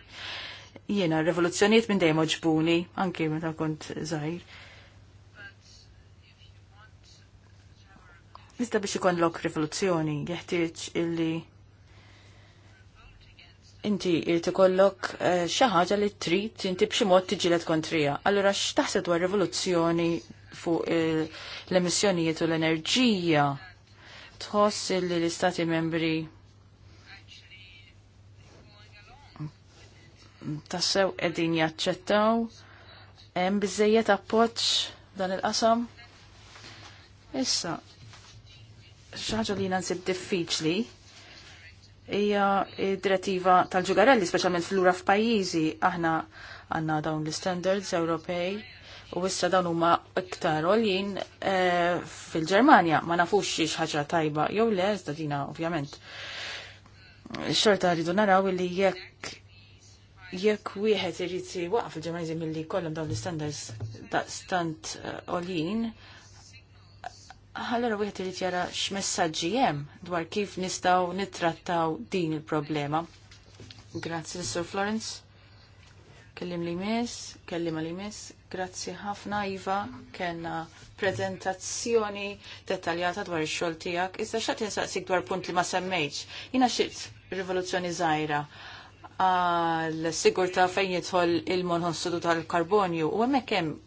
Jiena rivoluzzjonijiet minn dejjem oġbuni, anke meta kont żgħir. Iżda biex ikon lok rivoluzzjoni, jeħtieġ illi inti ikollok eh, xi ħaġa li trid inti b'xi mod tiġilet kontrija. Allura x'taħseb dwar rivoluzzjoni fuq eh, l-emissjonijiet u l-enerġija tħoss li l-istati membri tassew edin jaċċettaw hemm bizzejiet appoġġ dan il-qasam. Issa, xaħġa li nansib diffiċli hija id-direttiva tal-ġugarelli, speċjalment fl-ura f'pajjiżi aħna għandna dawn l-standards Ewropej u issa dan huma iktar għoljin eh, fil-Ġermanja ma nafux xi ħaġa tajba jew le iżda dina ovvjament. Xorta rridu naraw li jekk jekk wieħed irid waqaf il-Ġermaniżi milli jkollhom dawn l-istandards daqstant eh, għoljin, allora wieħed irid jara x'messaġġi hemm dwar kif nistgħu nittrattaw din il-problema. Grazzi, Sir Florence. Kellim li mis, kellim li mis, Grazzi ħafna Iva, kena prezentazzjoni dettaljata dwar ix-xogħol tiegħek. Issa x'għad tinsaqsik dwar punt li ma semmejtx. Jiena xiet rivoluzzjoni żgħira għal sigurta fejn jidħol il sudu tal-karbonju u hemmhekk hemm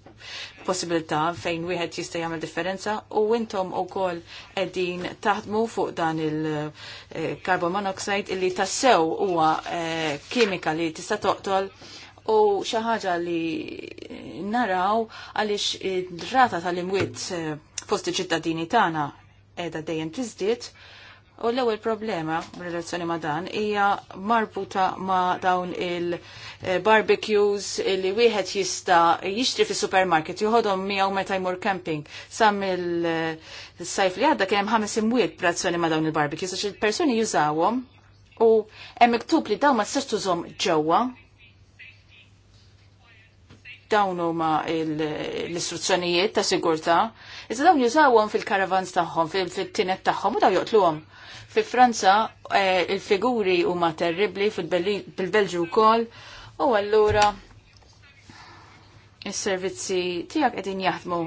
possibilità fejn wieħed jista' jagħmel differenza u intom ukoll qegħdin taħdmu fuq dan il-carbon eh, monoxide illi tassew huwa eh, kimika li tista' toqtol u xi ħaġa li naraw għaliex id-rata tal-imwiet eh, fost iċ-ċittadini tagħna qiegħda dejjem tizdit. U l-ewwel problema relazzjoni ma' dan hija marbuta ma' dawn il-barbecues li wieħed jista' jixtri fis-supermarket joħodhom miegħu meta jmur camping. Sam il-sajf li għadda kien hemm ħames imwiet b'razzjoni ma' dawn il-barbecues għax il-persuni jużawhom u hemm miktub li dawn ma tistax tużhom ġewwa dawn huma l-istruzzjonijiet ta' sigurtà, iżda dawn jużawhom fil-karavans tagħhom, fil-tinet tagħhom u daw joqtluhom. Fi Franza eh, il-figuri huma terribli fil-Belġu wkoll u allura is-servizzi tiegħek qegħdin jaħdmu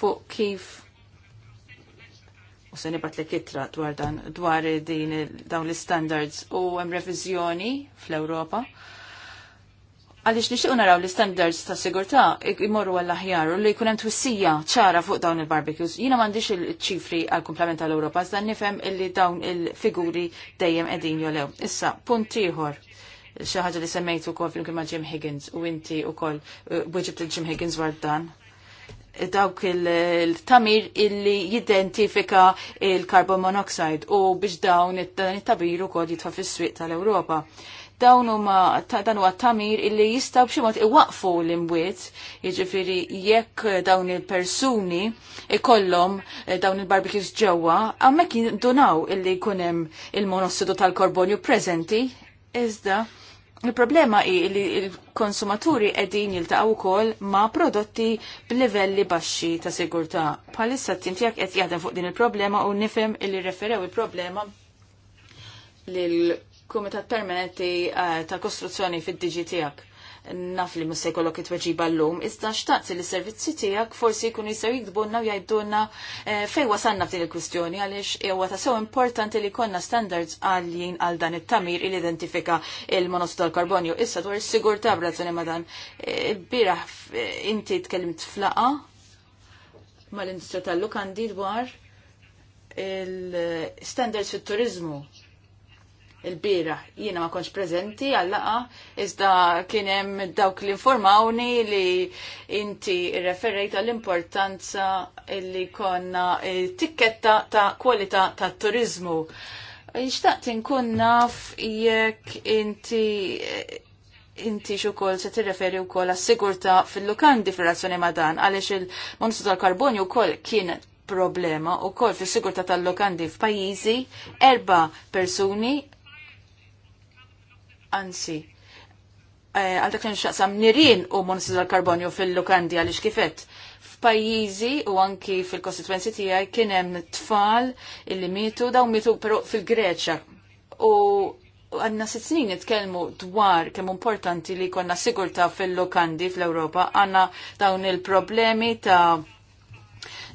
fuq kif u se nibat li kittra dwar dan dwar din dawn l-standards u hemm reviżjoni fl-Ewropa għaliex nixtiequ naraw l-standards ta' sigurtà imorru għall aħjar u li jkun hemm twissija ċara fuq dawn il-barbecues. Jiena m'għandix il-ċifri għal kumplament tal Ewropa, iżda nifhem illi dawn il-figuri dejjem qegħdin jolew. Issa, punt ieħor xi ħaġa li semmejtu ukoll flimkien ma' Jim Higgins u inti wkoll uh, wieġib il Jim Higgins war dan dawk il-tamir illi jidentifika il-carbon monoxide u biex dawn it-tabir u kod jitfa fis-swieq tal-Ewropa dawn huma dan huwa tamir illi jistgħu b'xi mod iwaqfu l-imwiet, jiġifieri jekk dawn il-persuni ikollhom eh, dawn il-barbecues ġewwa, hemmhekk jindunaw illi jkun hemm il-monossidu tal-korbonju preżenti, iżda il-problema hi li l-konsumaturi qegħdin jiltaqgħu wkoll ma' prodotti b'livelli baxxi ta' sigurtà. t tintijak qed jaħdem fuq din il-problema u nifhem illi referew il-problema lil kumitat permanenti eh, ta' kostruzzjoni fid-diġi tiegħek. Naf li musse jkollok it-tweġiba l-lum, iżda xtaqt li servizzi tiegħek forsi jkunu jisaw jikdbunna u jgħidulna eh, fejn wasanna f'din il kustjoni għaliex huwa ta' sew importanti li konna standards għaljin għal dan it-tamir il identifika il-monossidu tal-karbonju. Issa dwar is brazzoni madan, ma' dan. Eh, bieraħ inti tkellimt flaqa mal industri tal-Lukandi dwar il-standards fit-turizmu il-bira. Jiena ma konċ prezenti għallaqa, iżda kienem dawk li informawni li inti referejt għall-importanza li konna tikketta ta' kwalità ta' turizmu. Ixtaqt inkun naf jekk inti inti xukol se tirreferi u kol għas-sigurta fil-lukandi fil-razzjoni madan, għalix il monsu tal u kol kien problema u kol fil-sigurta tal-lokandi f'pajjiżi erba persuni anzi, eh, għal dak xaqsam nirin u monossidu karbonju fil-lukandi għalix kifet. F'pajjiżi u anki fil-kostituenzi tiegħi kien hemm tfal illi mitu daw mitu però fil-Greċja. U għanna sitt snin nitkellmu dwar kemm importanti li konna sigurta fil-lukandi fl-Ewropa għanna dawn il-problemi ta'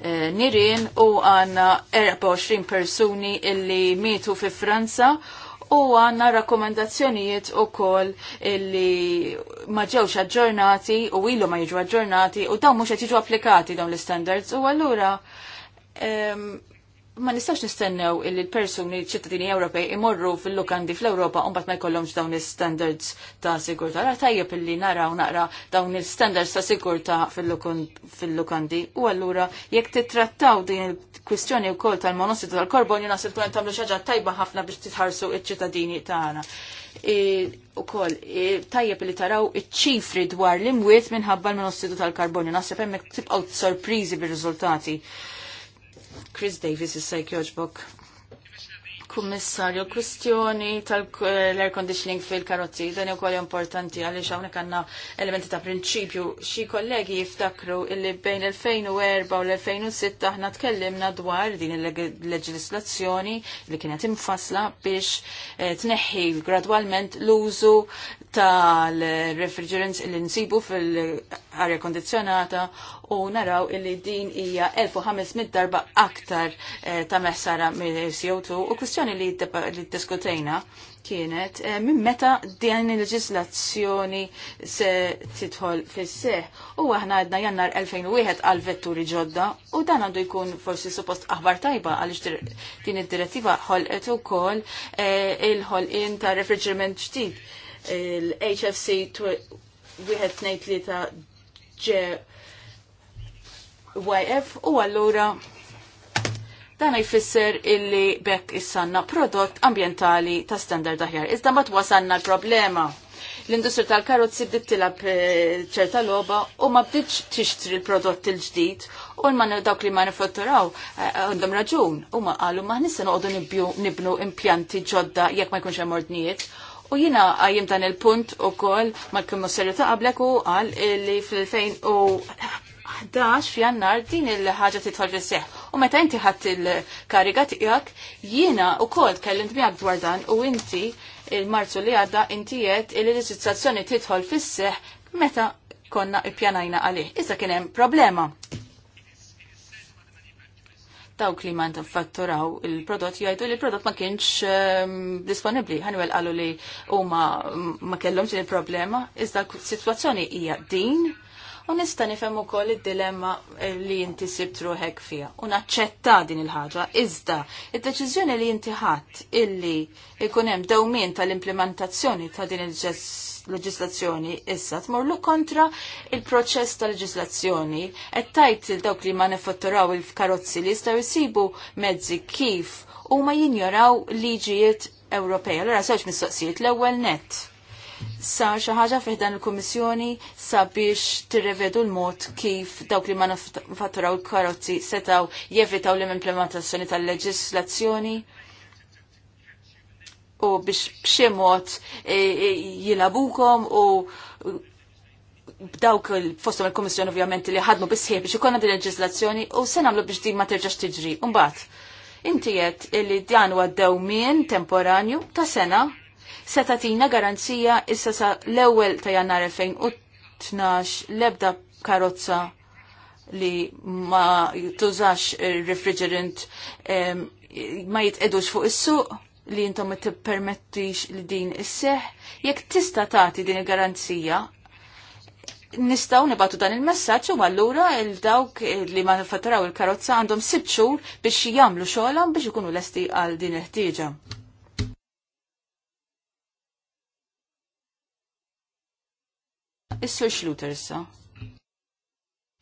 eh, nirien u għanna 24 persuni illi mitu fi Franza U għanna rakkomandazzjonijiet u koll illi maġewx aġġornati u ilu ma jiġu aġġornati u dawn mux jiġu applikati dawn l-standards u għallura ma nistax nistennew il persuni ċittadini Ewropej imorru fil-lukandi fl-Ewropa bat ma jkollhomx dawn il-standards ta' sigurta. Ra tajjeb illi naraw naqra dawn il-standards ta' sigurta fil-lukandi. U allura jekk titrattaw din il-kwistjoni wkoll tal-monossidu tal-korbon jina se tkun tagħmlu xi ħaġa tajba ħafna biex titħarsu il ċittadini tagħna. Ukoll tajjeb li taraw iċ-ċifri dwar l-imwiet minħabba l-monossidu tal-karbonju. Naħseb tibqaw tibqgħu sorpriżi bir-riżultati. Chris Davis issa book Kummissarju, kwistjoni tal-air conditioning fil-karozzi, dan ukoll importanti għaliex hawnhekk għandna elementi ta' prinċipju. Xi kollegi jiftakru illi bejn il 2004 u l-2006 aħna tkellimna dwar din il-leġislazzjoni li kienet imfasla biex eh, tneħħi gradwalment l-użu tal-refrigerants li nsibu fil-arja kondizjonata u naraw illi din hija 1500 darba aktar eh, ta' meħsara mill-CO2 u kwistjoni li diskutejna kienet eh, minn meta din il-leġislazzjoni se tidħol fis-seħ u aħna għedna jannar 2001 għal vetturi ġodda u dan għandu jkun forsi suppost aħbar tajba għaliex din id-direttiva ħolqet ukoll eh, il-ħolqien ta' refrigerant ġdid l-HFC wieħed li ta' YF u allura dan jfisser illi bekk issanna prodott ambientali ta' standard aħjar. Iżda ma twasanna l-problema. L-industrija tal-karozzi bdiet tilab eh, ċerta loba u ma bditx tixtri l-prodott il-ġdid u l dawk li manifatturaw eh, għandhom raġun u ma qalu ma nissa noqogħdu nibnu impjanti ġodda jekk ma jkunx hemm ordnijiet U jina għajim dan il-punt u koll mal-Kommissarju ta' qablek u għal li fil 2011 f'jannar din il-ħagġa titħol fis-seħ. U meta inti ħadd il-kariga tiegħek, jiena wkoll tkellimt miegħek dwar dan u inti il-Marzu li għadda inti qed li l-istituzzjoni titħol fis-seħ meta konna ippjanajna għalih. Issa kien hemm problema dawk li man fatturaw il-prodott jgħidu li il-prodott ma kienx ehm, disponibli. Hanwell qalu li huma ma kellhomx il-problema, iżda situazzjoni hija din u nista' nifhem ukoll id-dilemma eh, li inti sib truħek fija u naċċetta din il-ħaġa iżda id-deċiżjoni li inti ħadd illi jkun hemm dewmien tal-implementazzjoni ta' din il-ġess leġislazzjoni issa tmorlu kontra il-proċess ta' leġislazzjoni qed tajt il dawk li ma nefotturaw il-karozzi li jistgħu jisibu mezzi kif u ma jinjoraw liġijiet Ewropej. Allora sewġ mistoqsijiet l-ewwel net. Sa xi ħaġa fih dan il-Kummissjoni sabiex tirrevedu l-mod kif dawk li ma nifatturaw il-karozzi setgħu jevitaw l-implementazzjoni tal-leġislazzjoni u biex b'xi mod e, e, jilabukom u dawk fostom il-Komissjoni ovvjament li ħadmu bisħieħ biex ikonna din leġislazzjoni u se nagħmlu biex din ma terġax tiġri. Imbagħad, inti qed li dan huwa dewmien temporanju ta' sena se tagħtina garanzija issa sa l-ewwel ta' Jannar 2012 l-ebda karozza li ma tużax refrigerant ma jitqedux fuq is-suq li intom tippermettix li din is-seħ, jekk tista tagħti din il-garanzija, nistaw nibatu dan il-messaġġ u allura il-dawk li ma il-karozza għandhom sitt xhur biex jagħmlu xogħolhom biex ikunu lesti għal din il-ħtieġa. Is-Sur xluter issa. So.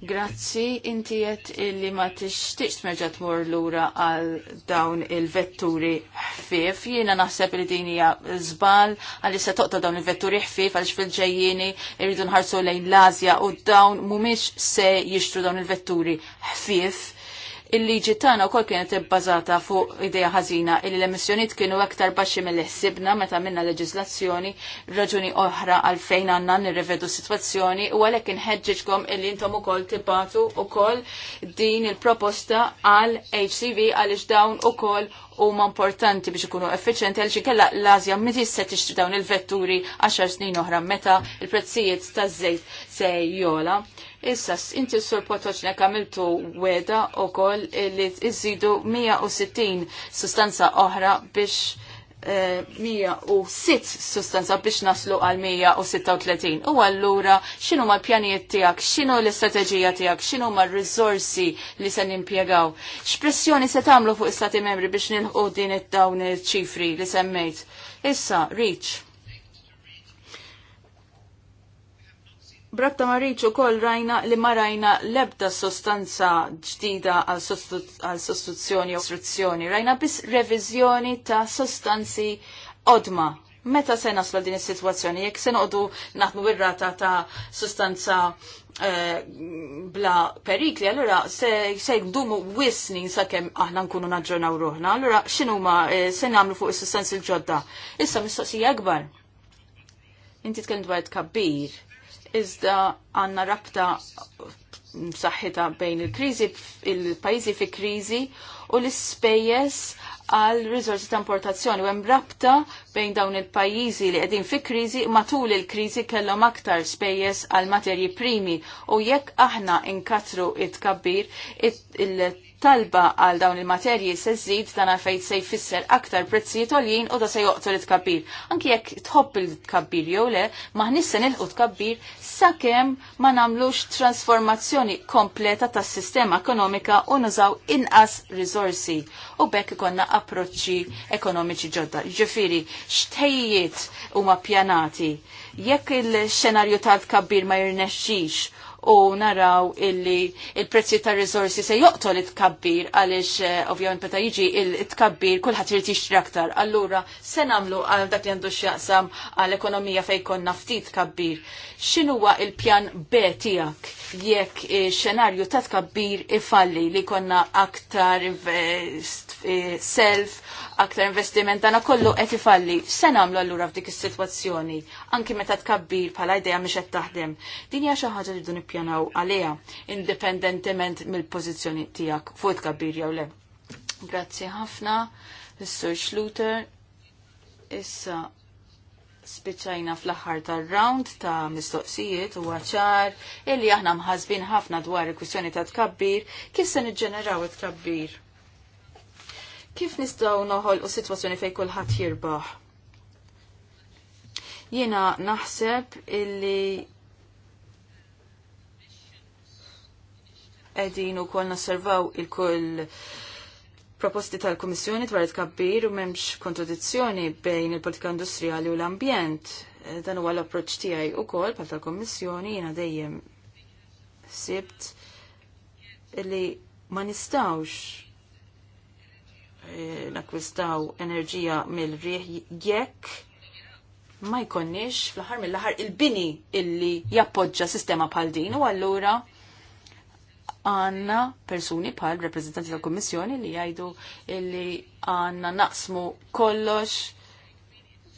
Grazzi, inti jett illi ma tixtiqx meġa l lura għal dawn il-vetturi ħfif. Jiena naħseb li din hija żbal għalli se toqta dawn il-vetturi ħfif għaliex fil ġejjini irridu nħarsu lejn l-Asja u dawn mhumiex se jixtru dawn il-vetturi ħfif il-liġi tagħna wkoll kienet ibbażata fuq idea ħażina li l-emissjonijiet kienu aktar baxxi mill ħsibna meta minna leġislazzjoni raġuni oħra għalfejn għandna nirrevedu sitwazzjoni u għalhekk inħeġġiġkom illi intom ukoll tibatu ukoll din il-proposta għal HCV għaliex dawn ukoll huma importanti biex ikunu effiċenti għal xikella l-Azja meti se tixtri dawn il-vetturi 10 snin oħra meta il-prezzijiet taż-żejt se jola. Issa, inti s-sur potoċna kamiltu weda u koll li iżidu 160 sustanza oħra biex 106 eh, sustanza biex naslu għal 136. U għallura, xinu ma l-pjanijiet tijak, xinu l-istrateġija tijak, xinu ma l-rizorsi li se nimpiegaw. X'pressjoni se tamlu fuq istati membri biex nilħu din it-dawn ċifri li semmejt. Issa, reach Brabta marriċu kol rajna li ma rajna lebda sostanza ġdida għal sostituzzjoni u istruzzjoni. Rajna bis revizjoni ta' sostanzi odma. Meta se naslu din is-sitwazzjoni? Jekk se noqdu naħdmu rata ta' sostanza eh, bla perikli, allora se, se jdumu wisnin sakemm aħna nkunu naġġornaw ruħna. Allura x'inhuma eh, se nagħmlu fuq is-sustanzi l-ġodda? Issa mistoqsija akbar. Inti tkellim dwar tkabbir iżda għanna rabta saħħita bejn il-krizi, il-pajizi fi krizi u l-spejjes għal rizorsi ta' importazzjoni u hemm rabta bejn dawn il-pajjiżi li qegħdin fi kriżi matul il-kriżi kellhom aktar spejjeż għal materji primi u jekk aħna inkatru it-kabbir it talba għal dawn il-materji se żid dan għalfejn se jfisser aktar prezzijiet għoljin u da se joqtu it tkabbir Anki jekk tħobb il tkabbir jew le, maħnis se nilqu tkabbir sakemm ma nagħmlux transformazzjoni kompleta tas-sistema ekonomika u nużaw inqas risorsi u bekk konna approċċi ekonomiċi ġodda. Ġifiri, xtejjiet huma pjanati jekk il-xenarju tal-kabbir ma jirnexxix u naraw illi il-prezzi ta' rizorsi se joqtol it-tkabbir għalix eh, ovvjament meta jiġi il-tkabbir kulħadd irid jixtri aktar. Allura se nagħmlu għal dak li għandu x'jaqsam għal ekonomija fejn jkollna ftit X'in X'inhuwa il-pjan B tiegħek jekk xenarju ta' tkabbir ifalli li konna aktar eh, self aktar investiment dana kollu qed ifalli. Se nagħmlu allura f'dik is-sitwazzjoni, anki meta tkabbir bħala idea mhix qed taħdem. Din hija xi ħaġa li dun ippjanaw għaliha, indipendentement mill-pożizzjoni tiegħek fuq tkabbir jew le. Grazzi ħafna, Mr. Schluter. Issa spiċajna fl-aħħar tal-round ta' mistoqsijiet u għaċar illi aħna mħazbin ħafna dwar il-kwistjoni ta' tkabbir kif se niġġeneraw it-tkabbir. Kif nistgħu noħolqu sitwazzjoni fejn kulħadd jirbaħ? Jiena naħseb illi qegħdin ukoll nasservaw il-kull proposti tal-Kummissjoni dwar it-kabbir u m'hemmx kontradizzjoni bejn il-politika industrijali u l-ambjent. Eh, dan huwa l-approċċ tiegħi wkoll pal tal-Kummissjoni jiena dejjem sibt li ma nistawx Eh, nakwistaw enerġija mill-rieħ jekk ma jkonniex fl-aħħar mill-aħħar il-bini illi jappoġġa sistema bħal din u allura għanna persuni bħal rappresentanti tal-Kommissjoni li jgħidu illi għanna naqsmu kollox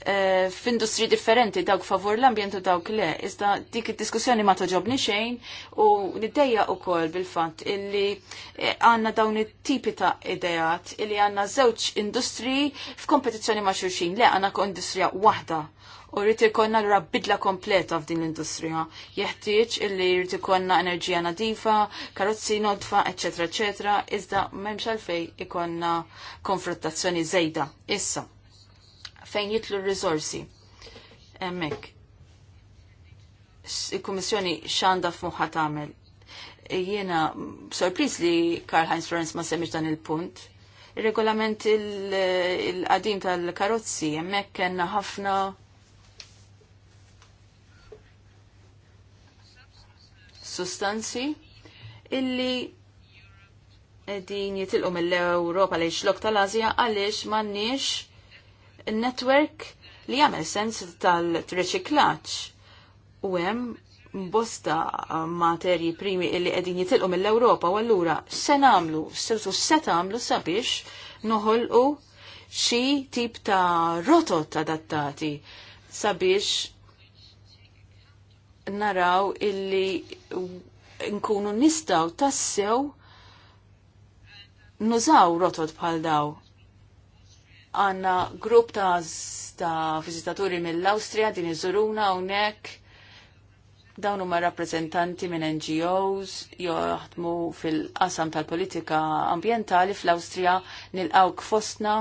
Eh, f'industri differenti dawk favur l-ambjent u dawk le. Iżda dik id-diskussjoni ma toġobni xejn u nidejja u kol bil-fat illi eh, għanna dawn it-tipi ta' idejat illi għanna zewċ industri f'kompetizzjoni ma' xurxin. Le għanna industrija wahda u rrit ikonna l bidla kompleta f'din l-industrija. Jeħtieġ illi rrit ikonna enerġija nadifa, karozzi nodfa, eccetera, eccetera, iżda memx għalfej ikonna konfrontazzjoni zejda. Issa, fejn jitlu r-rizorsi. Emmek, il-Kummissjoni xanda f-muħat għamil. Jiena sorpriż li Karl Heinz Florence ma semmiġ dan il-punt. Il-regolament il-qadim tal-karozzi, hemmhekk kena ħafna sustanzi illi din jitilqu mill-Europa li xlok tal-Azja għaliex m'għandniex netwerk li jagħmel sens tal-riċiklaġġ u hemm bosta materji primi li qegħdin jitilqu mill-Ewropa u allura se nagħmlu, se tagħmlu sabiex noħolqu xi tip ta' rotot adattati sabiex naraw illi nkunu nistaw tassew nużaw rotot bħal daw għanna grupp ta', ta vizitaturi mill-Austria din iżuruna hawnhekk dawn huma rappreżentanti minn NGOs jaħdmu fil-qasam tal-politika ambjentali fl-Awstrija nilqgħu fostna.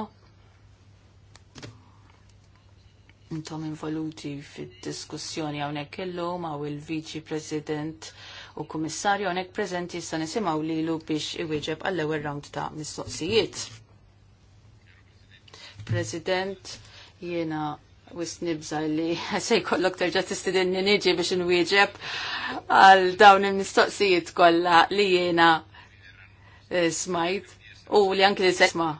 Intom involuti fid-diskussjoni hawnhekk illum għaw il-Viċi President u Kummissarju hawnhekk preżenti issa nisimgħu lilu biex iwieġeb għall-ewwel round ta' mistoqsijiet. President, jiena wis nibza li se jkollok terġa' tistidinni niġi biex inwieġeb għal dawn il-mistoqsijiet kollha li jiena eh, smajt u li anki li se sma'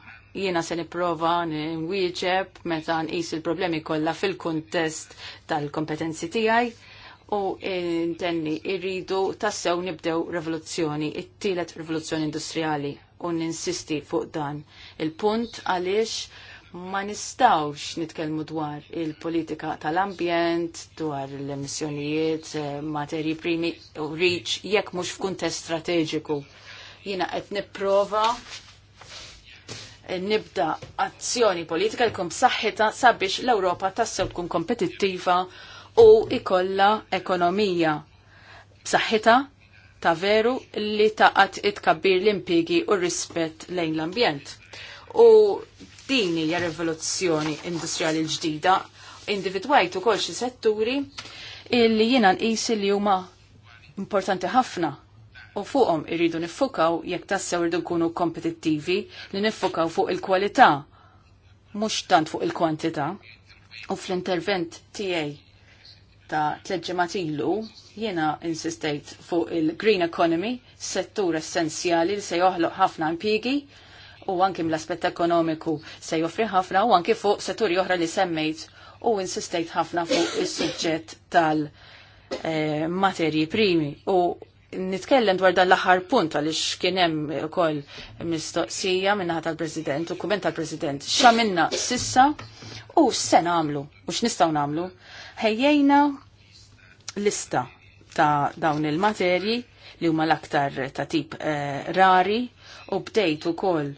jiena se nipprova nwieġeb meta nqis il-problemi kollha fil-kuntest tal-kompetenzi tiegħi u intenni irridu tassew nibdew revoluzzjoni, it-tielet rivoluzzjoni industrijali u ninsisti fuq dan il-punt għaliex ma nistawx nitkellmu dwar il-politika tal-ambjent, dwar l-emissjonijiet, eh, materji primi, u reach, jekk mhux f'kuntest strateġiku. Jiena qed nipprova eh, nibda azzjoni politika jkun b'saħħita sabiex l-Ewropa tassew tkun kompetittiva u ikolla ekonomija b'saħħita ta' veru li taqat it-kabbir l-impigi u rispett lejn l-ambjent. U Din hija rivoluzzjoni industrijali ġdida, individwajt kol xi setturi illi jiena nqisi li huma importanti ħafna u fuqhom irridu niffukaw jekk tassew irridu nkunu kompetittivi li niffukaw fuq il-kwalità mhux tant fuq il-kwantità. U fl-intervent tiegħi ta' tleġġemat ilu jiena insistejt fuq il-green economy, settur essenzjali li se joħloq ħafna impjiegi u anki mill-aspett ekonomiku se joffri ħafna u anki fuq setturi oħra li semmejt u insistejt ħafna fuq is-suġġett tal-materji primi u nitkellem dwar dan l-aħħar punt għaliex kien hemm ukoll mistoqsija minnaħa tal-President u kumment tal-President x'għamilna sissa u se nagħmlu u x'nistgħu nagħmlu. Ħejjejna lista ta' dawn il-materji li huma l-aktar ta' tip eh, rari u bdejt ukoll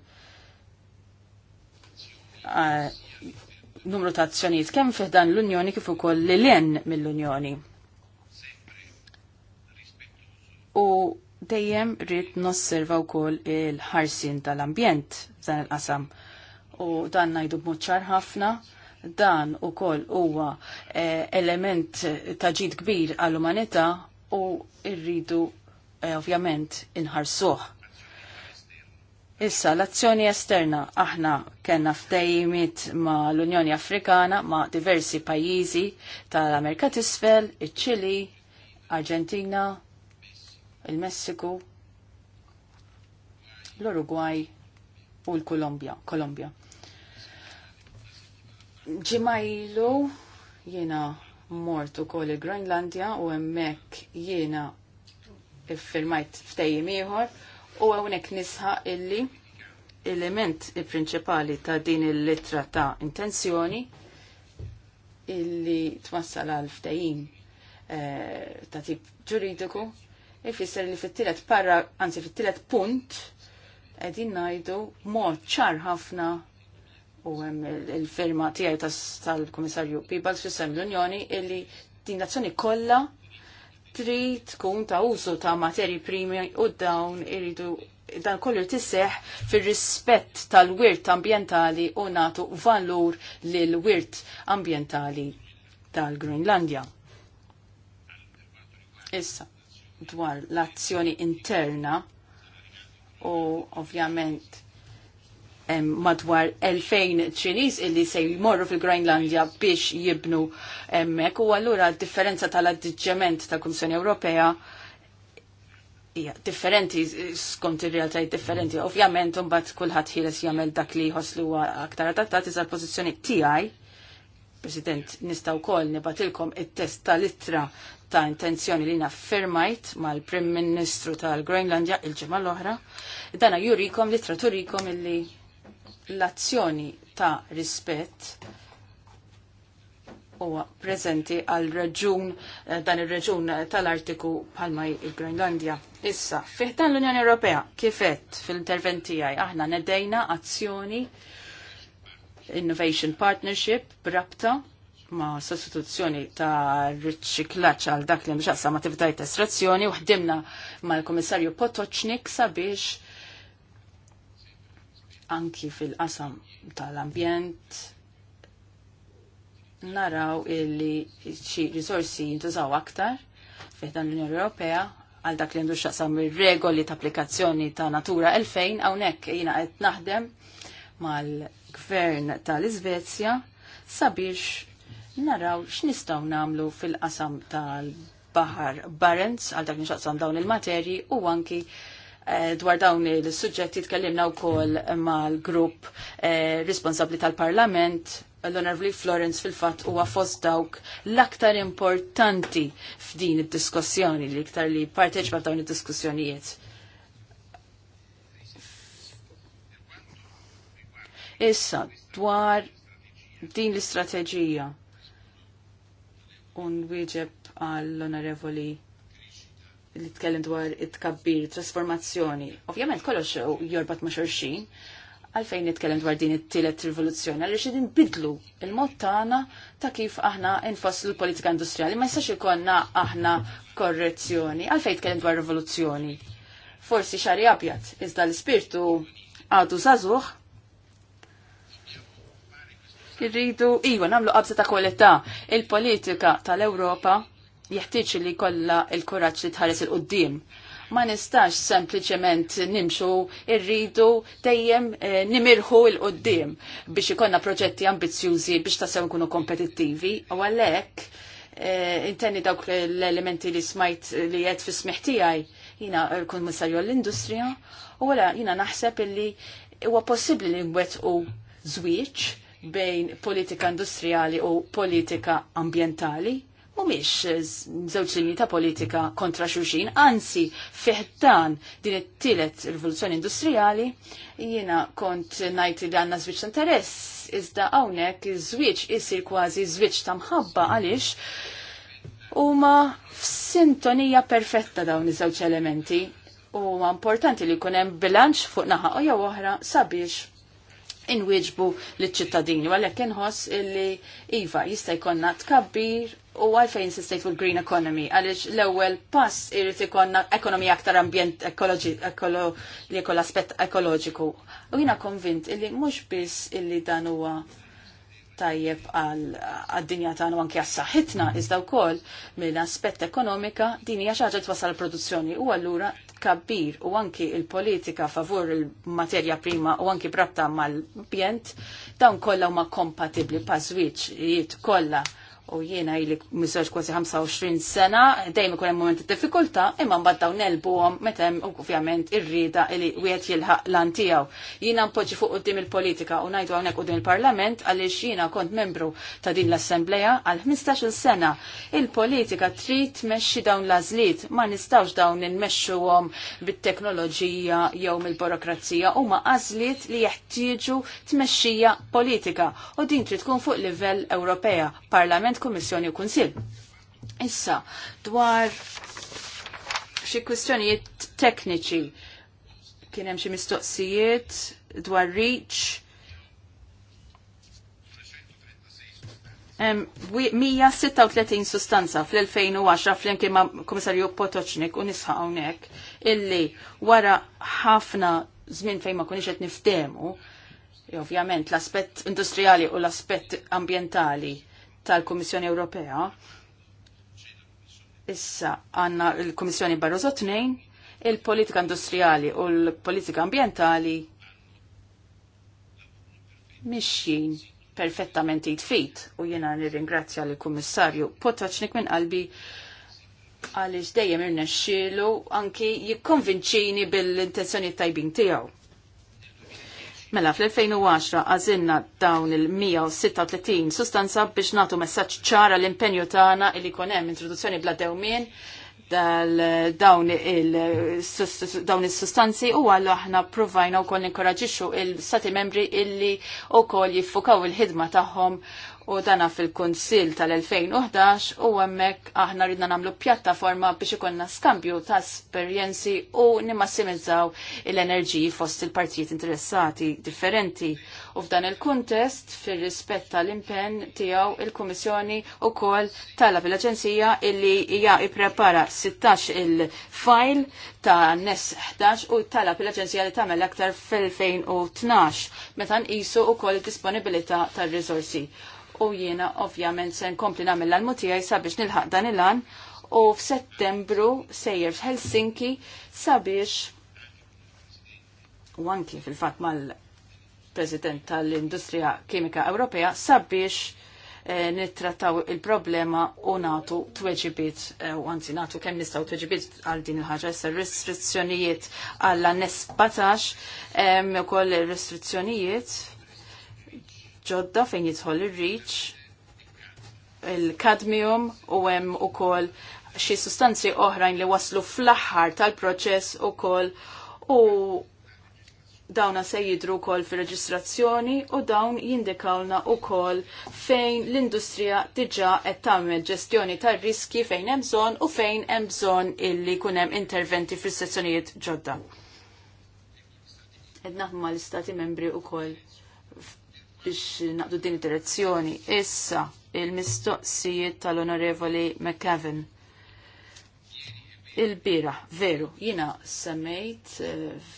Eh, numru ta' azzjonijiet kemm fih dan l-Unjoni kif ukoll li len mill-Unjoni. U dejjem rrid nosserva wkoll il-ħarsin tal-ambjent dan il-qasam. U dan ngħidu b'mod ċar ħafna dan ukoll huwa eh, element ta' ġid kbir għall-umanità u rridu eh, ovvjament inħarsuh Issa, l-azzjoni esterna, aħna kena ftejimit ma l-Unjoni Afrikana, ma diversi pajizi tal-Amerika tisfel, il-ċili, Argentina, il-Messiku, l-Uruguay u l-Kolombja. Kolombja. Ġimajlu jena mortu kol il-Groenlandja u emmek jena iffirmajt ftejim ieħor u għawnek nisħa illi element il-prinċipali ta' din il-litra ta' intenzjoni illi twassal għal ftajin eh, ta' tip ġuridiku ifisser li fit-tielet parra, anzi fit-tielet punt qegħdin ngħidu mod ċar ħafna u hemm il-firma tiegħi tal-Kummissarju Pibals fissem l-Unjoni illi din nazzjoni kolla kollha trid tkun ta' użu ta' materji primi u dawn iridu dan kollu tisseħ fil-rispett tal-wirt ambientali u natu valur lil wirt ambientali tal greenlandia Issa, dwar l-azzjoni interna u ovvjament madwar 2000 ċiniż illi se jmorru fil-Groenlandja biex jibnu hemmhekk u allura differenza tal-addiġġament tal-Kummissjoni Ewropea hija differenti skont ir-realtajiet differenti. Ovvjament imbagħad kulħadd ħieles jagħmel dak li jħosslu huwa aktar iżal iżda pożizzjoni tiegħi President, nista' wkoll nibatilkom it-test tal-ittra ta' intenzjoni li naffirmajt mal-Prim Ministru tal-Groenlandja il-ġimgħa l-oħra. Dana jurikom, litra turikom illi l-azzjoni ta' rispett huwa preżenti għal reġun eh, dan ir-reġun tal-Artiku bħalma il-Groenlandja. Issa, fih dan l-Unjoni Ewropea kifet fil-intervent tiegħi aħna nedejna azzjoni Innovation Partnership b'rabta ma' sostituzzjoni ta' riċiklaċ għal dak li mxaqsa ma' attivitajiet estrazzjoni u ħdimna mal-Komissarju Potoċnik sabiex anki fil-qasam tal-ambjent naraw illi xi risorsi jintużaw aktar fih dan l-Unjoni Ewropea għal dak li għandu xaqsam regoli ta' applikazzjoni ta' natura 2000 hawnhekk jiena qed naħdem mal-gvern tal-Iżvezja sabiex naraw x'nistgħu nagħmlu fil-qasam tal-Baħar Barents għal dak nixaqsam dawn il-materji u anki Eh, dwar dawn il-sujġetti tkellimna wkoll mal-grupp eh, responsabbli tal-Parlament l-Onorevoli Florence fil-fatt huwa fost dawk l-aktar importanti f'din id-diskussjoni li iktar li parteċba f'dawn id-diskussjonijiet. Issa, dwar din l-istrateġija un wieġeb għall-Onorevoli li tkellem dwar it-kabbir, trasformazzjoni. Ovvjament kollox jorbat ma' xorxin, għalfejn nitkellem dwar din it-tielet rivoluzzjoni, għaliex din bidlu il-mod tagħna ta' kif aħna nfasslu l-politika industrijali. Ma jistax ikonna aħna korrezzjoni, għalfejn nitkellem dwar rivoluzzjoni. Forsi xari abjad, iżda l-ispirtu għadu zazuħ, irridu, iwa, namlu qabża ta' kwalità il-politika tal-Europa jeħtieġ li kollha il-kuraġġ li tħares il-qudiem. Ma nistax sempliċement nimxu irridu dejjem eh, nimirħu il-qoddim biex ikonna proġetti ambizjużi biex tasew nkunu kompetittivi u għalhekk eh, intenni dawk l-elementi li smajt li qed fi smiħtijaj jina kummissarju l-industrija u għala jina naħseb illi huwa possibbli li nwet u zwieċ bejn politika industrijali u politika ambientali mhumiex żewġ eh, linji ta' politika kontra xulxin, anzi fiħtan din it-tielet rivoluzzjoni industrijali jiena kont ngħid li għandna żwieġ interess iżda hawnhekk iż-żwieġ isir kważi żwieġ ta' mħabba għaliex huma f'sintonija perfetta dawn iż-żewġ elementi u importanti li jkun hemm bilanċ fuq naħa u jew oħra sabiex inwieġbu l-ċittadini, għalek inħoss illi Iva jista jkollna tkabbir u għalfejn insistejt fuq green economy għaliex l-ewwel pass irrit ikonna ekonomija aktar ambjent li jkoll aspett ekoloġiku. U jiena konvint illi mhux biss illi dan huwa tajjeb għad-dinja tagħna anke għas-saħħitna iżda wkoll mill-aspett ekonomika din hija xi ħaġa produzzjoni u allura tkabbir u anki il-politika favur il-materja prima u anki brabta mal bjent dawn kollha huma kompatibbli pa' zwiċ jiet kollha u jiena jilik miżoġ kważi 25 sena, dejjem ikun hemm momenti diffikultà, imma mbagħad dawn nelbuhom meta hemm ovvjament ir-rieda li wieħed jilħaq lan tiegħu. Jiena mpoġġi fuq qudiem il-politika u ngħidu hawnhekk qudiem il-Parlament għaliex jiena kont membru ta' din l-Assembleja għal 15-il sena. Il-politika trid tmexxi dawn l-għażliet, ma nistgħux dawn inmexxuhom bit-teknoloġija jew mill-burokrazija huma għażliet li jeħtieġu tmexxija politika u din trid tkun fuq livell Ewropea. Parlament Parlament, Kummissjoni u Kunsill. Issa, dwar xi kwistjonijiet tekniċi kien hemm xi mistoqsijiet dwar reach. Um, 136 sustanza fl-2010 kien ma' Kummissarju Potoċnik u nisħa hawnhekk illi wara ħafna żmien fejn ma kunix qed niftehmu, ovvjament l-aspett industrijali u l-aspett ambjentali tal-Kummissjoni Ewropea. Issa għanna l kummissjoni Barroso 2, il-politika industrijali u l-politika ambientali Mixin perfettament jitfit u jena nirringrazzja l kummissarju Potoċnik minn qalbi għalix dejjem irnexxielu anki jikkonvinċini bil-intenzjoni tajbin tiegħu. Mela fl-2010 għazinna dawn il-136 sustanza biex natu messaċ ċara l-impenju tagħna li jkun hemm introduzzjoni bla dewmien dawn il-sustanzi u għallu aħna provajna u koll inkoraġiċu il sati membri illi u koll jiffukaw il-ħidma taħħom u dana fil-Kunsil tal-2011 u għemmek aħna ridna namlu pjattaforma biex ikonna skambju ta' esperjenzi u nimmassimizzaw l-enerġiji fost il-partijiet interessati differenti U f'dan il-kuntest, fir rispett tal-impenn tiegħu il-Kummissjoni wkoll talab l-Aġenzija illi hija ipprepara 16 il-fajl ta' NES 11 u talab l-Aġenzija li tagħmel aktar fil-2012 meta nqisu wkoll id-disponibilità tar rizorsi U jiena ovvjament se nkompli nagħmel l mutijaj sabiex nilħaq dan il-an u f'Settembru sejjer f'Helsinki sabiex u anki fil-fatt mal President tal-Industrija Kimika Ewropea sabiex eh, nittrattaw il-problema u natu tweġibiet, eh, u għanzi natu kem nistaw tweġibiet għal din il-ħagġa, jessa restrizzjonijiet għalla nesbatax, u koll restrizzjonijiet ġodda fejn jitħol il-riċ, il-kadmium u hemm ukoll xi sustanzi oħrajn li waslu fl-aħħar tal-proċess ukoll u dawna se jidru kol fi reġistrazzjoni u dawn jindikawna u kol fejn l-industrija diġa qed tagħmel ġestjoni tar riski fejn hemm bżonn u fejn hemm bżonn illi jkun hemm interventi fis-sezzjonijiet ġodda. Edna ma mal-istati membri wkoll biex naqdu din id-direzzjoni. Issa il-mistoqsijiet tal-Onorevoli McCavin Il-bira, veru, jina semmejt uh,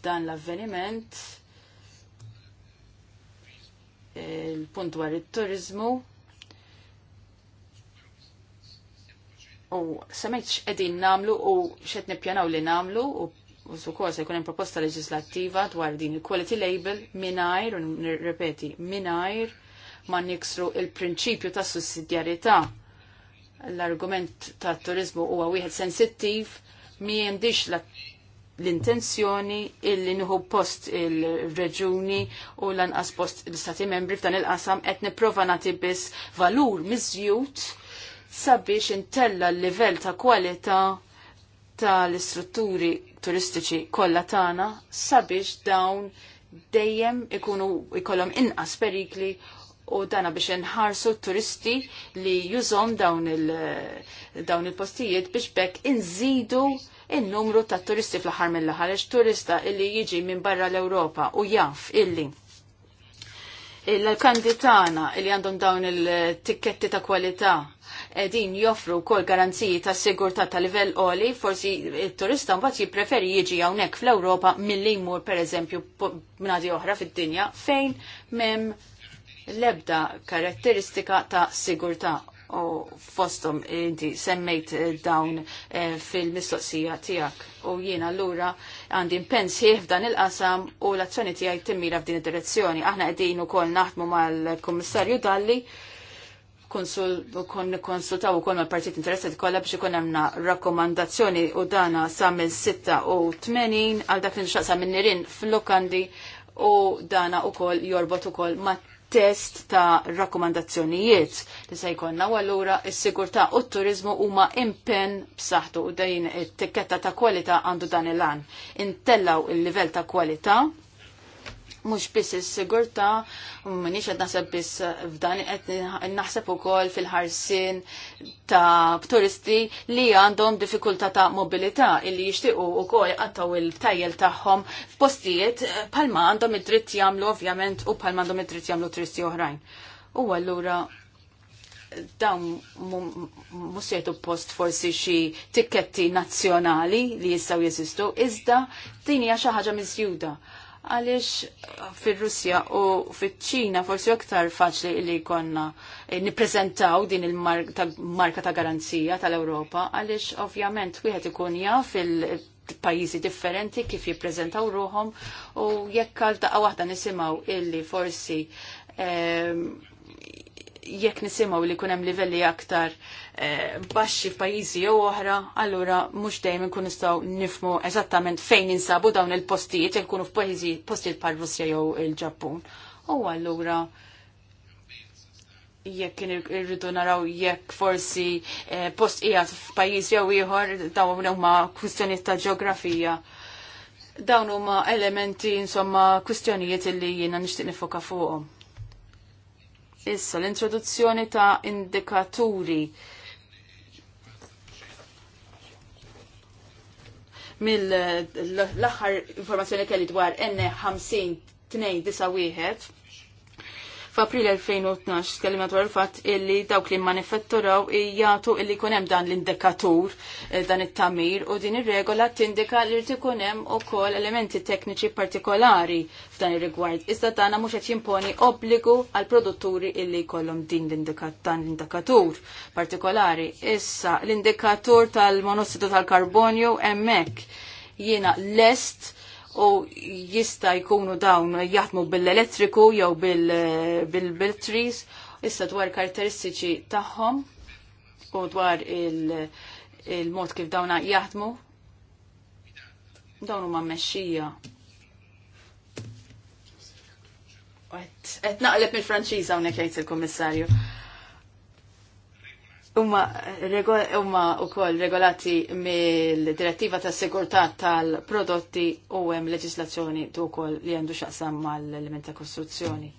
f'dan l-avveniment il-punt dwar it-turizmu u semmejt x'qegħdin namlu u x'qed nippjanaw li namlu u ukoll se jkun hemm proposta leġislattiva dwar din il-quality label mingħajr u nirrepeti mingħajr ma niksru il-prinċipju ta' sussidjarjetà. L-argument ta' turizmu huwa wieħed sensittiv mi jendix l-intenzjoni illi nħu post il-reġuni u lanqas post l-istati membri f'dan il-qasam qed nipprova nagħti biss valur miżjud sabiex intella l-livell ta' kwalità tal-istrutturi turistiċi kollha tagħna sabiex dawn dejjem ikunu ikollhom inqas perikli u dana biex nħarsu turisti li jużom dawn il-postijiet biex bekk inżidu in-numru ta' turisti fl-aħħar mill-aħħar turista illi jiġi minn barra l-Ewropa u jaf illi L-kandi kanditana illi għandhom dawn il-tikketti ta' kwalità din joffru kol garanziji ta' sigurta ta' livell oli, forsi il-turista mbagħad jippreferi jiġi hawnhekk fl-Ewropa milli jmur pereżempju bnadi oħra fid-dinja fejn mem l-ebda karatteristika ta' sigurta u fostom inti semmejt eh, dawn eh, fil-mistoqsija tijak u jiena allura għandi impensi f'dan il-qasam u l-azzjoni tijaj timmira f'din id-direzzjoni. Aħna għedin u kol naħdmu mal-Kommissarju Dalli kon konsultaw u kon ma' partit interessati kolla biex ikun għamna rakkomandazzjoni u dana sa' minn 86 għal dak li inġaqsa minn nirin fl-lokandi u dana u kol jorbot u kol mat test ta' rakkomandazzjonijiet li se jkollna u allura s-sigurtà u t-turizmu huma impenn b'saħħtu u dejn it-tikketta ta' kwalità għandu dan il-għan. Intellaw il-livell ta' kwalità mux biss il-sigurta, minix għed naħseb biss f'dan, għed naħseb u kol fil-ħarsin ta' turisti li għandhom difikulta ta' mobilita illi jishtiqu u kol għattaw il-tajjel taħħom f'postijiet palma għandhom id-dritt jamlu ovvjament u palma għandhom id-dritt jamlu turisti oħrajn. U għallura dawn musietu post forsi xi tikketti nazzjonali li jistgħu jeżistu, iżda din hija xi ħaġa miżjuda għaliex uh, fil-Russja u fil-ċina forsi aktar faċli li konna eh, niprezentaw din il-marka ta' garanzija tal-Europa għaliex ovvjament wieħed ikun jaf fil pajizi differenti kif jippreżentaw ruhom u jekk għal daqqa waħda nisimgħu illi forsi ehm, jekk nisimgħu li jkun hemm livelli aktar eh, baxxi f'pajjiżi jew oħra, allura mhux dejjem nkun nistgħu nifmu eżattament fejn insabu dawn il-postijiet jekk ikunu f'pajjiżi postijiet bħal Russja jew il-Ġappun. U allura jekk irridu naraw jekk forsi eh, post qiegħed jew ieħor dawn huma kwistjonijiet ta' ġeografija dawn huma elementi insomma kwistjonijiet li jiena nixtieq nifoka fuqhom. Issa l-introduzzjoni ta' indikaturi mill-aħħar informazzjoni kelli dwar n 50291 f'April 2012 tkellimna dwar il-fatt illi dawk li manifetturaw jagħtu illi jkun hemm dan l-indikatur eh, dan it-tamir u din ir-regola tindika li rid ikun hemm ukoll elementi tekniċi partikolari f'dan ir-rigward. Iżda tagħna mhux qed jimponi obbligu għal produtturi illi jkollhom din dan l-indikatur partikolari. Issa l-indikatur tal-monossidu tal-karbonju hemmhekk jiena lest u jista' jkunu dawn jaħdmu bil-elettriku jew bil-batteries, issa dwar karatteristiċi tagħhom u dwar il-mod kif dawna jaħdmu. Dawn huma mmexxija. Qed naqleb mill-Franċiża hawnhekk jgħid il-Kummissarju. Umma, regola, u koll regolati mill-direttiva ta' sigurtà tal-prodotti u hemm leġislazzjoni tu koll li għandu xaqsam mal-element ta' kostruzzjoni.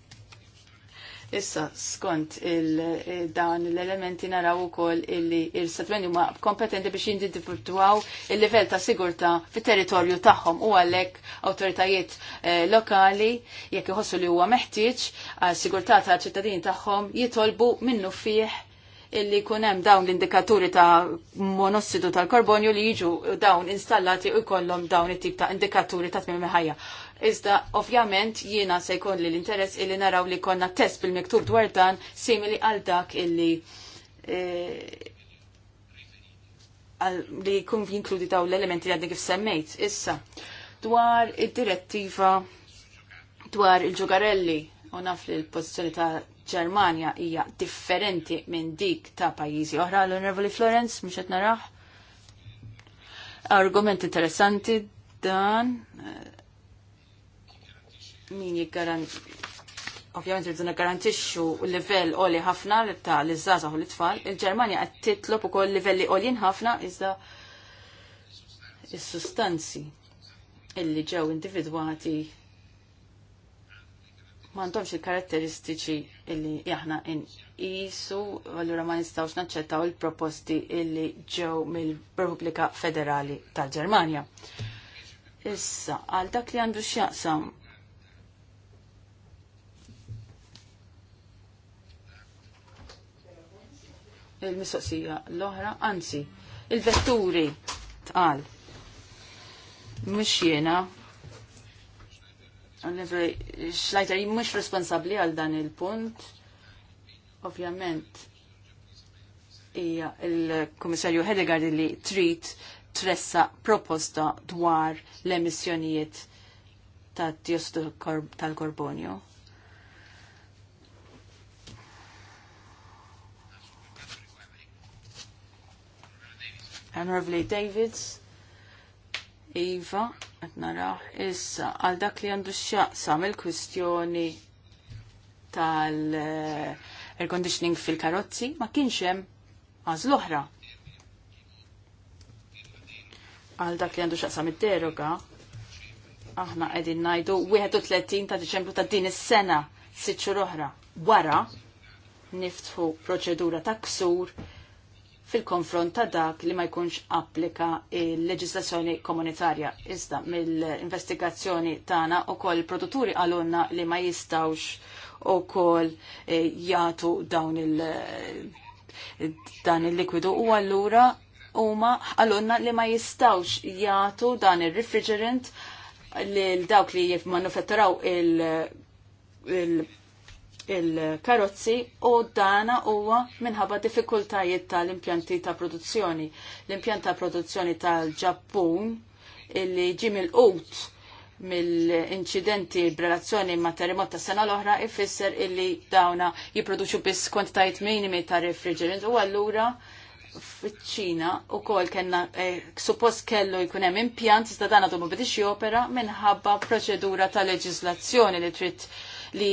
Issa, skont il-dan l-elementi naraw u koll illi il satmeni huma kompetenti biex jindividwaw il-livell ta' sigurtà fit-territorju tagħhom u għalhekk awtoritajiet eh, lokali jekk iħossu li huwa meħtieġ għal sigurtà tal ċittadini tagħhom jitolbu minnu fih illi kunem dawn l-indikaturi ta' monossidu tal-karbonju li jiġu dawn installati u jkollhom dawn it-tip ta' indikaturi ta' tmim ħajja. Iżda, ovvjament, jiena se jkun li l-interess illi naraw li konna test bil miktur dwar dan simili għal dak illi e, li jkun jinkludi daw l-elementi li għadni kif semmejt. Issa, dwar id-direttiva dwar il-ġugarelli, u naf li l-pozizjoni ta' tal-Ġermanja hija differenti minn dik ta' pajjiżi oħra l-Onorevoli Florence mhux qed narah. Argument interessanti dan min jiggaranti ovvjament rridu niggarantixxu livell għoli ħafna ta' l-iżżażaħ u l-itfal. Il-Ġermanja qed titlob ukoll livelli għolin ħafna iżda is-sustanzi illi ġew individwati mantomx il-karatteristiċi illi jahna in-isu, għallura ma nistawx naċċettaw il-proposti illi ġew mill republika Federali tal-Ġermanja. Issa, għal dak li għandu xjaqsam il-mistoqsija l-oħra, anzi, il-vetturi tqal. Mux jena, Schleiter mhux responsabbli għal dan il-punt. Ovvjament hija il-Kummissarju Hedegard li trid tressa proposta dwar l-emissjonijiet ta' tjostu tal korbonio Honorably Davids. Iva, qed raħ, issa għal dak li għandu x'jaqsam il-kwistjoni tal-air conditioning fil-karozzi ma kienx hemm għażl oħra. Għal dak li għandu x'jaqsam id-deroga, aħna qegħdin ngħidu 31 ta' Diċembru ta' din is-sena sitt sitxur oħra wara niftħu proċedura ta' ksur fil-konfront ta' dak li ma jkunx applika il-leġislazzjoni komunitarja. Iżda mill-investigazzjoni tagħna ukoll produtturi għalunna li ma jistawx ukoll eh, jagħtu dawn il- eh, dan il-likwidu u allura huma għalunna li ma jistawx jagħtu dan il-refrigerant lil dawk li jif manufetturaw il-, il il-karozzi u dana huwa minħabba diffikultajiet tal-impjanti ta' produzzjoni. L-impjant ta' produzzjoni tal-Ġappun illi ġi mill-qut mill-inċidenti b'relazzjoni ma' terremot ta' sena l-oħra ifisser illi dawna jipproduċu biss kwantitajiet minimi ta' refrigerant u allura fiċ-ċina u kol kena eh, suppost kellu jkun hemm impjant iżda dan domu bidix jopera minħabba proċedura ta' leġislazzjoni li trid li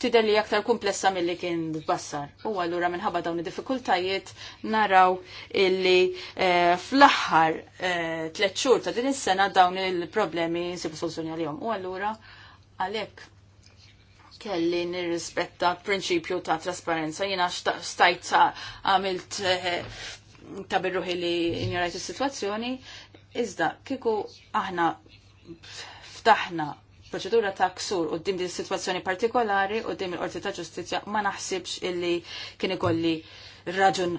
tidel li aktar komplessa milli kien tbassar. U allura minħabba dawn id-diffikultajiet naraw illi eh, fl-aħħar eh, tliet ta' din is-sena dawn il-problemi nsibu soluzzjoni għalihom. U allura għalhekk kelli nirrispetta prinċipju ta' trasparenza jiena stajt għamilt eh, ta' birruħi li ignorajt is-sitwazzjoni, iżda kieku aħna ftaħna proċedura ta' ksur u din din situazzjoni partikolari u din il-qorti ta' ġustizja ma naħsibx illi kien ikolli raġun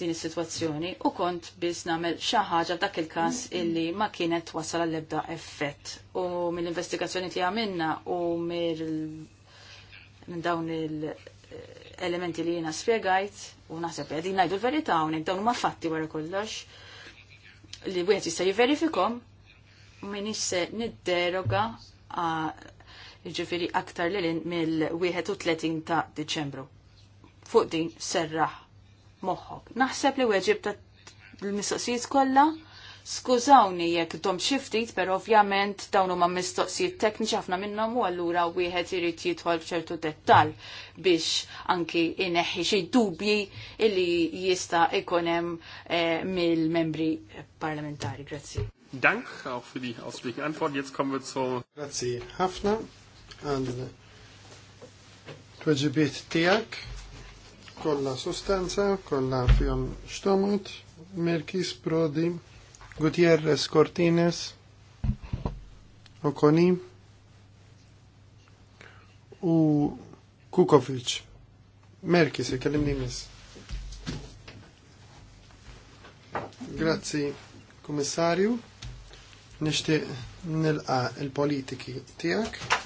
din is-sitwazzjoni u kont biss nagħmel xi ħaġa dak il-każ illi ma kienet wasal l-ebda effett. U mill-investigazzjoni li għamilna u minn dawn il-elementi li jiena spjegajt u naħseb qegħdin ngħidu l-verità hawnhekk dawn huma fatti wara kollox li wieħed jista' jiverifikhom minisse se nidderoga ġifiri aktar l mill-31 ta' Deċembru. Fuq din serraħ moħħok. Naħseb li weġib ta' l-mistoqsijiet kollha Skużawni jekk dom xiftit, pero ovvjament dawn huma mistoqsijiet tekniċi ħafna minnhom u allura wieħed irid jidħol f'ċertu dettall biex anki ineħħi xi dubji illi jista' ikun hemm eh, mill-membri parlamentari. Grazzi. Dank auch für die ausführlichen Antworten. Jetzt kommen wir zu... Grazie ħafna għal tweġibiet tijak, kolla sostanza, kolla fjom xtomut, Merkis Prodi, Gutierrez Cortines, Okoni u Kukovic. Merkis, ikellimni mis. Grazzi, komissarju nixtieq nilqa il-politiki tiegħek.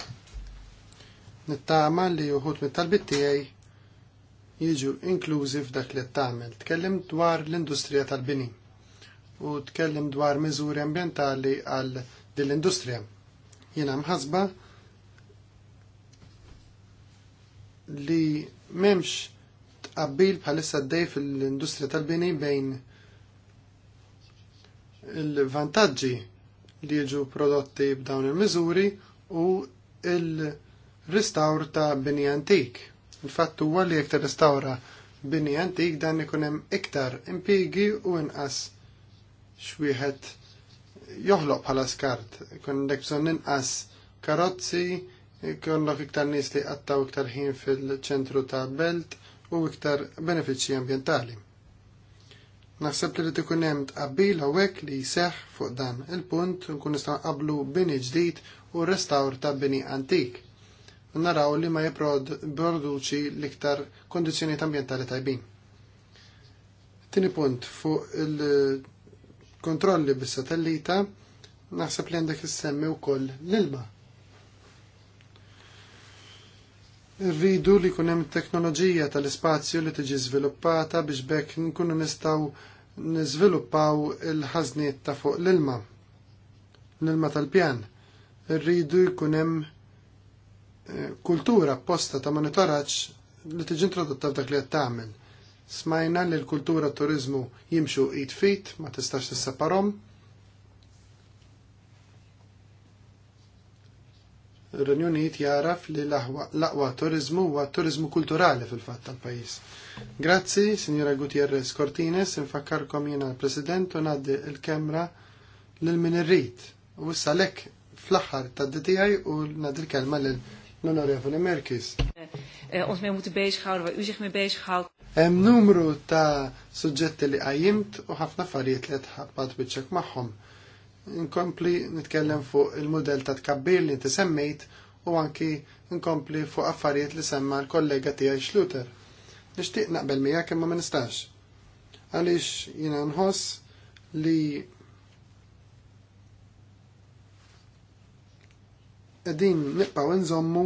Nittama li juhut mit-talbit tiegħi jiġu inklużi f'dak li tagħmel. Tkellim dwar l-industrija tal-bini u tkellim dwar miżuri ambientali għal din l-industrija. Jiena mħasba li memx tqabbil bħalissa d-dej fil-industrija tal-bini bejn il-vantaġġi li jiġu prodotti b'dawn il-miżuri u il-ristawr ta' bini antik. Il-fatt huwa li jekk tirrestawra bini antik dan ikun hemm iktar impigi u inqas xwieħed joħloq bħala skart. Ikun dek bżonn inqas karozzi, ikollok iktar nies li qattaw iktar ħin fil-ċentru ta' belt u iktar benefiċċji ambjentali. Naħseb li tikun hemm tqabbil hawnhekk li jseħħ fuq dan il-punt nkun nistgħu nqablu bini ġdid u restawr ta' bini antik. U naraw li ma jipproduċi l-iktar kondizzjonijiet ambjentali tajbin. Tini punt fuq il-kontrolli bis-satellita naħseb li għandek issemmi wkoll l-ilma. Rridu li kunem teknoloġija tal-ispazju li tiġi sviluppata biex bekk nkunu nistaw nizviluppaw il-ħażniet ta' fuq l-ilma, l-ilma tal-pjan. Irridu jkun hemm eh, kultura posta ta' monitoraġġ li tiġi introdotta f'dak li qed tagħmel. Smajna li l-kultura turizmu jimxu id fit, ma tistax tisseparhom. Ir-Renju jara jaraf li l-aqwa turizmu huwa turizmu kulturali fil-fatt tal-pajjiż Grazzi, Signora Gutierrez Cortines, infakkarkom jena l-President u naddi il-Kemra l-min irrit. U issa lek fl-axar ta' d-tijaj u naddi l kelma l onorevoli Merkis. Eh, eh, ons me moeten bezighouden waar u zich mee bezighoudt. Hemm numru ta' suġġetti li għajimt u ħafna affarijiet li tħabbat bieċek magħhom. Nkompli nitkellem fuq il model ta' tkabbir li inti u anki nkompli fuq affarijiet li semma l-kollega tiegħi Schluter nixtieq naqbel miegħek imma ma nistax. Għaliex jiena nħoss li qegħdin nibqgħu nżommu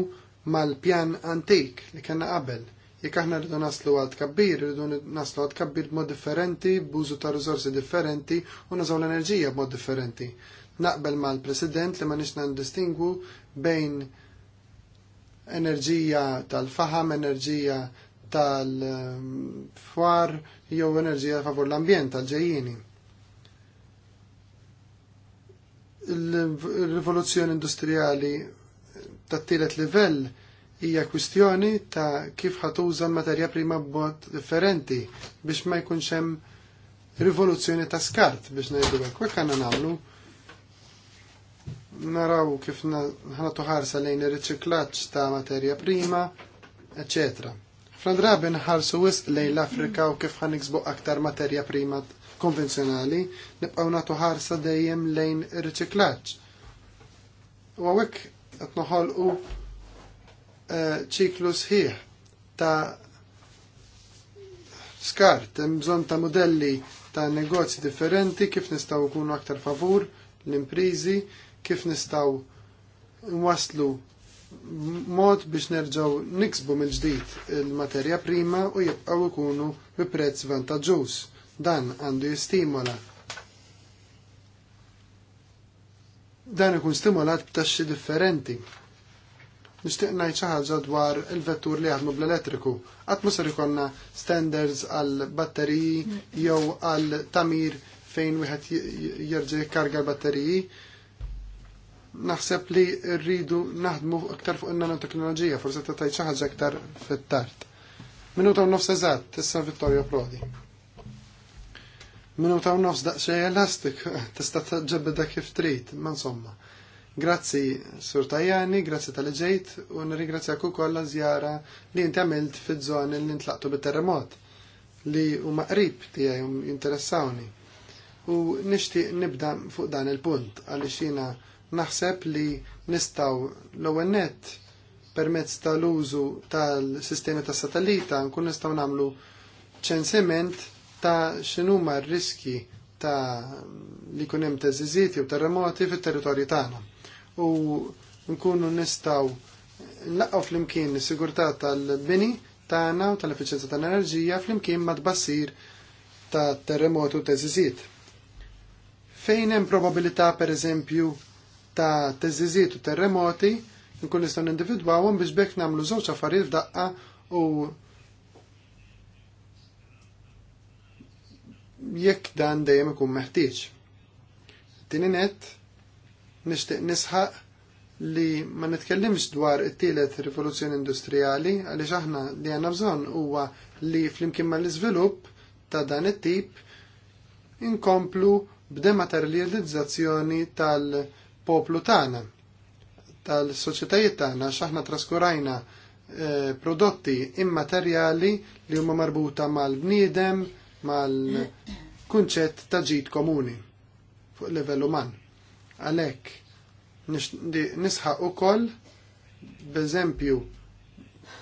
mal-pjan antik li kellna qabel. Jekk aħna rridu naslu għal tkabbir, rridu naslu għal tkabbir b'mod differenti, b'użu ta' riżorsi differenti u nażaw l-enerġija b'mod differenti. Naqbel mal-President li ma nix distingu bejn enerġija tal-faham, enerġija tal-fwar jew enerġija favur l-ambjent tal-ġejjini. Il-rivoluzzjoni industrijali ta' tielet livell hija kwistjoni ta' kif ħatuża materja prima b'mod differenti biex ma jkunx hemm rivoluzzjoni ta' skart biex ngħidu hekk. Hekk għandna nagħmlu naraw kif ħanatu ħarsa lejn ir-riċiklaġġ ta' materja prima, eċċetera Fl-drabi nħarsu wisq lejn l-Afrika u kif ħaniksbu aktar materja prima konvenzjonali, nibqgħu natu ħarsa dejjem lejn riċiklaġġ. U għawek qed noħolqu eh, ċiklu sħiħ ta' skart, hemm bżonn ta' modelli ta' negozji differenti, kif nistgħu kunu aktar favur l-imprizi, kif nistgħu nwaslu mod biex nerġaw niksbu mill-ġdid il-materja prima u jibqaw ikunu bi prezz vantaġġuż. Dan għandu jistimola. Dan ikun stimolat b'taxxi differenti. Nixtieq ngħid xi ħaġa dwar il-vettur li jaħdmu bl-elettriku. Qatt ma ser ikollna standards għal batteriji jew għal tamir fejn wieħed jerġa' jikkarga l-batteriji naħseb li rridu naħdmu aktar fuq il-nanoteknoloġija, forse ta' tajt xaħġa aktar fit-tart. Minuta u nofs eżat, tista' Vittorio Prodi. Minuta u nofs daqsxej elastik, tista' taġġebda kif trid, ma insomma. Grazzi Sur Tajani, grazzi tal-ġejt, u nirigrazzjak ukoll la żjara li inti għamilt fiż-żoni li ntlaqtu bit-terremot li huma qrib tiegħi interessawni. U nixtieq nibda fuq dan il-punt għaliex jiena naħseb li nistaw l-ewwel permezz tal-użu tal-sistemi ta' satellita nkun nistaw nagħmlu ċensiment ta' x'inhuma r-riski ta' li kun hemm teżiżiet jew terremoti fit-territorju tagħna. U nkunu nistaw nlaqgħu flimkien is-sigurtà tal-bini tagħna u tal efficienza tal-enerġija flimkien ma' tbassir ta' terremotu teżiżiet. Fejn hemm probabilità pereżempju ta' teżiżiet u terremoti nkun nistgħu nindividwawhom biex bekk nagħmlu żewġ affarijiet f'daqqa u jekk dan dejjem ikun meħtieġ. Tieni nett nixtieq nisħaq li ma nitkellimx dwar it-tielet rivoluzzjoni industrijali għaliex aħna li għandna bżonn huwa li flimkien mal-iżvilupp ta' dan it-tip inkomplu b'dematerializzazzjoni tal- poplu tagħna, tal-soċjetajiet tagħna x'aħna traskurajna eh, prodotti immaterjali li huma marbuta mal-bniedem, mal-kunċett ta' ġid komuni fuq livell uman. Għalhekk nisħaq ukoll b'eżempju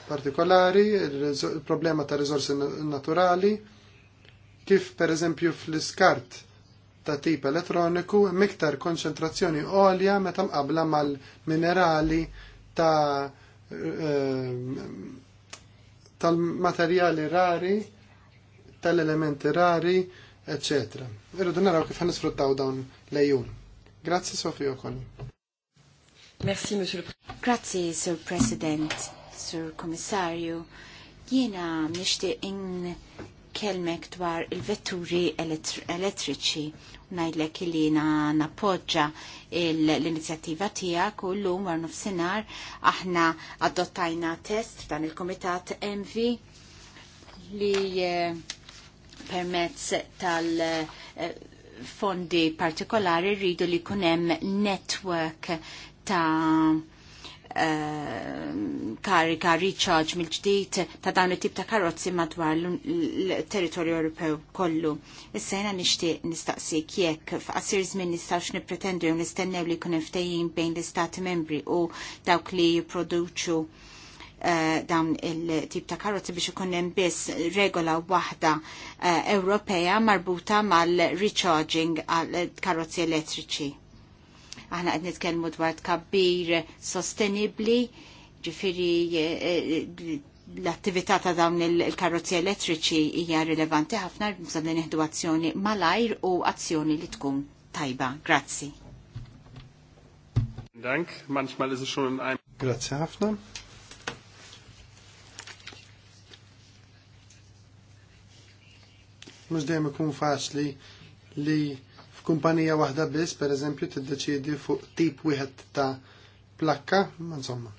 partikolari, il-problema ta' rizorsi naturali, kif per eżempju fl-iskart ta' tip elettroniku miktar konċentrazzjoni għolja meta mqabla mal-minerali ta' eh, tal-materjali rari, tal-elementi rari, ecc. Irridu naraw kif nisfruttaw dawn lejjun. Grazzi Sofio Okoni. Merci, Monsieur le Grazzi, Sir President, Sir Commissario. Jiena nishtiq in kelmek dwar il-vetturi elettriċi najdlek li na napoġġa l-inizjattiva tijak u l-lum għar nufsinar aħna adottajna test dan il-komitat MV li eh, permezz tal- eh, fondi partikolari rridu li kunem network ta' Eh, karika recharge mill-ġdid ta' dawn it-tip ta' karozzi madwar l-territorju Ewropew kollu. Issa jena nixtieq nistaqsik jekk f'qasir żmien nistgħux nippretendu jew nistennew li jkun ftejjin bejn l-istati membri u dawk li jipproduċu eh, dawn il-tip ta' karozzi biex ikun hemm biss regola waħda eh, Ewropea marbuta mal-recharging għal karozzi elettriċi aħna qed nitkellmu dwar kabbir sostenibli, ġifiri eh, eh, l-attività ta' dawn il karrozzi elettriċi hija rilevanti ħafna bżonn neħdu nieħdu azzjoni malajr u azzjoni li tkun tajba. Grazzi. Dank, manchmal ist es schon in einem. Grazie ħafna. Mux dejjem ikun faċli li kumpanija waħda biss, per eżempju, tiddeċiedi fuq tip wieħed ta' plakka, ma insomma.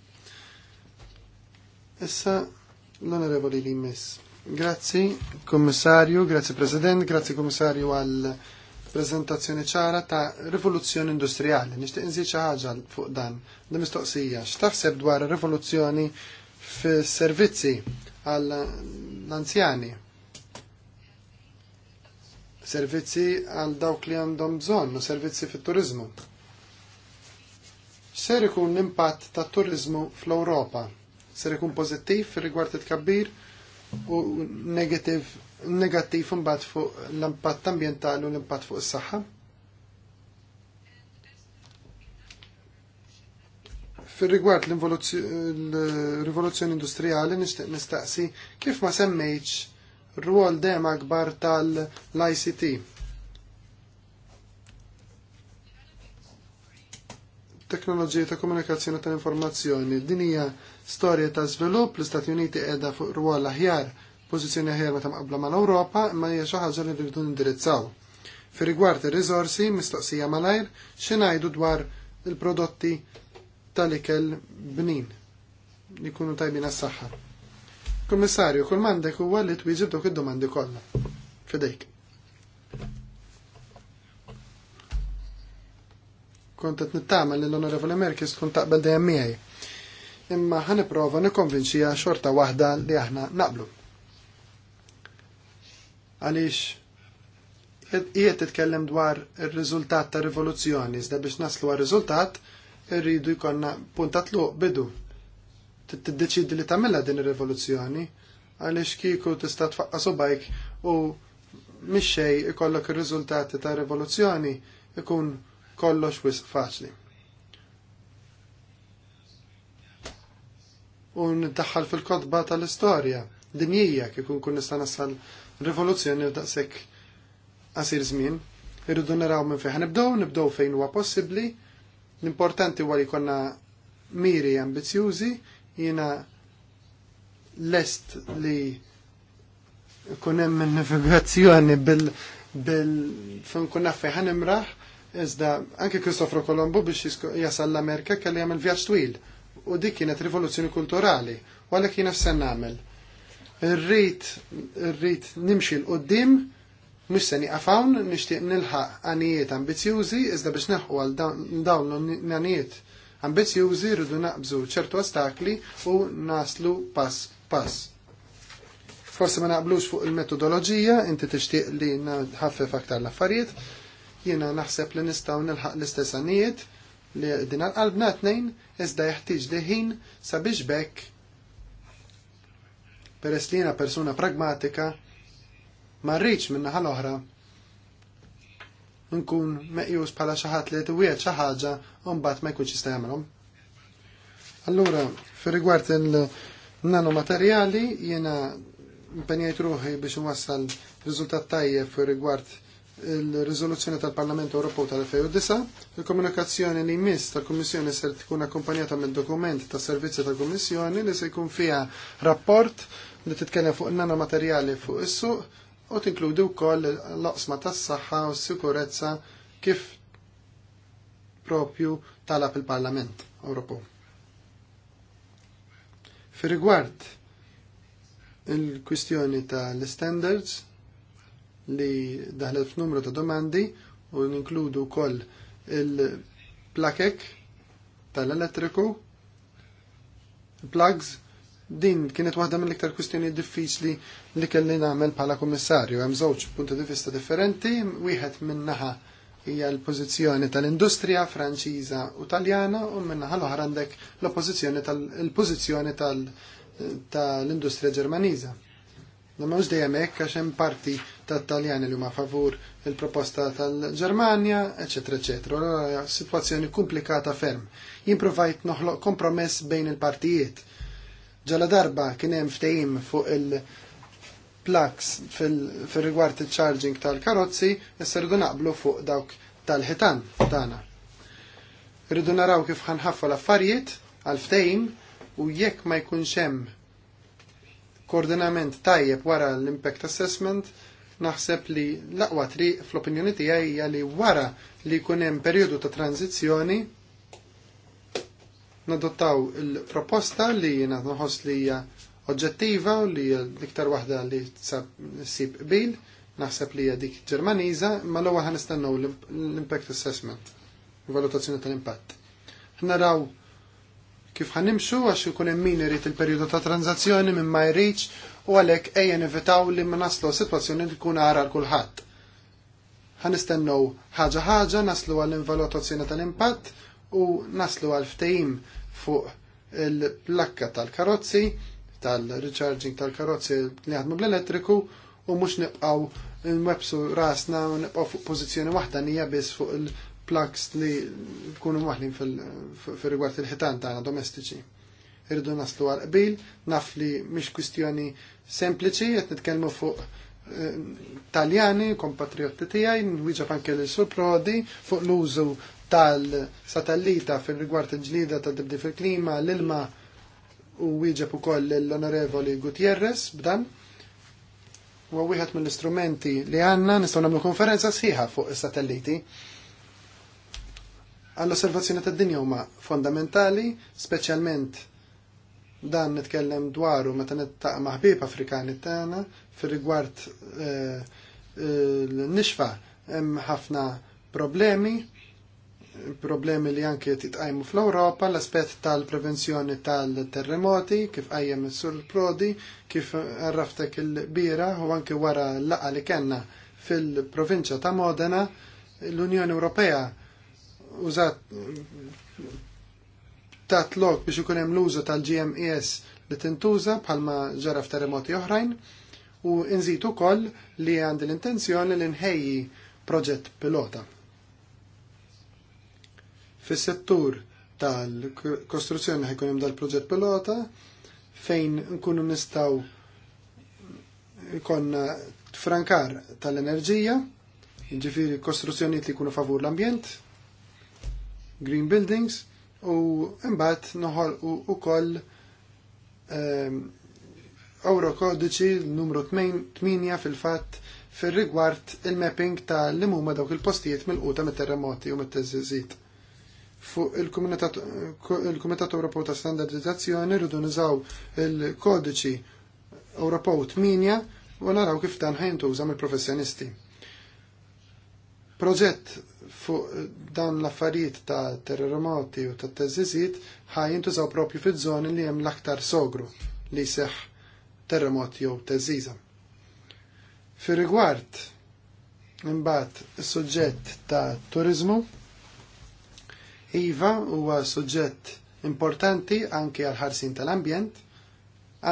Issa l-onorevoli li miss. Grazzi, kommissarju, grazzi President, grazzi kommissarju għal prezentazzjoni ċara ta' rivoluzzjoni industriali. Nishtiq nżid xi ħaġa fuq dan. Da mistoqsija, x'taħseb dwar rivoluzzjoni fis-servizzi għall anzjani servizzi għal dawk li għandhom bżonn u servizzi fit-turizmu. Ser ikun l-impatt tat turizmu fl-Ewropa? Ser ikun pożittiv rigward it-kabbir u negativ negattiv imbagħad fuq l-impatt ambjentali u l-impatt fuq is-saħħa? Fir-rigward l-rivoluzzjoni industrijali nistaqsi kif ma semmejx rwol dema akbar tal-ICT. Teknoloġija ta' komunikazzjoni tal-informazzjoni. Din hija storja ta' żvilupp l-Istati Uniti qiegħda fuq rwol aħjar, pożizzjoni aħjar meta mqabbla mal-Ewropa, imma hija xi ħaġa li rridu nindirizzaw. Fi rigward ir-riżorsi mistoqsija malajr x'ingħidu dwar il-prodotti tal-ikel bnin li jkunu tajbin għas-saħħa. Kummissarju, kull mandek huwa li twieġib dawk id-domandi kollha. Fidejk. Kont qed nittama l-Onorevoli Merkis tkun taqbel dejjem miegħi. Imma ħaniprova nikkonvinċija xorta waħda li aħna naqblu. Għaliex jiet titkellem dwar il-rizultat ta' rivoluzzjoni, iżda biex naslu għar rizultat irridu jkonna punta bidu t-deċid li tagħmilha din ir revoluzjoni għaliex kieku tista' istat u bajk u mhix ikollok ir-riżultati ta' rivoluzzjoni ikun kollox wisq faċli. U niddaħħal fil kodba tal-istorja dinjija kieku nkun nista' nasal rivoluzzjoni daqsek għasir żmien. Irridu naraw minn fejn nibdew, nibdew fejn huwa possibbli. L-importanti huwa li jkollna miri ambizjużi Jiena lest li kunem minn navigazzjoni bil bil fin kun naffi ħanimraħ iżda anke Kristofro Kolombu biex jasal l-Amerika kelli jagħmel vjaġġ twil u dik kienet rivoluzzjoni kulturali u għalhekk jien se nagħmel. Irrid irrid nimxi l qudiem mhux se nieqaf hawn nixtieq nilħaq għanijiet ambizzjużi iżda biex neħu għal dawn l-għanijiet Ambizjużi rridu naqbżu ċertu ostakli u naslu pass pass. Forse ma naqblux fuq il-metodoloġija, inti tixtieq li naħaffef aktar l-affarijiet, jiena naħseb li nistgħu nilħaq l-istess li din għal-qalbna tnejn iżda jeħtieġ li ħin sabiex bekk peress li jiena persuna pragmatika ma rridx minnaħa l-oħra nkun meqjus bħala xi ħadd li t-wiet ħaġa u ma jkunx jista' jagħmelhom. Allura, fi rigward il-nanomaterjali jiena impenjajt ruħi biex nwassal riżultat tajjeb fi rigward il-riżoluzzjoni tal-Parlament Ewropew tal-2009, il-komunikazzjoni li jmiss tal-Kummissjoni ser tkun akkompanjata mill dokument ta' servizzi tal-Kummissjoni li se jkun fiha rapport li titkellem fuq nanomaterjali fuq is-suq u tinkludi wkoll l-oqsma tas-saħħa u s-sikurezza kif propju talab il-Parlament Ewropew. Fir-rigward il-kwistjoni tal-standards li daħlet f'numru ta' domandi u ninkludu wkoll il-plakek tal-elettriku, il plugs Din kienet waħda mill-iktar kwistjoni diffiċli li kelli nagħmel bħala kummissarju. Hemm żewġ punti di vista differenti, wieħed minnaħa hija l-pożizzjoni tal-industrija Franċiża u Taljana u minnaħa l-oħra għandek l-oppożizzjoni tal-pożizzjoni tal-industrija Ġermaniża. Ma mhux dejjem hekk għax hemm parti tat-Taljani li huma favur il-proposta tal-Ġermanja, eċetera, eċetera. Allora sitwazzjoni komplikata ferm. Jimprovajt noħloq kompromess bejn il-partijiet Ġala darba kien hemm ftehim fuq il plaks fil-rigward il-charging tal-karozzi, issa rridu naqblu fuq dawk tal-ħitan tagħna. Rridu naraw kif ħanħaffa l-affarijiet għal ftehim u jekk ma jkunx hemm koordinament tajjeb wara l-impact assessment, naħseb li l-aqwa triq fl-opinjoni tiegħi hija li wara li jkun hemm perjodu ta' tranzizzjoni nadottaw il-proposta li jena nħoss li hija oġġettiva u li l-iktar waħda li sib qbil, naħseb li hija dik Ġermaniża, ma l-ewwel ħanistennew l-impact assessment, valutazzjoni tal-impatt. Naraw kif ħanimxu għax ikun hemm min irid il-perjodu ta' tranzazzjoni minn ma jrid u għalhekk ejja nivitaw li ma naslu sitwazzjoni li tkun ara għal kulħadd. Ħanistennew ħaġa ħaġa naslu għall-invalutazzjoni tal-impatt u naslu għal ftehim fuq il-plakka tal-karozzi, tal-recharging tal-karozzi li ħadmu bl-elettriku u mux nibqaw nwebsu rasna u nibqaw fuq pozizjoni waħda nija biss fuq il-plugs li kunu maħlin fil-rigward il-ħitan tagħna domestiċi. Irridu naslu għal qbil, naf li mhix kwistjoni sempliċi qed nitkellmu fuq eh, taljani, kompatrioti tijaj, nwiġa panke li surprodi fuq l-użu tal-satellita fil-rigward il-ġlida ta' dibdi fil-klima l-ilma u wieġeb ukoll l-Onorevoli Gutierrez b'dan. U wieħed mill-istrumenti li għandna nistaw nagħmlu konferenza sħiħa fuq is-satelliti. Għall-osservazzjoni tad-dinja huma fondamentali, speċjalment dan nitkellem dwaru meta nittaqa' ma' ħbieb Afrikani tagħna fir-rigward eh, l-nixfa hemm ħafna problemi problemi li anke titqajmu fl-Ewropa, l-aspett tal-prevenzjoni tal-terremoti, kif qajjem sur prodi, kif għarraftek il-bira u anke wara l-laqa li kellna fil-provinċja ta' Modena, l-Unjoni Ewropea użat tat lok biex ikun hemm l-użu tal-GMES li tintuża bħalma ġara f'terremoti oħrajn u nżid ukoll li għandi l-intenzjoni li nħejji proġett pilota. Fis-settur tal-kostruzzjoni ħajkun hemm dal-proġett pilota fejn nkunu nistgħu ikon frankar tal-enerġija, ġifiri kostruzzjonijiet li jkunu favur l-ambjent, green buildings, u mbagħad noħolqu ukoll ehm, euro kodiċi numru 8 fil-fatt fir rigward il-mapping tal li huma dawk il-postijiet mill-quta mit-terremoti u mit-teżżiżit fuq il-Kumitat Ewropew ta' Standardizzazzjoni rridu niżaw il-kodiċi Ewropew 8 u naraw kif dan ħajntuża mill-professjonisti. Proġett fuq dan l-affarijiet ta' terremoti u ta' teżiżit ħaj jintużaw propju fiż-żoni li hemm l-aktar sogru li seħ terremot jew teżiża. Fi rigward imbagħad is-suġġett ta' turizmu, Iva huwa suġġett importanti anke għal ħarsin tal-ambjent,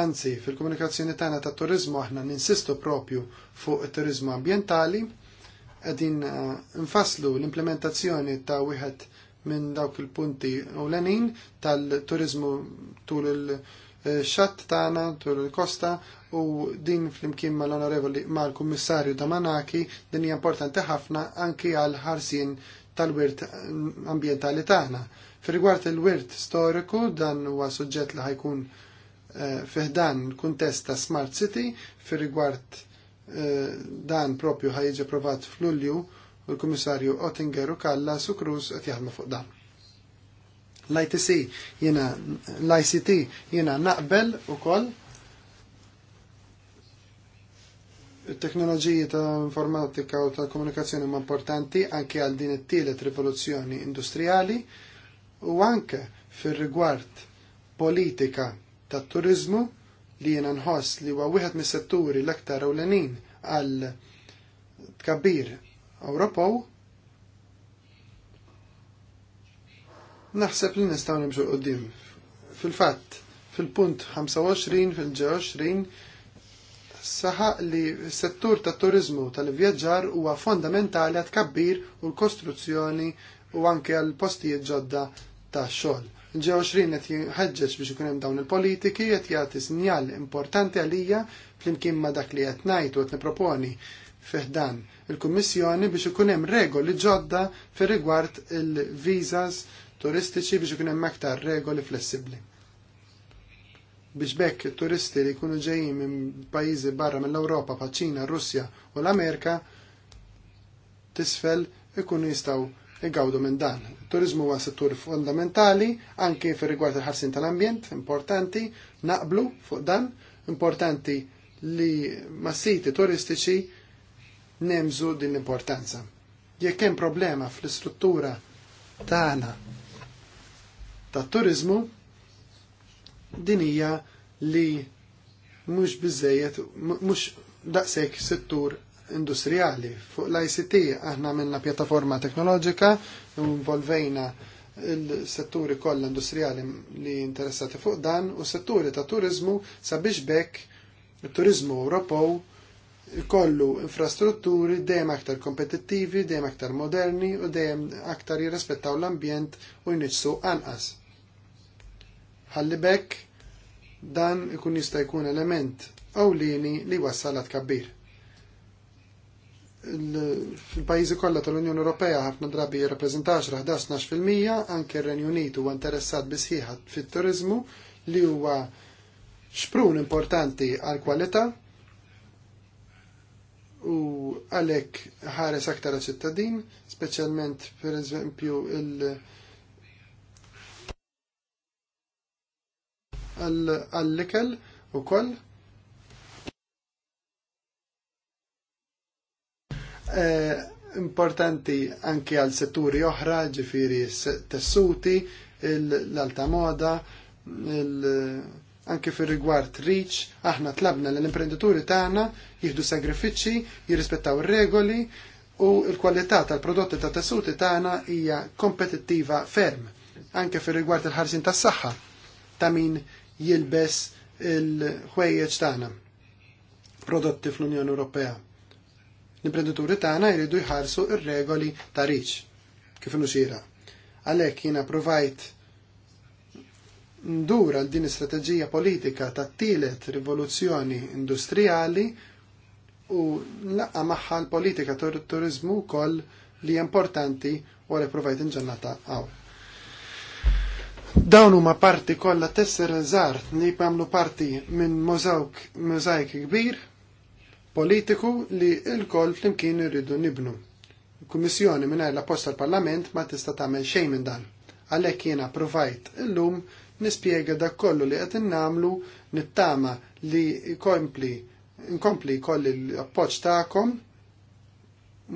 anzi fil-komunikazzjoni tagħna ta' turizmu aħna ninsistu propju fuq it-turizmu ambjentali, qegħdin eh, nfasslu l-implementazzjoni ta' wieħed minn dawk il-punti ewlenin tal-turizmu tul il-xatt tagħna tul il-kosta u din flimkien mal-onorevoli mal-kummissarju Damanaki din hija importanti ħafna anki għal ħarsien tal-wirt ambientali tagħna. Fir-rigward il-wirt storiku dan huwa suġġett li ħajkun eh, fiħdan kuntest ta' Smart City, fir-rigward eh, dan propju ħajġi provat f'Lulju u l-Kummissarju Ottinger u Kalla su Cruz qed jaħdmu fuq dan. l l-ICT jiena naqbel ukoll Il-teknoloġiji ta' informatika u ta' komunikazzjoni ma' importanti anke għal din it-tielet rivoluzzjoni industrijali u anke fir-rigward politika ta' turizmu li jena nħoss li huwa wieħed mis-setturi l-aktar ewlenin għal tkabbir Ewropew. Naħseb li nistgħu nimxu qudiem. Fil-fatt, fil-punt 25 fil-20 saħaq li s-settur ta' turizmu tal-vjaġġar huwa fondamentali għat kabbir u l-kostruzzjoni u anke għal postijiet ġodda ta' xogħol. Ġew 20 qed jħeġġeġ biex ikun hemm dawn il-politiki qed jagħti sinjal importanti għalija flimkien ma' dak li qed ngħid u qed niproponi fiħdan il-Kummissjoni biex ikun hemm regoli ġodda fir rigward il-viżas turistiċi biex ikun hemm aktar regoli flessibbli biex bekk turisti li jkunu ġejjin minn pajjiżi barra mill-Ewropa pa' Ċina, Russja u l-Amerika tisfel ikunu jistgħu igawdu minn dan. Turizmu huwa settur fondamentali anke fir rigward il-ħarsin tal-ambjent, importanti, naqblu fuq dan, importanti li ma' siti turistiċi nemżu din l-importanza. Jekk hemm problema fl-istruttura tagħna ta' turizmu, dinija li mhux bizzejet, mhux daqshekk settur industrijali. Fuq l-ICT aħna minna pjattaforma teknoloġika involvejna il-setturi kollha industrijali li interessati fuq dan u setturi ta' turizmu sabiex bekk il-turizmu Ewropew kollu infrastrutturi dejjem aktar kompetittivi, dejjem aktar moderni u dejjem aktar jirrispettaw l-ambjent u jniġsu anqas. Ħalli bekk dan ikun jista' jkun element awlini li wassal kabbir. Fil-pajjiżi kollha tal-Unjoni Ewropea ħafna drabi jirrappreżentax raħda fil 12 anke r-Renju Unitu huwa interessat bisħiħat fit-turiżmu li huwa xprun importanti għal kwalità u għalhekk ħares aktar ċittadin, speċjalment pereżempju il- għall-ikel u koll. Eh, importanti anki għal setturi oħra, ġifiri tessuti, l-alta moda, anki fir rigward reach, aħna tlabna l-imprenditori tagħna jieħdu sagrifiċċji, jirrispettaw ir-regoli u l-kwalità tal-prodotti ta' tessuti tagħna hija kompetittiva ferm, anke fir rigward il-ħarsin tas-saħħa ta' min jilbes il-ħwejjeġ tagħna prodotti fl-Unjoni Ewropea. L-imprenditori tagħna jridu jħarsu ir-regoli ta' riċ kif nuxira. Għalhekk jiena provajt ndura din istrateġija politika ta' tielet rivoluzzjoni industrijali u laqqa magħha l-politika tur turizmu kol li importanti wara provajt inġannata għaw. Dawn huma parti kollha tesser żgħar li jagħmlu parti minn możawk możajk kbir politiku li l-koll flimkien irridu nibnu. Il-Kummissjoni mingħajr l-apposta l-Parlament ma tista' tagħmel xejn minn dan. Għalhekk jiena provajt illum nispjega dak kollu li qed innagħmlu nittama li jkompli nkompli kolli l-appoġġ tagħkom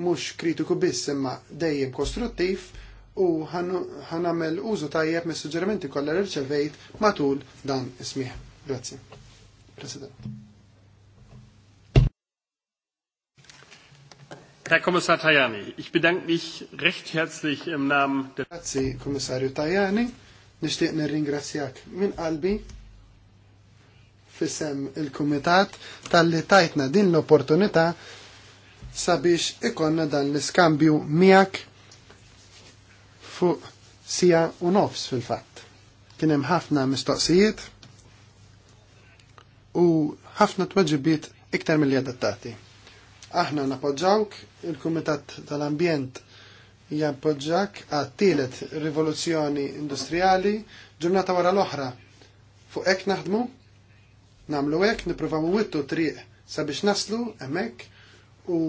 mhux kritiku biss imma dejjem kostruttiv u ħanamel użu tajjeb mis suġġerimenti kollha rċevejt matul dan ismih. Grazzi. President. Herr Kommissar Tajani, ich bedanke mich recht herzlich im Namen der... Grazie, Kommissarju Tajani. Nishtiq nirringrazzjak minn qalbi fisem il-Kumitat tal-li tajtna din l-opportunità sabiex ikonna dan l-iskambju miegħek fuq sija u nofs fil-fatt. Kien hemm ħafna mistoqsijiet u ħafna tweġibiet iktar mill-li adattati. Aħna napoġġawk, il-Kumitat tal-Ambjent jappoġġak għat-tielet rivoluzzjoni industrijali ġurnata wara l-oħra. Fuq ek naħdmu, namlu hekk, nippruvaw wittu triq sabiex naslu hemmhekk u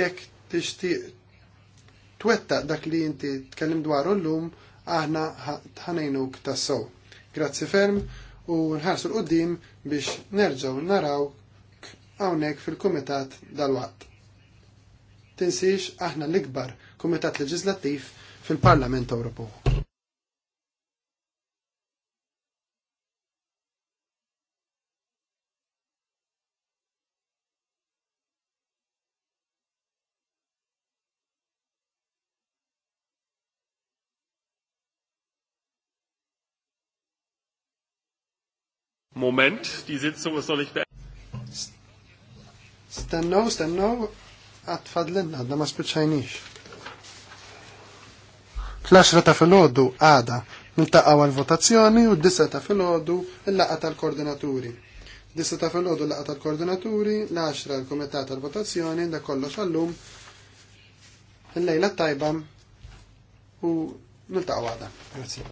jekk tixtieq twettaq dak li inti tkellim dwaru llum aħna ħanejnuk tassow. Grazzi ferm u nħarsu l-qoddim biex nerġaw naraw hawnhekk fil-kumitat dal-waqt. Tinsiex aħna l-ikbar kumitat leġislattiv fil-Parlament Ewropew. Moment, die Sitzung ist noch nicht beendet. Stennow, stennow, għatfadlinna, għadna ma spiċajnix. Fl-10 ta' filgħodu għada niltaqgħu għal-votazzjoni u d-disa ta' filgħodu il-laqgħa tal-koordinaturi. Disa ta' filgħodu l laqgħa tal koordinaturi tal-koordinaturi, l laqqa tal koordinaturi l-kumitat komitat tal votazzjoni da kollox għallum, l lejla tajbam u niltaqgħu għada. Grazie.